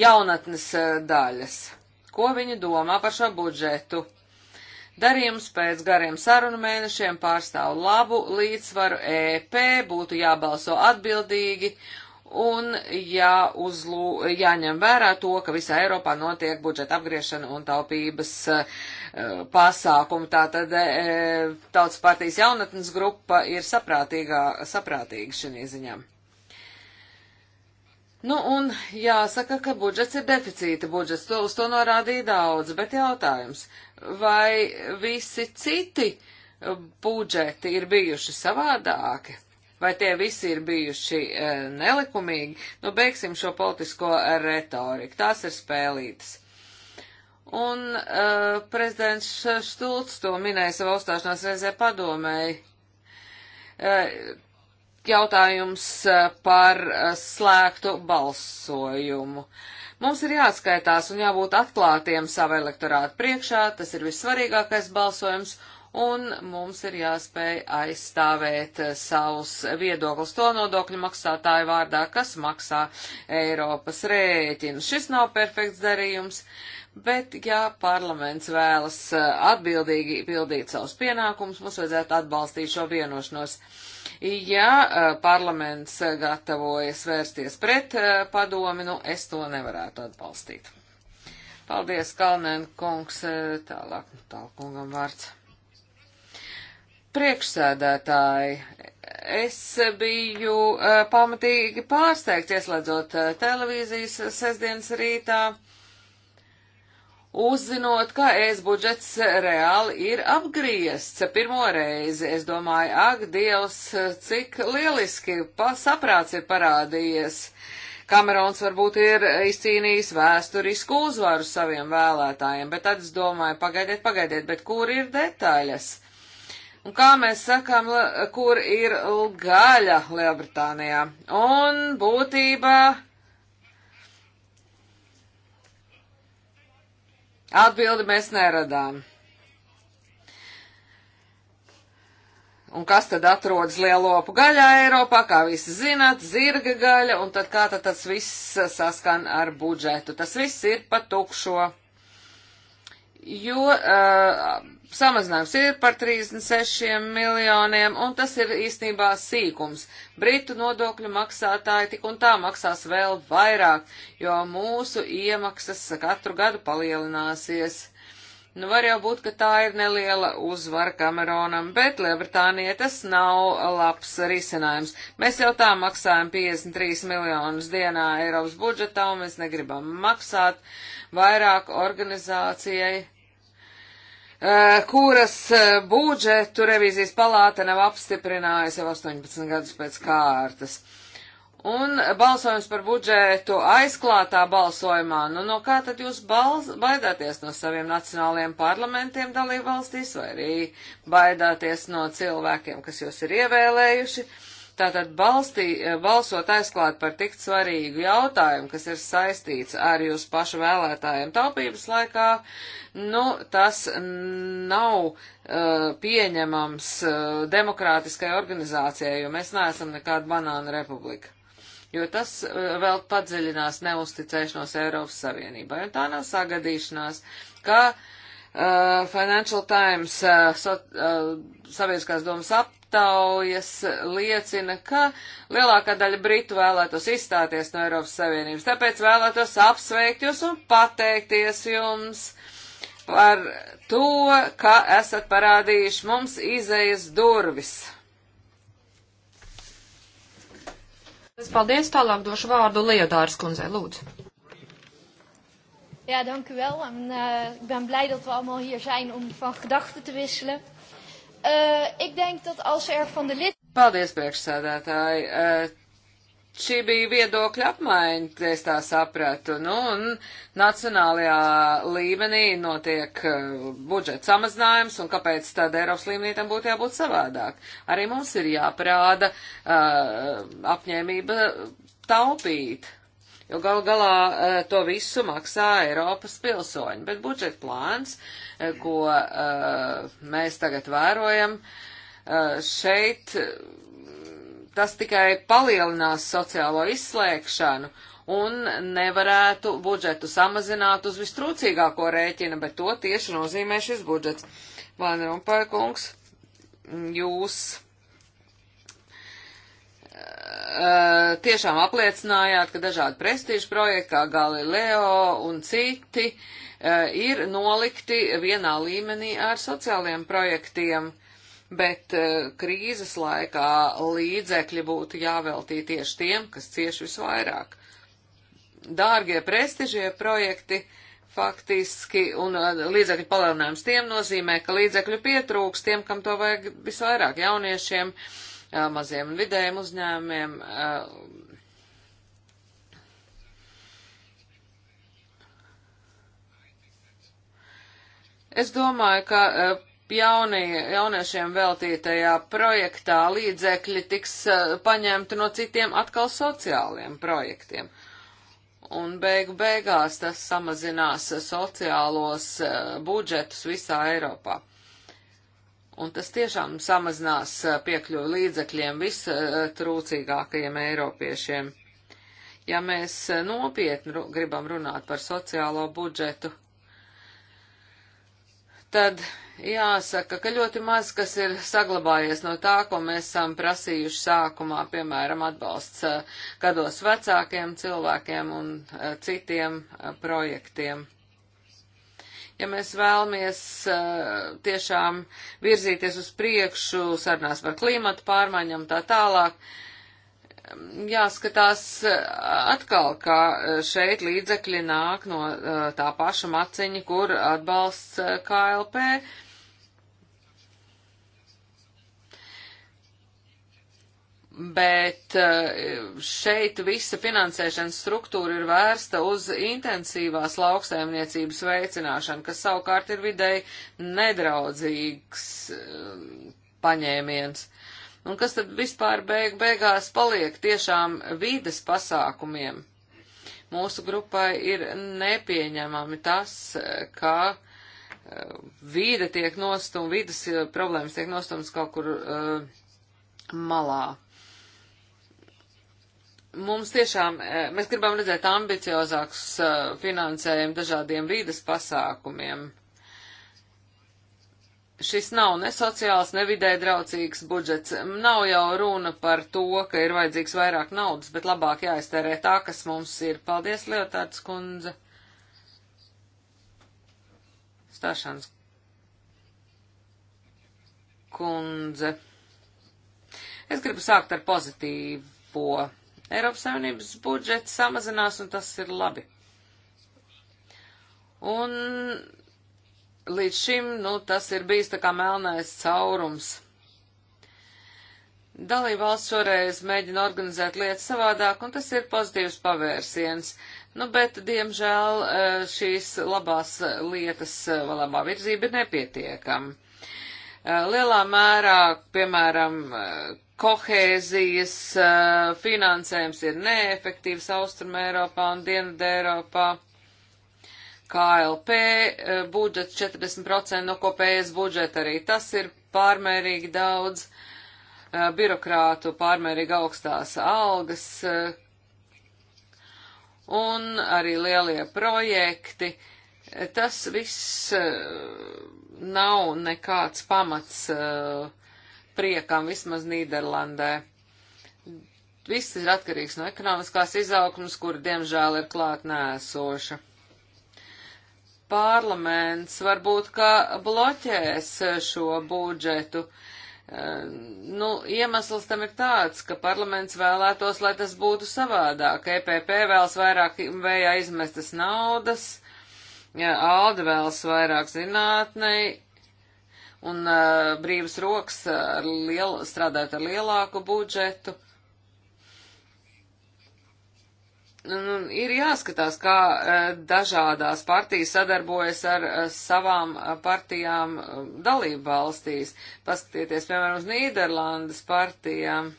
S1: jaunatnes e, daļas. Ko viņi domā par šo budžetu? Darījums pēc gariem sarunu mēnešiem pārstāv labu līdzsvaru EP, būtu jābalso atbildīgi un jāuzlū, jāņem vērā to, ka visā Eiropā notiek budžeta apgriešana un taupības uh, pasākumi. Tātad uh, eh, Tautas partijas jaunatnes grupa ir saprātīga šī ziņā. Nu, un jāsaka, ka budžets ir deficīta budžets, to, uz to norādīja daudz, bet jautājums, vai visi citi budžeti ir bijuši savādāki? vai tie visi ir bijuši e, nelikumīgi, nu beigsim šo politisko retoriku. Tās ir spēlītas. Un e, prezidents Štults to minēja savā uzstāšanās reizē padomēji. E, jautājums e, par e, slēgtu balsojumu. Mums ir jāatskaitās un jābūt atklātiem savu elektorātu priekšā, tas ir vissvarīgākais balsojums, un mums ir jāspēj aizstāvēt eh, savus viedokļus to nodokļu maksātāju vārdā, kas maksā Eiropas rēķinu. Šis nav perfekts darījums, bet ja parlaments vēlas eh, atbildīgi pildīt savus pienākumus, mums vajadzētu atbalstīt šo vienošanos. Ja eh, parlaments gatavojas vērsties pret padomi, nu es to nevarētu atbalstīt. Paldies, Kalnēn kungs, tālāk, nu, tālāk kungam vārds. Priekšsēdētāji, es biju uh, pamatīgi pārsteigts, ieslēdzot uh, televīzijas sestdienas rītā, uzzinot, ka es budžets reāli ir apgriests pirmo reizi. Es domāju, ak, Dievs, cik lieliski saprāts ir parādījies. Kamerons varbūt ir izcīnījis vēsturisku uzvaru saviem vēlētājiem, bet tad es domāju, pagaidiet, pagaidiet, bet kur ir detaļas? Un kā mēs sakām, kur ir gaļa Lielbritānijā? Un būtībā atbildi mēs neradām. Un kas tad atrodas lielopu gaļā Eiropā, kā visi zināt, zirga gaļa, un tad kā tad tas viss saskan ar budžetu? Tas viss ir pa tukšo jo uh, samazinājums ir par 36 miljoniem, un tas ir īstenībā sīkums. Britu nodokļu maksātāji tik un tā maksās vēl vairāk, jo mūsu iemaksas katru gadu palielināsies. Nu, var jau būt, ka tā ir neliela uzvara Kameronam, bet Lielbritānija tas nav labs risinājums. Mēs jau tā maksājam 53 miljonus dienā Eiropas budžetā, un mēs negribam maksāt vairāk organizācijai Eh, kuras eh, budžetu revīzijas palāta nav apstiprinājusi jau 18 gadus pēc kārtas. Un balsojums par budžetu aizklātā balsojumā, nu no kā tad jūs balz, baidāties no saviem nacionālajiem parlamentiem dalībvalstīs, vai arī baidāties no cilvēkiem, kas jūs ir ievēlējuši? Uh, Tātad balstī, balsot aizklāt par tik svarīgu jautājumu, kas ir saistīts ar jūsu pašu vēlētājiem taupības laikā, nu, tas nav uh, pieņemams uh, demokrātiskai organizācijai, jo mēs neesam nekāda banāna republika. Jo tas uh, vēl padziļinās neusticēšanos Eiropas Savienībai, un tā nav sagadīšanās, ka uh, Financial Times uh, so, uh, sabiedriskās domas ap aptaujas liecina, ka lielākā daļa Britu vēlētos izstāties no Eiropas Savienības. Tāpēc vēlētos apsveikt jūs un pateikties jums par to, ka esat parādījuši mums izējas durvis.
S2: Paldies, tālāk došu vārdu Liedāras kundzei, lūdzu. Ja, dank u wel. En uh, ik ben blij dat we allemaal hier zijn om van gedachten te wisselen. Uh, ik denk dat als er van de lid...
S1: Paldies, priekšsēdētāji. Uh, šī bija viedokļa apmaiņa, es tā sapratu. Nu, un nacionālajā līmenī notiek uh, budžeta samazinājums, un kāpēc tad Eiropas līmenī tam būtu jābūt savādāk? Arī mums ir jāprāda uh, apņēmība taupīt. Uh, Jo gal galā e, to visu maksā Eiropas pilsoņi, bet budžeta plāns, e, ko e, mēs tagad vērojam, šeit tas tikai palielinās sociālo izslēgšanu un nevarētu budžetu samazināt uz vistrūcīgāko rēķina, bet to tieši nozīmē šis budžets. Vānerumpēkungs, jūs Eh, tiešām apliecinājāt, ka dažādi prestīžu projekti, kā Galileo un citi, eh, ir nolikti vienā līmenī ar sociāliem projektiem, bet eh, krīzes laikā līdzekļi būtu jāveltī tieši tiem, kas cieši visvairāk. Dārgie prestižie projekti faktiski un līdzekļu palielinājums tiem nozīmē, ka līdzekļu pietrūks tiem, kam to vajag visvairāk jauniešiem. Uh, maziem un vidējiem uzņēmumiem. Es domāju, ka jaunie, jauniešiem veltītajā projektā līdzekļi tiks paņemti no citiem atkal sociāliem projektiem. Un beigu beigās tas samazinās sociālos budžetus visā Eiropā. Un tas tiešām samazinās piekļuvi līdzekļiem vistrūcīgākajiem eiropiešiem. Ja mēs nopietni ru gribam runāt par sociālo budžetu, tad jāsaka, ka ļoti maz kas ir saglabājies no tā, ko mēs esam prasījuši sākumā, piemēram, atbalsts gados vecākiem cilvēkiem un citiem projektiem ja mēs vēlamies uh, tiešām virzīties uz priekšu, sarunās par klimatu pārmaiņām tā tālāk, mm, jāskatās eh, atkal, ka eh, šeit līdzekļi nāk no uh, tā paša maciņa, kur atbalsts uh, KLP. Uh, Bet eh, šeit visa finansēšanas struktūra ir vērsta uz intensīvās lauksaimniecības veicināšanu, kas savukārt ir videi nedraudzīgs eh, paņēmiens. Un kas tad vispār beig beigās paliek tiešām vides pasākumiem? Mūsu grupai ir nepieņemami tas, ka eh, vīde tiek nostumta, vīdes problēmas tiek nostumtas kaut kur uh, malā. Mums tiešām, eh, mēs gribam redzēt ambiciozāks eh, finansējumu dažādiem vīdes pasākumiem. Šis nav ne sociāls, ne vidē draudzīgs budžets. Nav jau runa par to, ka ir vajadzīgs vairāk naudas, bet labāk jāiztērē tā, kas mums ir. Paldies, Lietārds kundze. Stāšanas kundze. Es gribu sākt ar pozitīvo Eiropas Savienības budžets samazinās, un tas ir labi. Un līdz šim, nu, tas ir bijis tā kā melnais caurums. Dalībvalsts šoreiz mēģina organizēt lietas savādāk, un tas ir pozitīvs pavērsiens. Nu, bet, diemžēl, e, šīs labās e, lietas, e, labā virzība ir nepietiekama. Lielā mērā, piemēram, kohēzijas eh, finansējums ir neefektīvs Austruma Eiropā un Dienvidē Eiropā. KLP eh, budžets 40% no kopējas budžeta arī tas ir pārmērīgi daudz, eh, birokrātu pārmērīgi augstās algas un arī lielie projekti. Tas viss nav nekāds pamats uh, priekam vismaz Nīderlandē. Viss ir atkarīgs no ekonomiskās izaugsmas, kur diemžēl ir klāt nēsoša. Parlaments varbūt kā bloķēs šo budžetu. Eh, nu, iemesls tam ir tāds, ka parlaments vēlētos, lai tas būtu savādāk. EPP vēlas vairāk vējā izmestas naudas, ja, Alde vēlas vairāk zinātnei, un uh, brīvas rokas uh, ar lielu, strādāt ar lielāku budžetu. Un ir jāskatās, kā uh, dažādās partijas sadarbojas ar uh, savām partijām um, dalību valstīs. Paskatieties, piemēram, uz Nīderlandes partijām,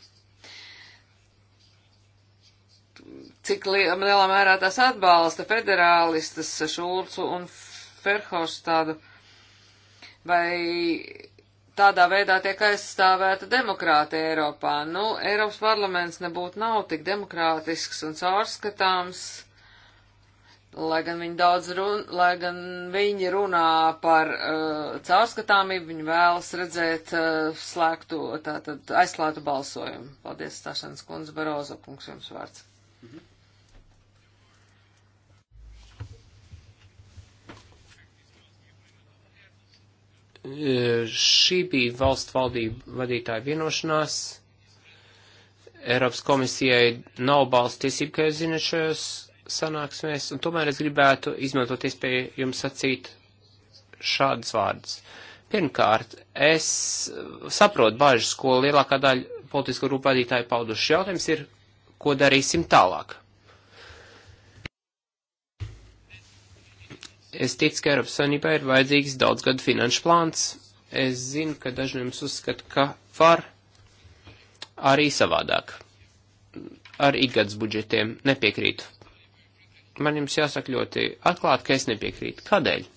S1: cik lielā mērā tās atbalsta federālistas Šulcu un Ferhorstadu. Uh, vai tādā veidā tiek aizstāvēta demokrātija Eiropā. Nu, Eiropas parlaments nebūtu nav tik demokrātisks un caurskatāms, lai gan viņi daudz run, lai gan viņi runā par uh, caurskatāmību, viņi vēlas redzēt uh, slēgtu, tātad aizslēgtu balsojumu. Paldies, Stašanas kundze, Barozo kungs, jums vārds. Mm -hmm.
S3: Eh, šī bija valstu valdību vadītāja vienošanās. Eiropas komisijai nav balsts tiesību, kā jūs zinat, šajos sanāksmēs, un tomēr es gribētu izmantot iespēju jums sacīt šādus vārdus. Pirmkārt, es saprotu bažas, ko lielākā daļa politisko rūpādītāju pauduši jautājums ir, ko darīsim tālāk. Es ticu, ka Eiropas Savienībā ir vajadzīgs daudzgadu finanšu plāns. Es zinu, ka daži no jums uzskata, ka var arī savādāk. Ar ikgads budžetiem nepiekrītu. Man jums jāsaka ļoti atklāti, ka es nepiekrītu. Kādēļ?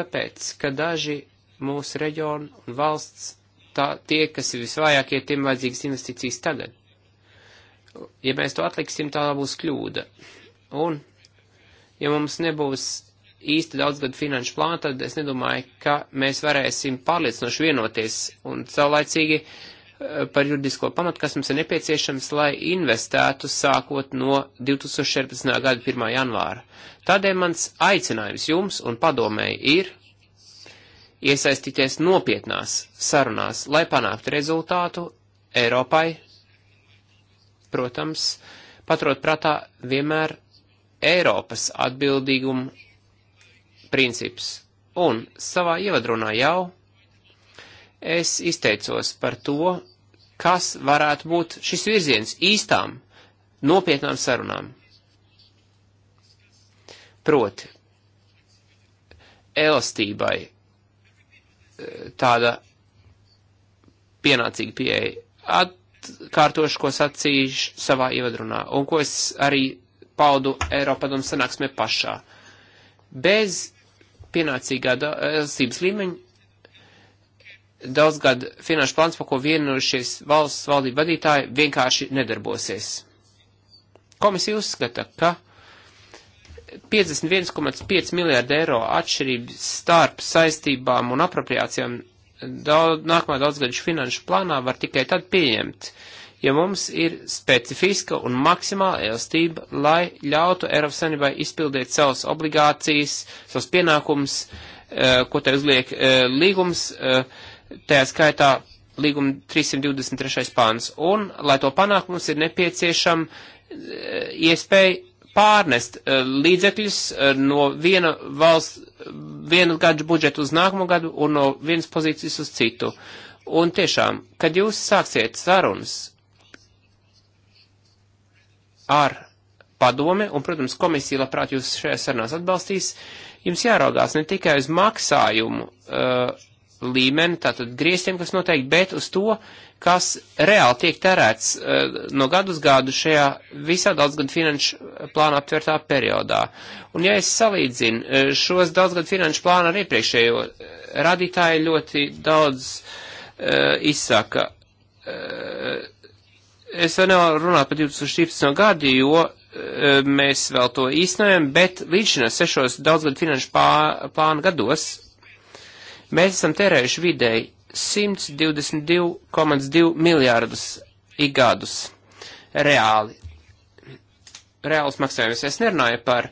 S3: Tāpēc, ka daži mūsu reģionu un valsts, tā, tie, kas ir visvājākie, tiem vajadzīgas investīcijas tagad. Ja mēs to atliksim, tā būs kļūda. Un, ja mums nebūs īsta daudzgadu finanšu plāna, tad es nedomāju, ka mēs varēsim pārliecinoši vienoties un saulaicīgi eh, par juridisko pamatu, kas mums ir nepieciešams, lai investētu sākot no 2014. gada 1. janvāra. Tādēļ mans aicinājums jums un padomēji ir iesaistīties nopietnās sarunās, lai panāktu rezultātu Eiropai, protams, paturot prātā vienmēr Eiropas atbildīgumu princips. Un savā ievadrunā jau es izteicos par to, kas varētu būt šis virziens īstām, nopietnām sarunām. Proti, elastībai e, tāda pienācīga pieeja. Atkārtošu, ko sacīšu savā ievadrunā, un ko es arī paudu Eiropadomu sanāksmē pašā. Bez pienācīgā dalības eh, līmeņa daudz gadu finanšu plāns, par ko vienojušies valsts valdību vadītāji, vienkārši nedarbosies. Komisija uzskata, ka 51,5 miljārdu eiro atšķirības starp saistībām un apropriācijām daudz, nākamā daudzgaļu finanšu plānā var tikai tad pieņemt, uh, jo mums ir specifiska un maksimāla elastība, lai ļautu Eiropas Savienībai izpildīt savas obligācijas, savus pienākumus, eh, ko te uzliek eh, līgums, eh, tajā skaitā līguma 323. pāns. Un, lai to panākt, mums ir nepieciešama iespēja pārnest līdzekļus no viena valsts, vienu gadu budžetu uz nākamo gadu un no vienas pozīcijas uz citu. Un tiešām, kad jūs sāksiet sarunas ar padome, un, protams, komisija labprāt jūs šajā sarunās atbalstīs, jums jāraugās ne tikai uz maksājumu uh, līmeni, tātad griestiem, kas noteikti, bet uz to, kas reāli tiek tērēts uh, no gadu uz gadu šajā visā daudzgadu finanšu plāna aptvertā periodā. Un ja es salīdzinu uh, šos daudzgadu finanšu plānu ar iepriekšējo, uh, radītāji ļoti daudz uh, izsaka. Uh, es vēl nevaru runāt par 2014. gadu, jo e, mēs vēl to īstenojam, bet līdz šim sešos daudzgadu finanšu pā, plānu gados mēs esam tērējuši vidēji 122,2 miljārdus ik gadus reāli. Reāls maksājums. Es nerunāju par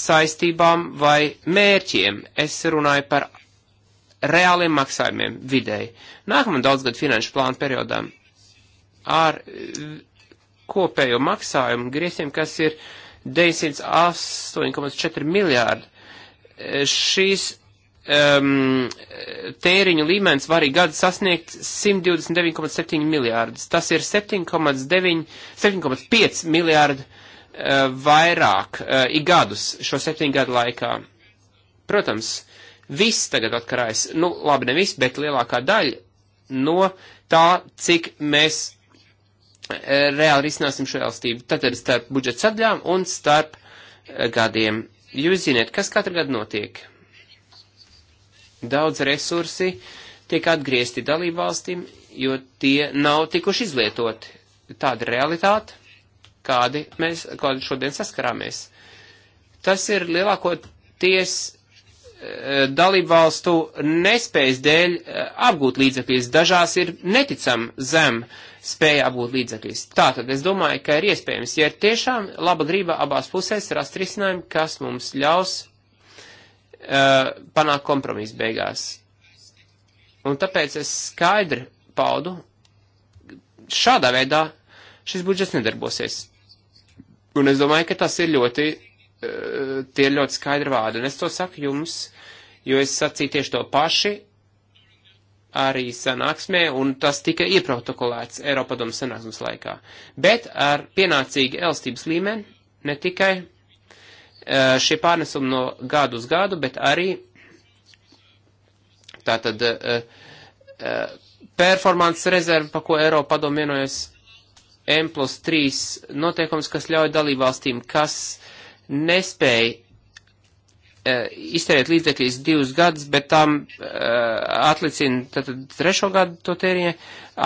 S3: saistībām vai mērķiem. Es runāju par reāliem maksājumiem vidēji. Nākamā daudzgad finanšu plānu periodām ar eh, kopējo maksājumu grieztiem, kas ir 908,4 miljārdi. Eh, šīs um, tēriņu līmenis var arī gadu sasniegt 129,7 miljārdus. Tas ir 7,5 miljārdi uh, vairāk uh, ik gadus šo septiņu gadu laikā. Protams, viss tagad atkarājas, nu labi, ne viss, bet lielākā daļa no tā, cik mēs Eh, reāli risināsim šo elastību. Tātad starp budžeta sadaļām un starp eh, gadiem. Jūs ziniet, kas katru gadu notiek. Daudz resursi tiek atgriezti dalībvalstīm, jo tie nav tikuši izlietoti. Tāda realitāte, kādi mēs kādi šodien saskarāmies. Tas ir lielākoties dalībvalstu nespējas dēļ eh, apgūt līdzekļus. Dažās ir neticam zem spēja apgūt līdzekļus. Tātad es domāju, ka ir iespējams, ja ir tiešām laba grība abās pusēs rast risinājumu, kas mums ļaus uh, panākt kompromisu beigās. Un tāpēc es skaidri paudu, šādā veidā šis budžets nedarbosies. Un es domāju, ka tas ir ļoti Eh, tie ir ļoti skaidri vārdi. Un es to saku jums, jo es sacīju tieši to paši arī sanāksmē, un tas tika ieprotokolēts Eiropadomu sanāksmes laikā. Bet ar pienācīgu elstības līmeni ne tikai eh, šie pārnesumi no gadu uz gadu, bet arī tātad eh, performances rezerve, pa ko Eiropadomu vienojas M plus 3 noteikums, kas ļauj dalībvalstīm, kas uh, nespēja eh, iztērēt līdzekļus divus gadus, bet tam uh, atlicina tātad trešo gadu to tēriņu,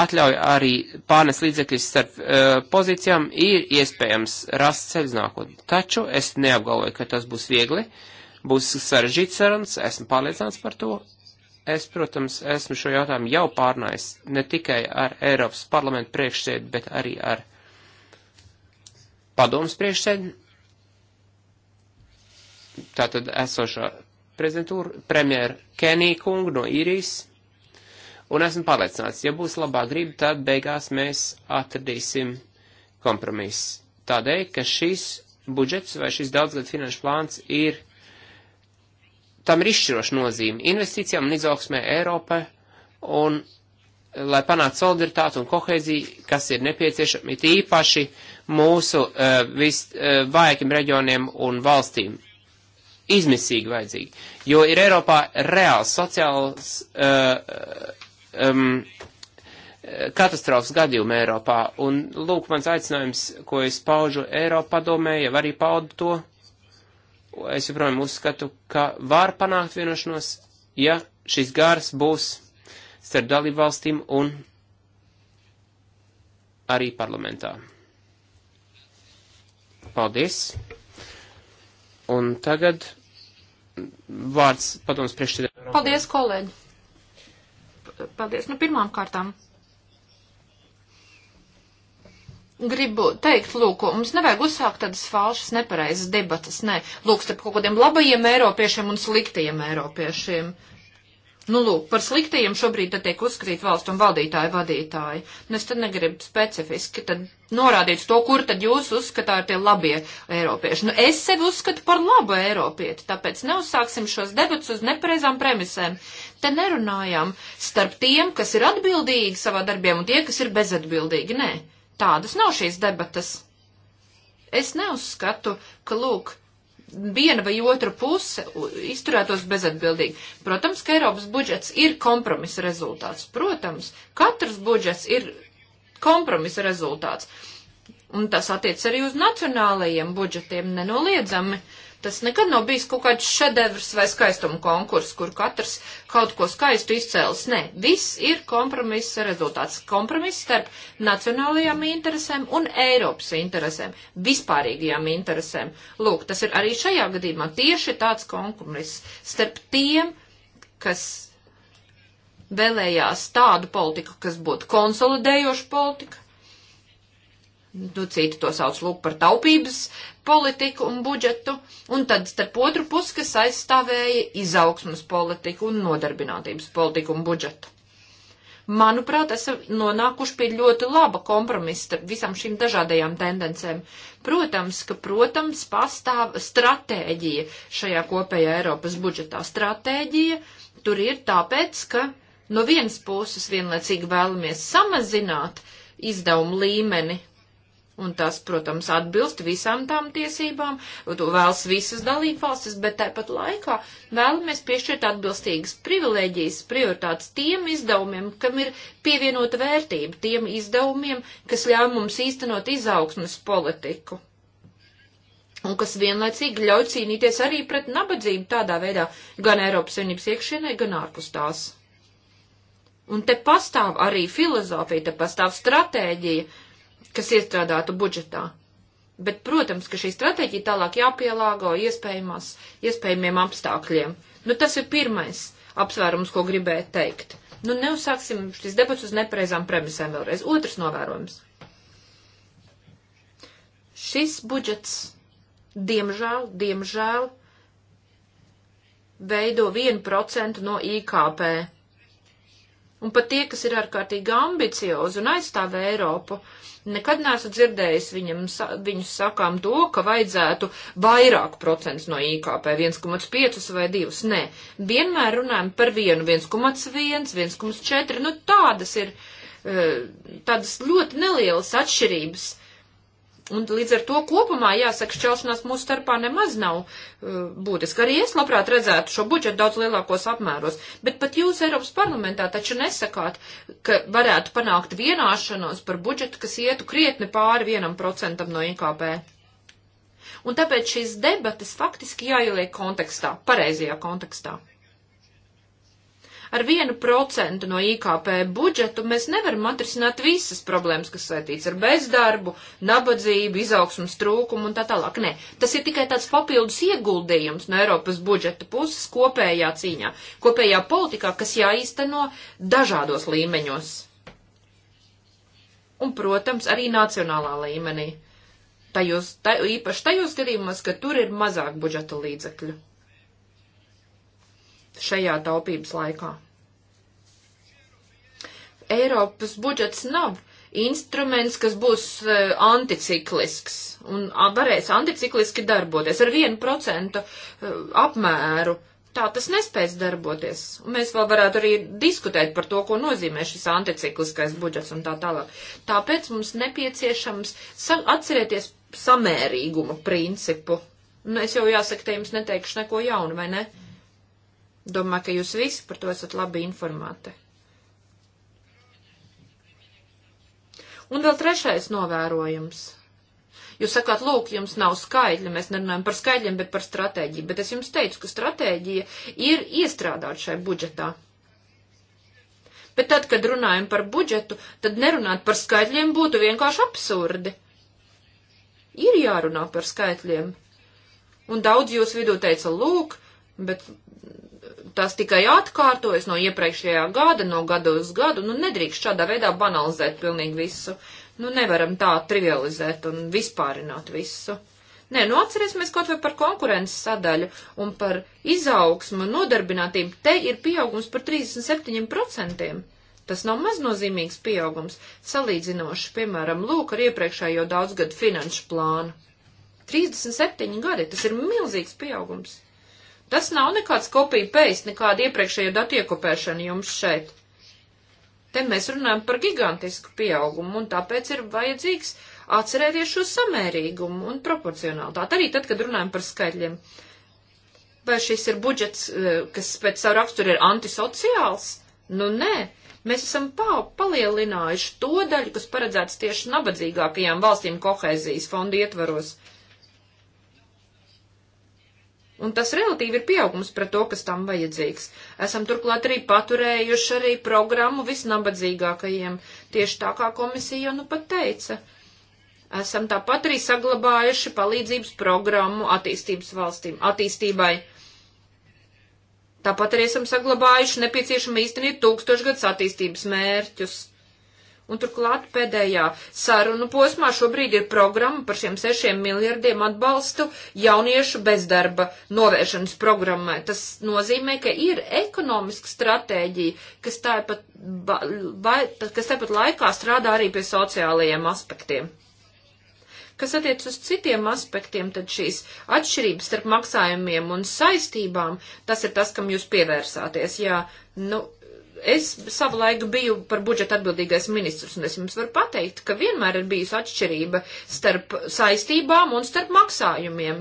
S3: atļauj arī pārnes līdzekļus starp uh, pozīcijām, ir iespējams rast ceļu nākotnē. Taču es neapgalvoju, ka tas būs viegli, būs sarežģīts sarunas, esmu pārliecināts par to. Es, protams, esmu šo jautājumu jau pārnājis ne tikai ar Eiropas parlamentu priekšsēdi, bet arī ar padomas priekšsēdi tātad esošā prezidentūra, premjera Kenī kungu no īrijas, un esmu pārliecināts, ja būs labā griba, tad beigās mēs atradīsim kompromisu. Tādēļ, ka šis budžets vai šis daudzgad finanšu plāns ir, tam ir izšķiroša nozīme investīcijām un izaugsmē Eiropai, un lai panāktu solidaritāti un kohēziju, kas ir nepieciešami it īpaši mūsu uh, eh, visvājākiem eh, uh, reģioniem un valstīm izmisīgi vajadzīgi, jo ir Eiropā reāls sociāls uh, uh, um, katastrofas gadījumi Eiropā, un lūk mans aicinājums, ko es paužu Eiropa padomē, ja arī paudu to, es joprojām uzskatu, ka var panākt vienošanos, ja šis gars būs starp dalību valstīm un arī parlamentā. Paldies! Un tagad vārds padoms priekšsēdētājiem. Paldies,
S2: kolēģi! Paldies. Nu, pirmām kārtām gribu teikt, lūk, mums nevajag uzsākt tādas falšas, nepareizas debatas, nē, lūk, starp kaut kādiem labajiem eiropiešiem un sliktajiem eiropiešiem. Uh, Nu, lūk, par sliktajiem šobrīd tad tiek uzskatīt valstu un valdītāju vadītāji. Un nu, es tad negribu specifiski tad norādīt to, kur tad jūs uzskatāt tie labie eiropieši. Nu, es sevi uzskatu par labu eiropieti, tāpēc neuzsāksim šos debats uz nepareizām premisēm. Te nerunājām starp tiem, kas ir atbildīgi savā darbiem un tie, kas ir bezatbildīgi. Nē, tādas nav šīs debatas. Es neuzskatu, ka, lūk, viena vai otra puse izturētos bezatbildīgi. Protams, ka Eiropas budžets ir kompromisa rezultāts. Protams, katrs budžets ir kompromisa rezultāts. Un tas attiec arī uz nacionālajiem budžetiem nenoliedzami. Tas nekad nav bijis kaut kāds šedevrs vai skaistuma konkurss, kur katrs kaut ko skaistu izcēlis. Nē, viss ir kompromiss rezultāts. Kompromiss starp nacionālajām interesēm un Eiropas interesēm, vispārīgajām interesēm. Lūk, tas ir arī šajā gadījumā tieši tāds kompromiss starp tiem, kas vēlējās tādu politiku, kas būtu konsolidējoša politika, nu, citi to sauc lūk par taupības politiku un budžetu, un tad starp otru pusi, kas aizstāvēja izaugsmas politiku un nodarbinātības politiku un budžetu. Manuprāt, esam nonākuši pie ļoti laba kompromisa starp visam šīm dažādajām tendencēm. Protams, ka, protams, pastāv stratēģija šajā kopējā Eiropas budžetā. Stratēģija tur ir tāpēc, ka no vienas puses vienlaicīgi vēlamies samazināt izdevumu līmeni Un tas, protams, atbilst visām tām tiesībām, to vēlas visas dalībvalstis, bet tāpat laikā vēlamies piešķirt atbilstīgas privilēģijas, prioritātes tiem izdevumiem, kam ir pievienota vērtība, tiem izdevumiem, kas ļauj mums īstenot izaugsmas politiku. Un kas vienlaicīgi ļauj cīnīties arī pret nabadzību tādā veidā, gan Eiropas Savienības iekšienē, gan ārpus tās. Un te pastāv arī filozofija, te pastāv stratēģija, kas iestrādātu budžetā. Bet, protams, ka šī stratēģija tālāk jāpielāgo iespējamiem apstākļiem. Nu, tas ir pirmais apsvērums, ko gribēju teikt. Nu, neuzsāksim šīs debats uz nepareizām premisēm vēlreiz. Otrs novērojums. Šis budžets, diemžēl, diemžēl, veido 1% no IKP. Un pat tie, kas ir ārkārtīgi ambiciozi un aizstāv Eiropu, uh, Nekad neesmu dzirdējis viņam, viņus sakām to, ka vajadzētu vairāk procents no IKP, 1,5 vai 2. Nē, vienmēr runājam par vienu, 1,1, 1,4. Nu, tādas ir eh, tādas ļoti nelielas atšķirības Un līdz ar to kopumā, jāsaka, šķelšanās mūsu starpā nemaz nav uh, būtiska. Arī es labprāt redzētu šo budžetu daudz lielākos apmēros, bet pat jūs Eiropas parlamentā taču nesakāt, ka varētu panākt vienāšanos par budžetu, kas ietu krietni pāri vienam procentam no IKP. Un tāpēc šīs debatas faktiski jāieliek kontekstā, pareizajā kontekstā. Ar vienu procentu no IKP budžetu mēs nevaram atrisināt visas problēmas, kas saistīts ar bezdarbu, nabadzību, izaugsmas trūkumu un tā tālāk. Nē, tas ir tikai tāds papildus ieguldījums no Eiropas budžeta puses kopējā cīņā, kopējā politikā, kas jāīsteno dažādos līmeņos. Un, protams, arī nacionālā līmenī tajos, taj, īpaši tajos gadījumos, ka tur ir mazāk budžeta līdzekļu šajā taupības laikā. Eiropas budžets nav instruments, kas būs e, anticiklisks un varēs anticikliski darboties ar 1% e, apmēru. Tā tas nespēs darboties. Un mēs vēl varētu arī diskutēt par to, ko nozīmē šis anticikliskais budžets un tā tālāk. Tāpēc mums nepieciešams atcerēties samērīguma principu. Un nu, es jau jāsaka, te jums neteikšu neko jaunu, vai ne? Mm. Domāju, ka jūs visi par to esat labi informēti. Un vēl trešais novērojums. Jūs sakāt, lūk, jums nav skaidri, mēs nerunājam par skaidriem, bet par stratēģiju. Bet es jums teicu, ka stratēģija ir iestrādāta šai budžetā. Bet tad, kad runājam par budžetu, tad nerunāt par skaidriem būtu vienkārši absurdi. Ir jārunā par skaidriem. Un daudz jūs vidū teica, lūk, bet tas tikai atkārtojas no iepriekšējā gada, no gada uz gadu. Nu, nedrīkst šādā veidā banalizēt pilnīgi visu. Nu, nevaram tā trivializēt un vispārināt visu. Nē, nu atcerēsimies kaut vai par konkurences sadaļu un par izaugsmu nodarbinātību. Te ir pieaugums par 37%. Tas nav maznozīmīgs pieaugums, salīdzinoši, piemēram, lūk ar iepriekšējo daudzgadu finanšu plānu. 37 gadi, tas ir milzīgs pieaugums. Tas nav nekāds kopija paste, nekāda iepriekšēja datu iekopēšana jums šeit. Te mēs runājam par gigantisku pieaugumu, un tāpēc ir vajadzīgs atcerēties šo samērīgumu un proporcionalitāti, arī tad, kad runājam par skaitļiem. Vai šis ir budžets, eh, kas pēc savu raksturu ir antisociāls? Nu, nē. Mēs esam pa palielinājuši to daļu, kas paredzēts tieši nabadzīgākajām valstīm kohēzijas fonda ietvaros. Uh, Un tas relatīvi ir pieaugums pret to, kas tam vajadzīgs. Esam turklāt arī paturējuši arī programmu visnabadzīgākajiem, tieši tā kā komisija jau nu pat teica. Esam tāpat arī saglabājuši palīdzības programmu attīstības valstīm, attīstībai. Tāpat arī esam saglabājuši nepieciešami īstenīt tūkstošgads attīstības mērķus. Un turklāt pēdējā sarunu posmā šobrīd ir programma par šiem sešiem miljardiem atbalstu jauniešu bezdarba novēršanas programmai. Tas nozīmē, ka ir ekonomiska stratēģija, kas tāpat, ba, kas tāpat laikā strādā arī pie sociālajiem aspektiem. Kas attiec uz citiem aspektiem, tad šīs atšķirības starp maksājumiem un saistībām, tas ir tas, kam jūs pievērsāties. Jā, nu, es savu laiku biju par budžetu atbildīgais ministrs, un es jums varu pateikt, ka vienmēr ir bijusi atšķirība starp saistībām un starp maksājumiem,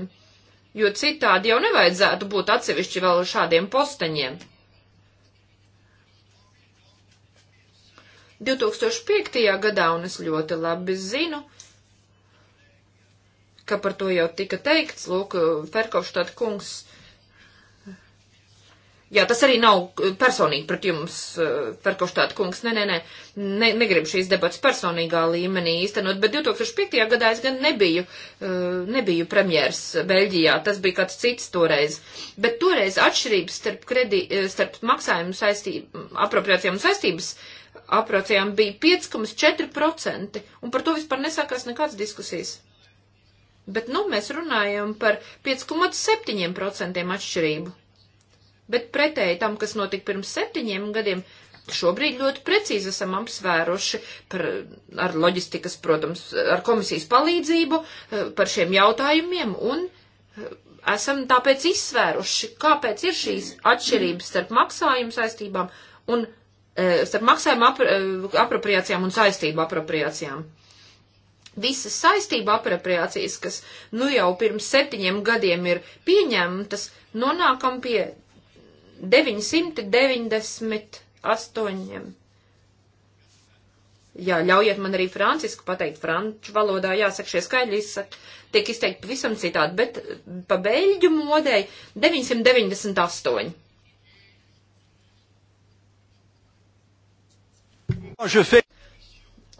S2: jo citādi jau nevajadzētu būt atsevišķi vēl šādiem posteņiem. 2005. gadā, un es ļoti labi zinu, ka par to jau tika teikts, lūk, Ferkovštāt kungs Jā, tas arī nav eh, personīgi pret jums, eh, Ferkoštāt kungs. Nē, nē, nē, ne, negribu šīs debats personīgā līmenī īstenot, bet 2005. gadā es gan nebiju, eh, nebiju premjers Beļģijā, tas bija kāds cits toreiz. Bet toreiz atšķirības starp, kredi, starp maksājumu saistību, apropriācijām un saistības apropriācijām bija 5,4%, un par to vispār nesākās nekādas diskusijas. Bet, nu, mēs runājam par 5,7% atšķirību. Bet pretēji tam, kas notika pirms septiņiem gadiem, šobrīd ļoti precīzi esam apsvēruši par, ar loģistikas, protams, ar komisijas palīdzību eh, par šiem jautājumiem un eh, esam tāpēc izsvēruši, kāpēc ir šīs atšķirības starp maksājumu saistībām un eh, starp maksājumu ap, apropriācijām un saistību apropriācijām visas saistība apropriācijas, kas nu jau pirms septiņiem gadiem ir pieņemtas, nonākam pie 998. Jā, ļaujiet man arī francisku pateikt, franču valodā jāsaka šie skaidri, izsaka, tiek izteikti pavisam citādi, bet eh, pa beļģu modēji 998.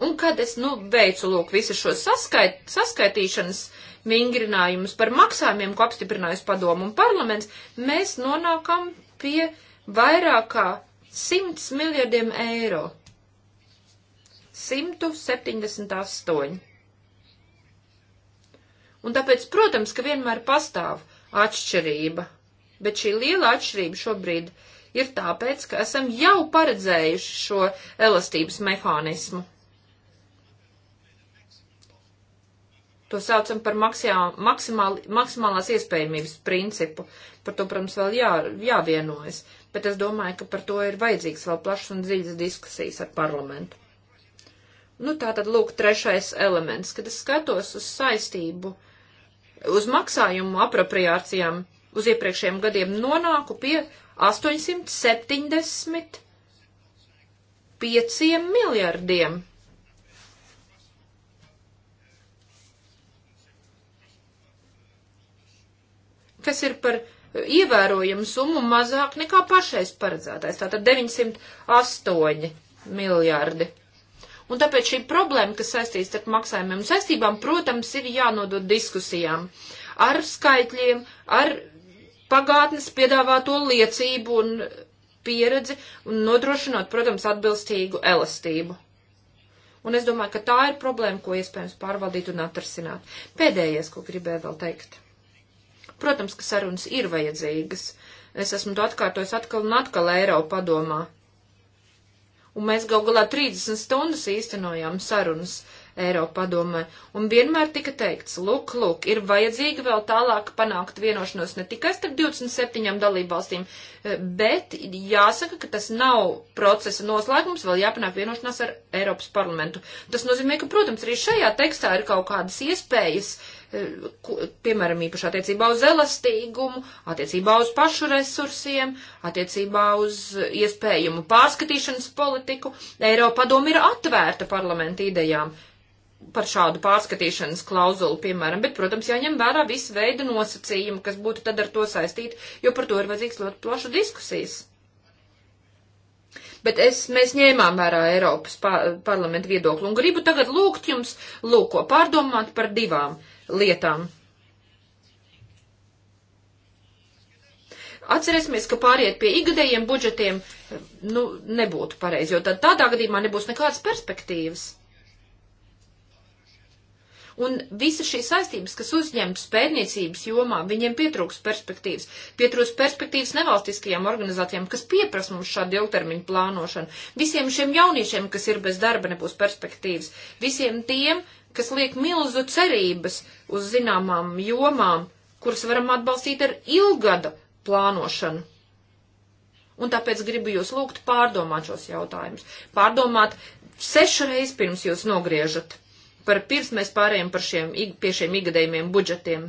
S2: Un kad es, nu, veicu, lūk, visu šo saskait, saskaitīšanas vingrinājumus par maksājumiem, ko apstiprinājusi padomu un parlaments, mēs nonākam pie vairāk kā 100 miljardiem eiro. 178. Un tāpēc, protams, ka vienmēr pastāv atšķirība, bet šī liela atšķirība šobrīd ir tāpēc, ka esam jau paredzējuši šo elastības mehānismu. To saucam par maksimāl, maksimālās iespējamības principu. Par to, protams, vēl jā, jāvienojas, bet es domāju, ka par to ir vajadzīgs vēl plašs un dziļas diskusijas ar parlamentu. Nu, tā tad lūk trešais elements, kad es skatos uz saistību, uz maksājumu apropriācijām uz iepriekšējiem gadiem, nonāku pie 875 miljardiem kas ir par ievērojumu summu mazāk nekā pašais paredzētais, tātad 908 miljārdi. Un tāpēc šī problēma, kas saistīts ar maksājumiem un saistībām, protams, ir jānodod diskusijām ar skaitļiem, ar pagātnes piedāvāto liecību un pieredzi un nodrošinot, protams, atbilstīgu elastību. Un es domāju, ka tā ir problēma, ko iespējams pārvaldīt un atrasināt. Pēdējais, ko gribēju vēl teikt. Protams, ka sarunas ir vajadzīgas. Es esmu to atkārtojis atkal un atkal Eiropa padomā. Un mēs gal galā 30 stundas īstenojām sarunas Eiropa padomē. Un vienmēr tika teikts, lūk, lūk, ir vajadzīgi vēl tālāk panākt vienošanos ne tikai starp 27 dalībvalstīm, eh, bet jāsaka, ka tas nav procesa noslēgums, vēl jāpanāk vienošanās ar Eiropas parlamentu. Tas nozīmē, ka, protams, arī šajā tekstā ir kaut kādas iespējas piemēram, īpaši attiecībā uz elastīgumu, attiecībā uz pašu resursiem, attiecībā uz iespējumu pārskatīšanas politiku. Eiropa doma ir atvērta parlamenta idejām par šādu pārskatīšanas klauzulu, piemēram, bet, protams, jāņem vērā visi veidi nosacījumi, kas būtu tad ar to saistīti, jo par to ir vajadzīgs ļoti plašas diskusijas. Bet es, mēs ņēmām vērā Eiropas parlamentu viedokli un gribu tagad lūgt jums, lūko, pārdomāt par divām uh, lietām. Atcerēsimies, ka pāriet pie ikgadējiem budžetiem nu, nebūtu pareizi, jo tad tādā gadījumā nebūs nekādas perspektīvas. Un visas šīs saistības, kas uzņemtas pētniecības jomā, viņiem pietrūks perspektīvas. Pietrūks perspektīvas nevalstiskajām organizācijām, kas pieprasa mums šādu ilgtermiņu plānošanu. Visiem šiem jauniešiem, kas ir bez darba, nebūs perspektīvas. Visiem tiem, uh, kas liek milzu cerības uz zināmām jomām, kuras varam atbalstīt ar ilgada plānošanu. Un tāpēc gribu jūs lūgt pārdomāt šos jautājumus. Pārdomāt sešreiz pirms jūs nogriežat par pirms mēs pārējām par šiem, pie šiem ikgadējumiem budžetiem.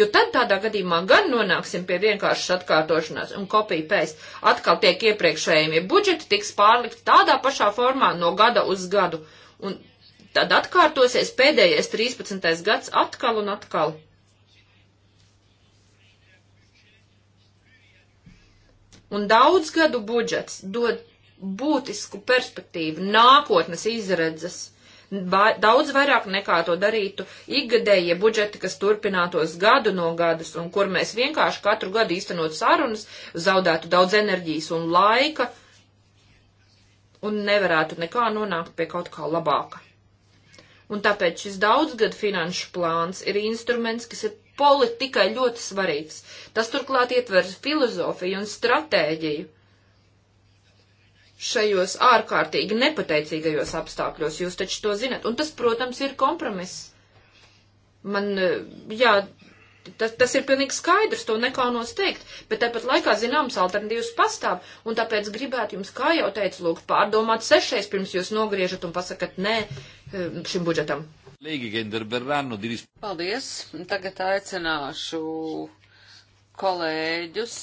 S2: Jo tad tādā gadījumā gan nonāksim pie vienkāršas atkārtošanās un kopija pēc. Atkal tiek iepriekšējiem, ja budžeti tiks pārlikt tādā pašā formā no gada uz gadu. Un Tad atkārtosies pēdējais 13. gads atkal un atkal. Un daudz gadu budžets dod būtisku perspektīvu, nākotnes izredzes, ba daudz vairāk nekā to darītu ikgadējie budžeti, kas turpinātos gadu no gadus, un kur mēs vienkārši katru gadu īstenot sarunas, zaudētu daudz enerģijas un laika, un nevarētu nekā nonākt pie kaut kā labāka. Un tāpēc šis daudzgad finanšu plāns ir instruments, kas ir politikai ļoti svarīgs. Tas turklāt ietver filozofiju un stratēģiju. Šajos ārkārtīgi nepateicīgajos apstākļos jūs taču to zinat, un tas, protams, ir kompromiss. Man jā, Tas, tas ir pilnīgi skaidrs, to nekaunos teikt, bet tāpat laikā zināms alternatīvas pastāv, un tāpēc gribētu jums, kā jau teicu, lūgt pārdomāt sešreiz pirms jūs nogriežat un pasakat nē eh, šim budžetam.
S1: Paldies, tagad aicināšu kolēģus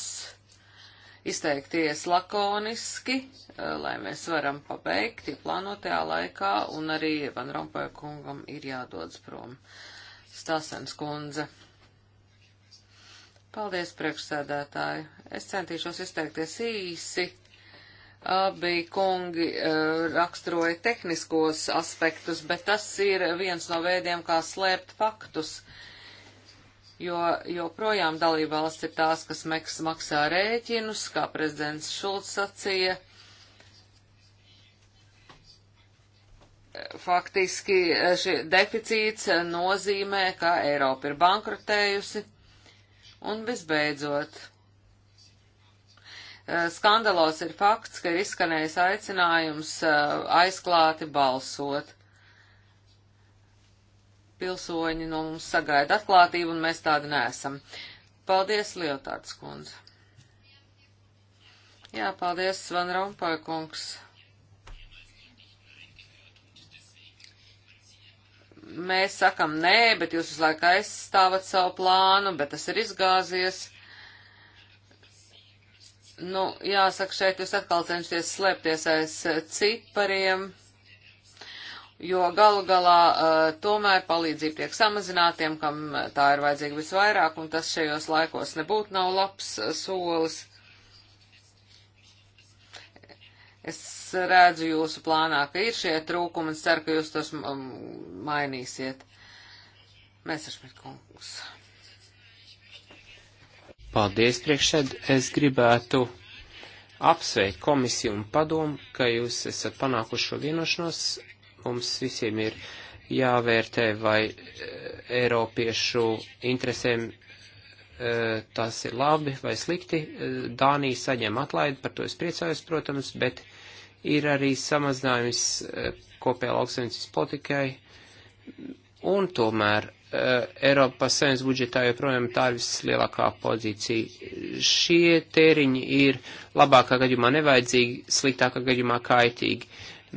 S1: izteikties lakoniski, eh, lai mēs varam pabeigt ja plānotajā laikā, un arī Van Rompuy kungam ir jādodas prom. Stasens kundze. Paldies, priekšsēdētāji. Es centīšos izteikties īsi. Abi kungi uh, raksturoja tehniskos aspektus, bet tas ir viens no veidiem, kā slēpt faktus, jo joprojām dalībvalsts ir tās, kas meks, maksā rēķinus, kā prezidents Šulcs sacīja. Faktiski eh, šis deficīts nozīmē, ka Eiropa ir bankrotējusi Un visbeidzot, eh, skandalos ir fakts, ka ir izskanējis aicinājums eh, aizklāti balsot. Pilsoņi no mums sagaida atklātību, un mēs tādi nesam. Paldies, Liotārds kundze. Jā, paldies, Van Rompuy kungs. mēs sakam nē, bet jūs uz laiku aizstāvat savu plānu, bet tas ir izgāzies. Nu, jāsaka, šeit jūs atkal cenšaties slēpties aiz eh, cipariem, jo galu galā uh, tomēr palīdzība tiek samazinātiem, kam eh, tā ir vajadzīga visvairāk, un tas šajos laikos nebūtu nav labs uh, solis. Es redzu jūsu plānā, ka ir šie trūkumi un ceru, ka jūs tos um, mainīsiet. Mēsešmit kungs.
S3: Paldies, priekšsēd. Es gribētu apsveikt komisiju un padomu, ka jūs esat panākuši šo vienošanos. Mums visiem ir jāvērtē, vai eh, Eiropiešu interesēm eh, tas ir labi vai slikti. Eh, Dānija saņem atlaidi, par to es priecājos, protams, bet ir arī samazinājums eh, kopējā lauksaimniecības politikai, un tomēr eh, Eiropas saimnes budžetā joprojām tā ir vislielākā pozīcija. Šie tēriņi ir labākā gadījumā nevajadzīgi, sliktākā gadījumā kaitīgi.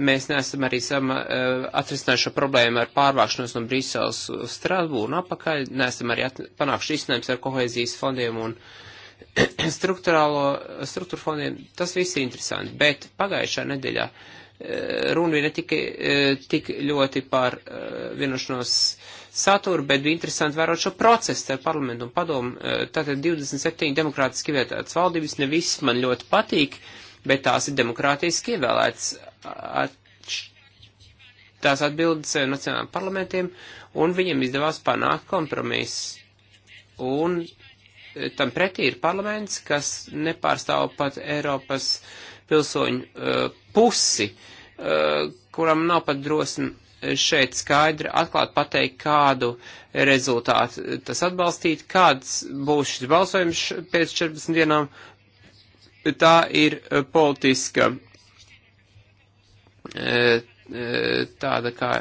S3: Mēs neesam arī sama, eh, atrisinājuši šo problēmu ar pārvākšanos no Brīseles uz Strasbūru un apakaļ, neesam arī at, panākuši izcinājums ar kohēzijas fondiem un uh, struktūra fondiem, tas viss ir interesanti, bet pagājušā nedēļā eh, runa bija ne tikai eh, tik ļoti par eh, vienošanos saturu, bet bija interesanti vērot šo procesu ar parlamentu un padomu. Tātad 27 demokrātiski ievēlētas valdības, ne visas man ļoti patīk, bet tās ir demokrātiski ievēlētas. Atš... Tās atbildes nacionālajiem parlamentiem, un viņiem izdevās panākt kompromisu. Un tam pretī ir parlaments, kas nepārstāv pat Eiropas pilsoņu uh, pusi, uh, kuram nav pat drosmi šeit skaidri atklāt pateikt, kādu rezultātu tas atbalstīt, kāds būs šis balsojums pēc 14 dienām. Tā ir eh, politiska tāda kā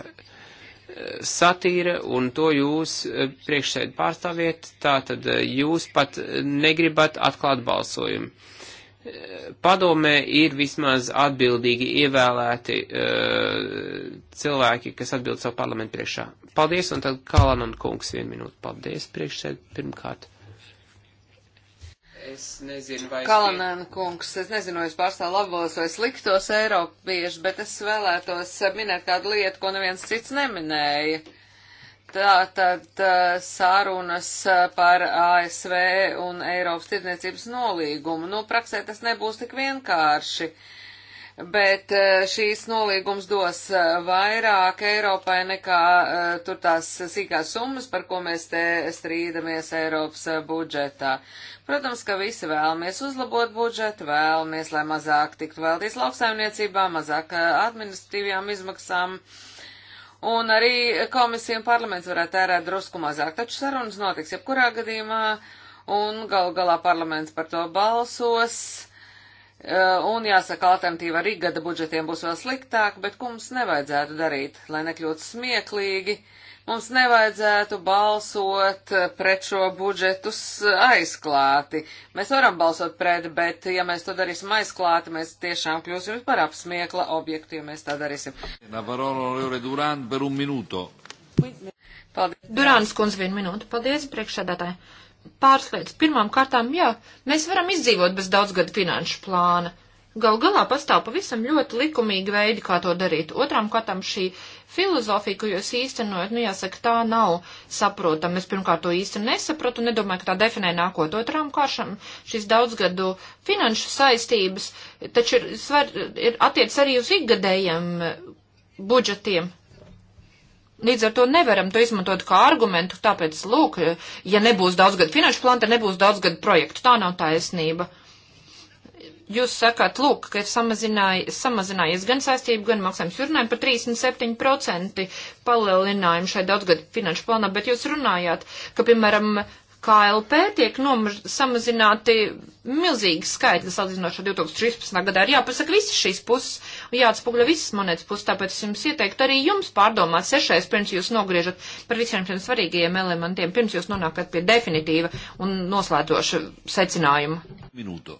S3: satīra, un to jūs eh, priekšsēdi pārstāviet, tā tad eh, jūs pat negribat atklāt balsojumu.
S1: Eh,
S3: padomē ir vismaz atbildīgi ievēlēti uh, cilvēki, kas atbild savu parlamentu priekšā. Paldies, un tad Kalanan kungs vienu minūtu. Paldies, priekšsēdi pirmkārt. Es nezinu, vai. Kalanēna
S1: kungs, es nezinu, vai es pārstāvu labos vai sliktos Eiropiešus, bet es vēlētos minēt kādu lietu, ko neviens cits neminēja. Tā tad eh, sārunas eh, par ASV un Eiropas tirdzniecības nolīgumu. Nu, praksē tas nebūs tik vienkārši. Uh, bet eh, šīs nolīgums dos eh, vairāk Eiropai nekā eh, tur tās sīkās summas, par ko mēs te strīdamies Eiropas budžetā. Protams, ka visi vēlamies uzlabot budžetu, vēlamies, lai mazāk tiktu veltīts lauksaimniecībā, mazāk administratīvajām izmaksām. Un arī komisija un parlaments varētu tērēt drusku mazāk, taču sarunas notiks jebkurā gadījumā, un gal galā parlaments par to balsos Eh, un jāsaka, alternatīva arī gada budžetiem būs vēl sliktāk, bet ko mums nevajadzētu darīt, lai nekļūtu smieklīgi? Mums nevajadzētu balsot eh, pret šo budžetus eh, aizklāti. Mēs varam balsot pret, bet ja mēs to darīsim aizklāti, mēs tiešām kļūsim par apsmiekla objektu, ja mēs tā darīsim.
S2: Paldies. Durāns kundze, vienu minūtu. Paldies, priekšsēdētāji pāris lietas. Pirmām kārtām, jā, mēs varam izdzīvot bez daudzgada finanšu plāna. Gal galā pastāv pavisam ļoti likumīgi veidi, kā to darīt. Otrām kārtām šī filozofija, ko jūs īstenojat, nu jāsaka, tā nav saprotama. Es pirmkārt to īsti nesapratu, nedomāju, ka tā definē nākot. Otrām kāršam šīs daudzgadu finanšu saistības, taču ir, svar, ir attiec arī uz ikgadējiem budžetiem, Līdz ar to nevaram to izmantot kā argumentu, tāpēc, lūk, ja nebūs daudz gadu finanšu plāna, tad nebūs daudz gadu projektu. Tā nav taisnība. Jūs sakāt, lūk, ka ir samazināj, samazinājies gan saistību, gan maksājums. Jūs runājat par 37% palielinājumu šai daudzgadu finanšu plānā, bet jūs runājāt, ka, piemēram, KLP tiek nomar, samazināti milzīgi skaitļi, salīdzinot ar 2013. gadā. Ir jāpasaka visas šīs puses, jāatspoguļo visas monētas puses, tāpēc es jums ieteiktu arī jums pārdomāt sešais, pirms jūs nogriežat par visiem šiem svarīgajiem elementiem, pirms jūs nonākat pie definitīva un noslēdzoša secinājuma. Minūto.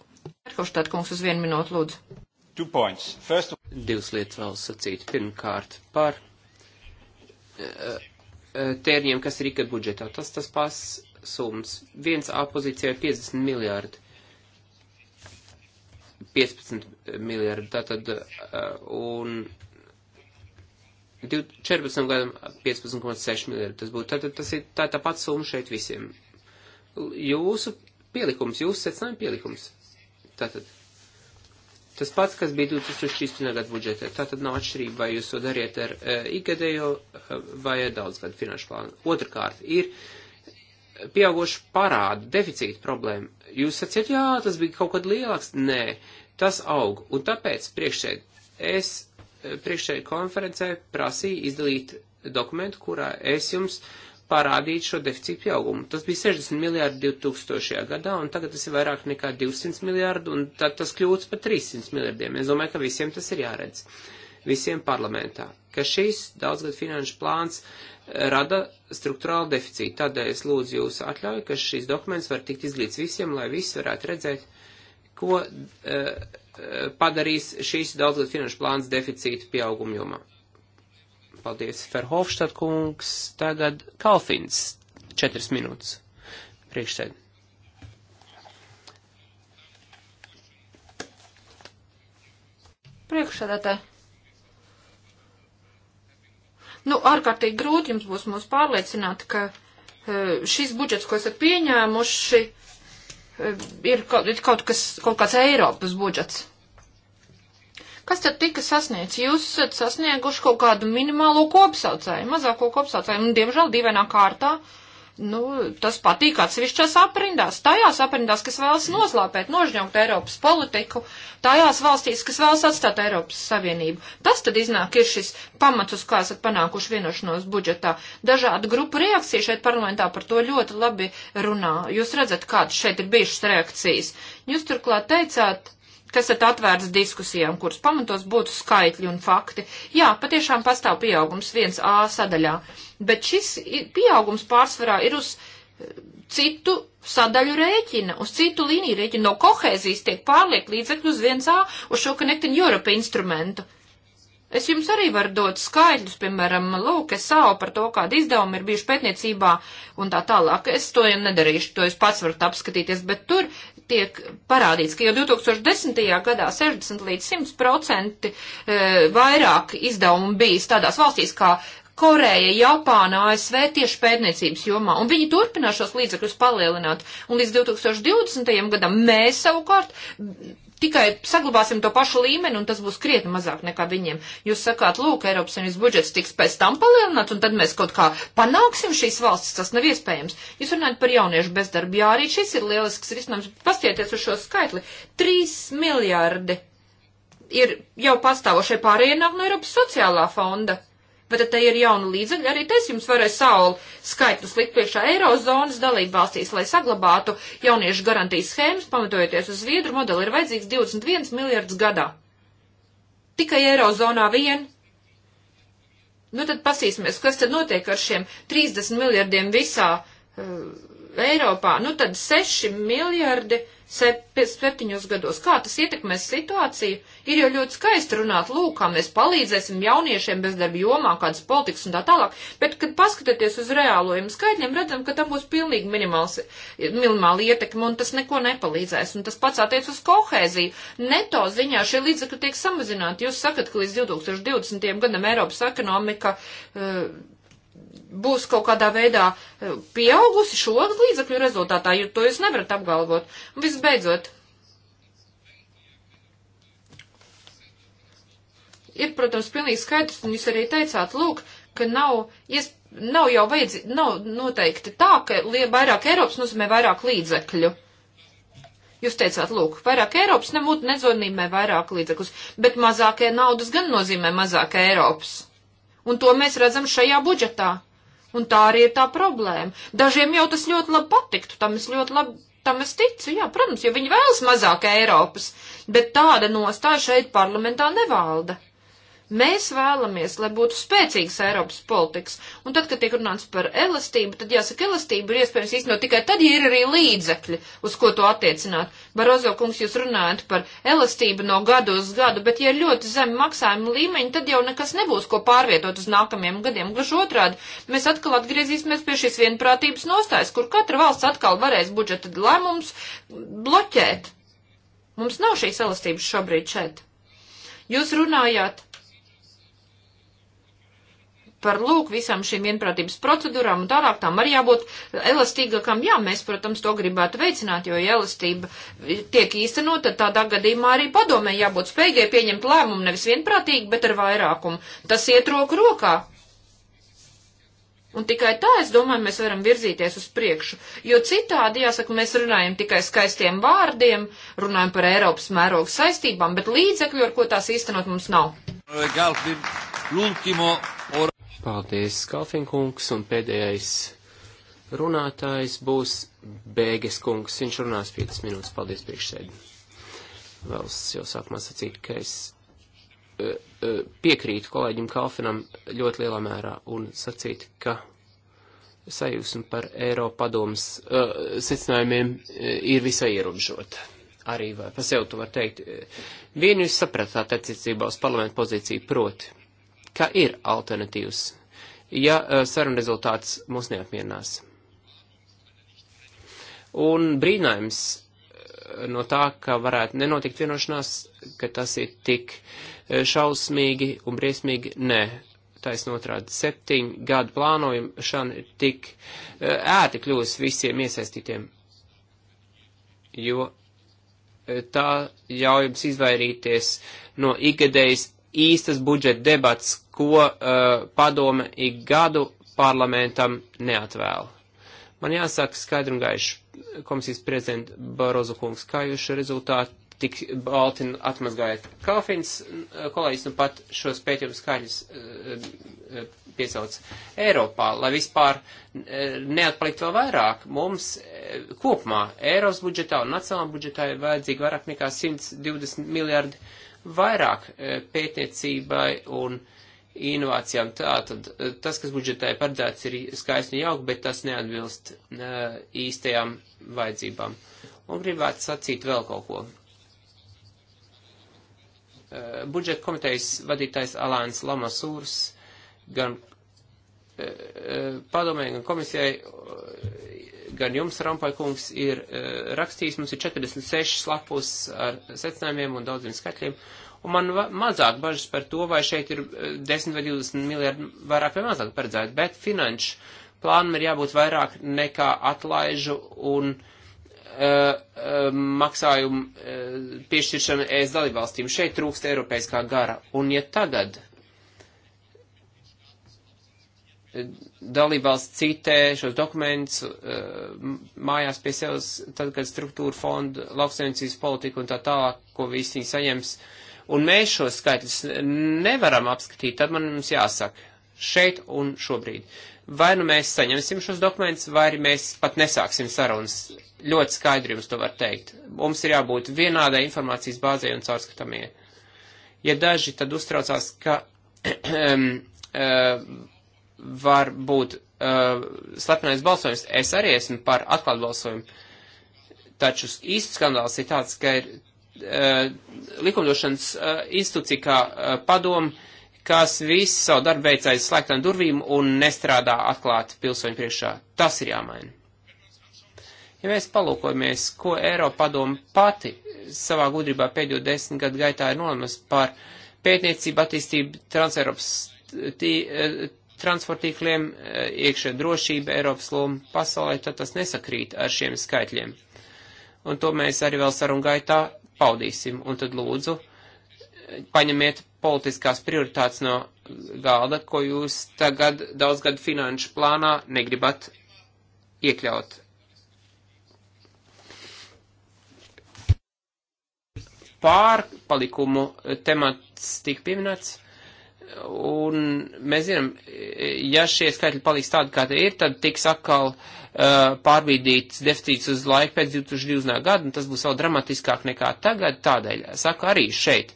S2: Erkoštāt kungs uz vienu minūtu lūdzu.
S3: First... Divas lietas vēl sacīt. Pirmkārt par. Uh, tērņiem, kas ir IKA budžetā. Tas tas pats summas. Viens A pozīcijā ir 50 miljārdi. 15 miljārdi, tātad, uh, un 14 gadam 15,6 miljārdi tas būtu. Tātad tas ir tā, tā pats summa šeit visiem. Jūsu pielikums, jūsu secinājuma pielikums. Tātad. Tas pats, kas bija 2016. gada budžetē. Tā tad nav atšķirība, vai jūs to dariet ar uh, ikgadējo uh, vai ar daudzgadu finanšu plānu. Otrakārt, ir pieaugušu parādu, deficītu problēmu. Jūs saciet, jā, tas bija kaut kad lielāks. Nē, tas aug. Un tāpēc priekšsēd, es priekšsēd konferencē prasīju izdalīt dokumentu, kurā es jums parādītu šo deficītu pieaugumu. Tas bija 60 miljārdi 2000. gadā, un tagad tas ir vairāk nekā 200 miljārdi, un tad tas kļūst par 300 miljārdiem. Es domāju, ka visiem tas ir jāredz. Uh, visiem parlamentā, ka šīs daudzgad finanšu plāns eh, rada struktūrālu deficītu. Tādēļ es lūdzu jūsu atļauju, ka šīs dokuments var tikt izglīts visiem, lai visi varētu redzēt, ko uh, padarīs šīs daudzgad finanšu plāns deficītu pieaugumjumā. Paldies, Ferhofštad kungs. Tagad Kalfins, četras minūtes. Priekšsēd.
S2: Priekšsēdētāji. Nu, ārkārtīgi grūti jums būs mūs pārliecināt, ka e, šis budžets, ko esat pieņēmuši, e, ir kaut, ir kaut, kas, kaut kāds Eiropas budžets. Kas tad tika sasniegts? Jūs esat sasnieguši kaut kādu minimālo kopsaucēju, mazāko kopsaucēju, un diemžēl divainā kārtā uh, nu, tas patīk atsevišķās aprindās. Tajās aprindās, kas vēlas noslāpēt, nožņaukt Eiropas politiku, tajās valstīs, kas vēlas atstāt Eiropas Savienību. Tas tad iznāk ir šis pamats, uz kā esat panākuši vienošanos budžetā. Dažāda grupa reakcija šeit parlamentā par to ļoti labi runā. Jūs redzat, kādas šeit ir bijušas reakcijas. Jūs turklāt teicāt, ka esat atvērts diskusijām, kuras pamatos būtu skaitļi un fakti. Jā, patiešām pastāv pieaugums 1A sadaļā, bet šis pieaugums pārsvarā ir uz eh, citu sadaļu rēķina, uz citu līniju rēķina. No kohēzijas tiek pārliek līdzekļu uz 1A, uz šo Connecting Europe instrumentu. Es jums arī varu dot skaidrus, piemēram, lūk, es savu par to, kāda izdevuma ir bijuši pētniecībā un tā tālāk. Es to jau nedarīšu, to es pats varu apskatīties, bet tur tiek parādīts, ka jau 2010. gadā 60 līdz 100 procenti e, vairāk izdevumu bijis tādās valstīs kā Koreja, Japāna, ASV tieši pētniecības jomā, un viņi turpinās šos līdzekļus palielināt, un līdz 2020. gadam mēs savukārt tikai saglabāsim to pašu līmeni, un tas būs krietni mazāk nekā viņiem. Jūs sakāt, lūk, Eiropas Savienības budžets tiks pēc tam palielināts, un tad mēs kaut kā panāksim šīs valstis, tas nav iespējams. Jūs runājat par jauniešu bezdarbu, jā, arī šis ir lielisks risinājums. Pastieties uz šo skaitli. 3 miljārdi ir jau pastāvošie pārējie nāk no Eiropas sociālā fonda bet te ir jauna līdzekļa, arī te es jums varēju sauli skaitus likt priekšā Eirozonas dalību valstīs, lai saglabātu jauniešu garantijas schēmas, pamatojoties uz Zviedru modeli, ir vajadzīgs 21 miljards gadā. Tikai Eirozonā vien. Nu tad pasīsimies, kas tad notiek ar šiem 30 miljardiem visā uh, Eiropā. Nu tad 6 miljardi septiņos gados. Kā tas ietekmēs situāciju? Ir jau ļoti skaisti runāt, lūk, kā mēs palīdzēsim jauniešiem bezdarba jomā, kādas politikas un tā tālāk, bet, kad paskatāties uz reālojiem skaidriem, redzam, ka tam būs pilnīgi minimāls, minimāli ietekme un tas neko nepalīdzēs. Un tas pats attiec uz kohēziju. Neto ziņā šie līdzekļi tiek samazināti. Jūs sakat, ka līdz 2020. gadam Eiropas ekonomika. Uh, būs kaut kādā veidā eh, pieaugusi šo līdzakļu rezultātā, jo to jūs nevarat apgalvot. Un visbeidzot, Ir, protams, pilnīgi skaidrs, un jūs arī teicāt, lūk, ka nav, ies, nav jau vajadz, nav noteikti tā, ka vairāk Eiropas nozīmē vairāk līdzekļu. Jūs teicāt, lūk, vairāk Eiropas nebūtu nezonīmē vairāk līdzekļus, bet mazākie naudas gan nozīmē mazāk Eiropas. Un to mēs redzam šajā budžetā. Un tā arī ir tā problēma. Dažiem jau tas ļoti labi patiktu, tam es ļoti labi, tam es ticu, jā, protams, jo viņi vēlas mazāk Eiropas, bet tāda nostāja šeit parlamentā nevalda. Mēs vēlamies, lai būtu spēcīgas Eiropas politikas, un tad, kad tiek runāts par elastību, tad jāsaka, elastība ir iespējams īstenot tikai tad, ja ir arī līdzekļi, uz ko to attiecināt. Barozo kungs, jūs runājat par elastību no gadu uz gadu, bet ja ir ļoti zem maksājuma līmeņa, tad jau nekas nebūs, ko pārvietot uz nākamajiem gadiem. Gluži otrādi, mēs atkal atgriezīsimies pie šīs vienprātības nostājas, kur katra valsts atkal varēs budžeta lēmums bloķēt. Mums nav šīs elastības šobrīd šeit. Jūs runājāt par lūk visām šīm vienprātības procedūrām un tālāk tām arī jābūt elastīgākām. Jā, mēs, protams, to gribētu veicināt, jo ja elastība tiek īstenota, tad tādā gadījumā arī padomē jābūt spējīgai pieņemt lēmumu nevis vienprātīgi, bet ar vairākumu. Tas iet roku rokā. Un tikai tā, es domāju, mēs varam virzīties uz priekšu, jo citādi, jāsaka, mēs runājam tikai skaistiem vārdiem, runājam par Eiropas mērogu saistībām, bet līdzekļu, ar ko tās īstenot, mums nav.
S3: Paldies, Kalfinkungs, un pēdējais runātājs būs Bēges kungs. Viņš runās 5 minūtes. Paldies, priekšsēdi. Vēlos jau sākumā sacīt, ka es uh, uh, piekrītu kolēģim Kalfinam ļoti lielā mērā un sacīt, ka sajūsma par Eiropadomas uh, secinājumiem ir visai ierobežota. Arī vai, pa sev to var teikt. Vienu jūs sapratāt attiecībā uz parlamentu pozīciju proti ka ir alternatīvas, ja eh, saruna rezultāts mūs neapmierinās. Un brīnājums eh, no tā, ka varētu nenotikt vienošanās, ka tas ir tik eh, šausmīgi un briesmīgi, nē. Taisn otrādi septiņu gadu plānojumu šana ir tik ērti kļūst visiem iesaistītiem, jo tā ļauj jums izvairīties no ikgadējas īstas budžeta debats, ko uh, padome ik gadu parlamentam neatvēl. Man jāsaka skaidri un gaiši komisijas prezidenta Barozu kungs, kā jūs šo rezultātu tik balti atmazgājat. Kalfins uh, kolēģis nu pat šos pētījumus skaļus uh, uh, piesauc Eiropā, lai vispār uh, neatpalikt vēl vairāk. Mums uh, kopumā Eiros budžetā un nacionālā budžetā ir vajadzīgi vairāk nekā 120 miljardi vairāk uh, pētniecībai un uh, inovācijām. Tātad eh, tas, kas budžetā ir paredzēts, ir skaisti un jauki, bet tas neatbilst uh, īstajām vajadzībām. Un gribētu sacīt vēl kaut ko. Uh, budžeta komitejas vadītājs Alāns Lamasūrs gan uh, padomē, gan komisijai, gan jums, Rampai kungs, ir rakstījis, mums ir 46 lapus ar secinājumiem un daudziem skaitļiem. Uh, Un man mazāk bažas par to, vai šeit ir 10 eh, vai 20 miljardi vairāk vai mazāk paredzēt, bet finanšu plānam ir jābūt vairāk nekā atlaižu un uh, uh, maksājumu uh, piešķiršana ES dalībvalstīm. Šeit trūkst Eiropeiskā gara. Un ja tagad dalībvalsts citē šos dokumentus mājās pie sevis, tad, kad struktūra fonda, lauksaimniecības politika un tā tālāk, ko visi viņi saņems, uh, un mēs šos skaitļus nevaram apskatīt, tad man mums jāsaka šeit un šobrīd. Vai nu mēs saņemsim šos dokumentus, vai arī mēs pat nesāksim sarunas. Ļoti skaidri jums to var teikt. Mums ir jābūt vienādai informācijas bāzē un caurskatāmie. Ja daži tad uztraucās, ka um, uh, var būt uh, slepenais balsojums, es arī esmu par atklātu balsojumu. Taču īsts skandāls ir tāds, ka ir Eh, likumdošanas eh, institūcija kā eh, padomu, kas visu savu darbu veic aiz slēgtām durvīm un nestrādā atklāti pilsoņu priekšā. Tas ir jāmaina. Ja mēs palūkojamies, ko Eiropa padomu pati savā gudrībā pēdējo desmit gadu gaitā ir nolēmusi par pētniecību, attīstību, transeiropas tī, transportīkliem, iekšē drošība, Eiropas loma pasaulē, tad tas nesakrīt ar šiem skaitļiem. Un to mēs arī vēl sarunu gaitā paudīsim. Un tad lūdzu, paņemiet politiskās prioritātes no galda, ko jūs tagad daudz gadu finanšu plānā negribat iekļaut. Pārpalikumu temats tika pieminēts. Un mēs zinām, ja šie skaitļi paliks tādi, kā tie ir, tad tiks atkal uh, pārbīdīts deficīts uz laiku pēc 2020. gada, un tas būs vēl dramatiskāk nekā tagad, tādēļ saku arī šeit.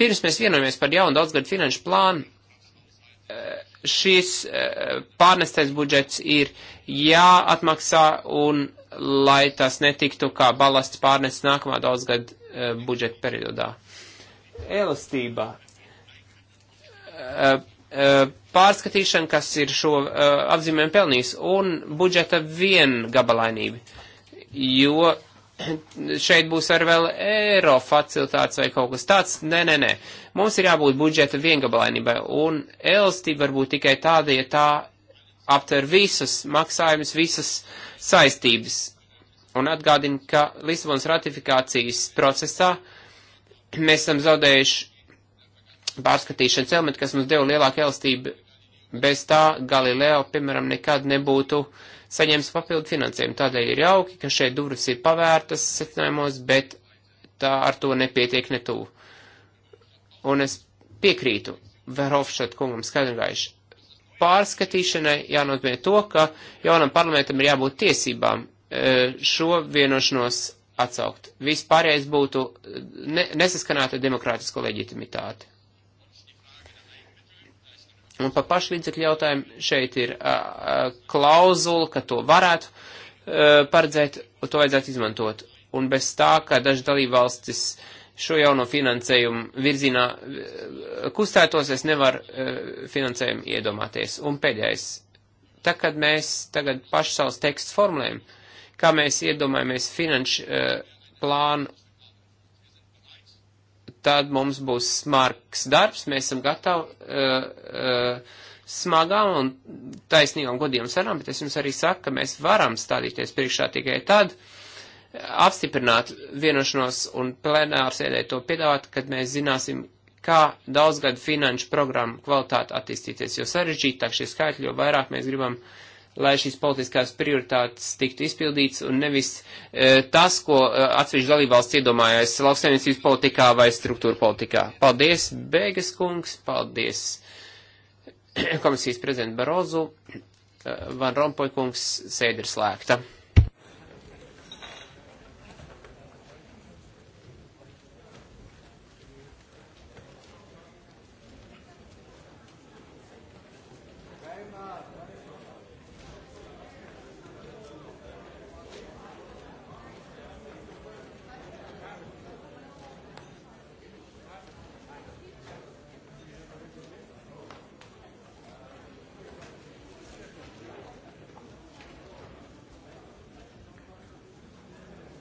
S3: Pirms mēs vienojamies par jaunu daudzgadu finanšu plānu, uh, šis uh, pārnestais budžets ir jāatmaksā, un lai tas netiktu kā balasts pārnests nākamā daudzgadu uh, budžeta periodā. Elastība Eh, eh, pārskatīšana, kas ir šo uh, eh, apzīmējumu pelnījis, un budžeta viengabalainība, jo šeit būs ar vēl eiro facilitāts vai kaut kas tāds. Nē, nē, nē. Mums ir jābūt budžeta viengabalainībai, un elastība var būt tikai tāda, ja tā aptver visas maksājumus, visas saistības. Un atgādina, ka Lisabonas ratifikācijas procesā mēs esam zaudējuši pārskatīšanas elementi, kas mums deva lielāku elastību. Bez tā Galileo, piemēram, nekad nebūtu saņēmis papildu finansējumu. Tādēļ ir jauki, ka šeit durvis ir pavērtas secinājumos, bet tā ar to nepietiek netuvu. Un es piekrītu Verhofšat kungam skaidrgaiši. Pārskatīšanai jānotiek to, ka jaunam parlamentam ir jābūt tiesībām e, šo vienošanos atsaukt. Vispārējais būtu ne, nesaskanāta demokrātisko leģitimitāti. Un par pašlīdzekļu jautājumu šeit ir uh, klauzula, ka to varētu uh, paredzēt, un to vajadzētu izmantot. Un bez tā, ka daži dalībvalstis šo jauno finansējumu virzienā e, kustētos, es nevaru uh, e, finansējumu iedomāties. Un pēdējais. Tā, kad mēs tagad paši savus tekstus formulējam, kā mēs iedomājamies finanšu uh, plānu tad mums būs smarks darbs, mēs esam gatavi uh, uh, smagām un taisnīgām godīgām sarunām, bet es jums arī saku, ka mēs varam stādīties priekšā tikai tad, apstiprināt vienošanos un plenārsēdē to piedāvāt, kad mēs zināsim, kā daudzgadu finanšu programmu kvalitāti attīstīties, jo sarežģītāk šie skaitļi, jo vairāk mēs gribam uh, lai šīs politiskās prioritātes tiktu izpildīts un nevis e, tas, ko e, atsevišķi dalībvalsts iedomājas lauksaimniecības politikā vai struktūra politikā. Paldies, Bēgas kungs, paldies e, komisijas prezidentu Barozu, e, Van Rompoj kungs, sēdi ir slēgta.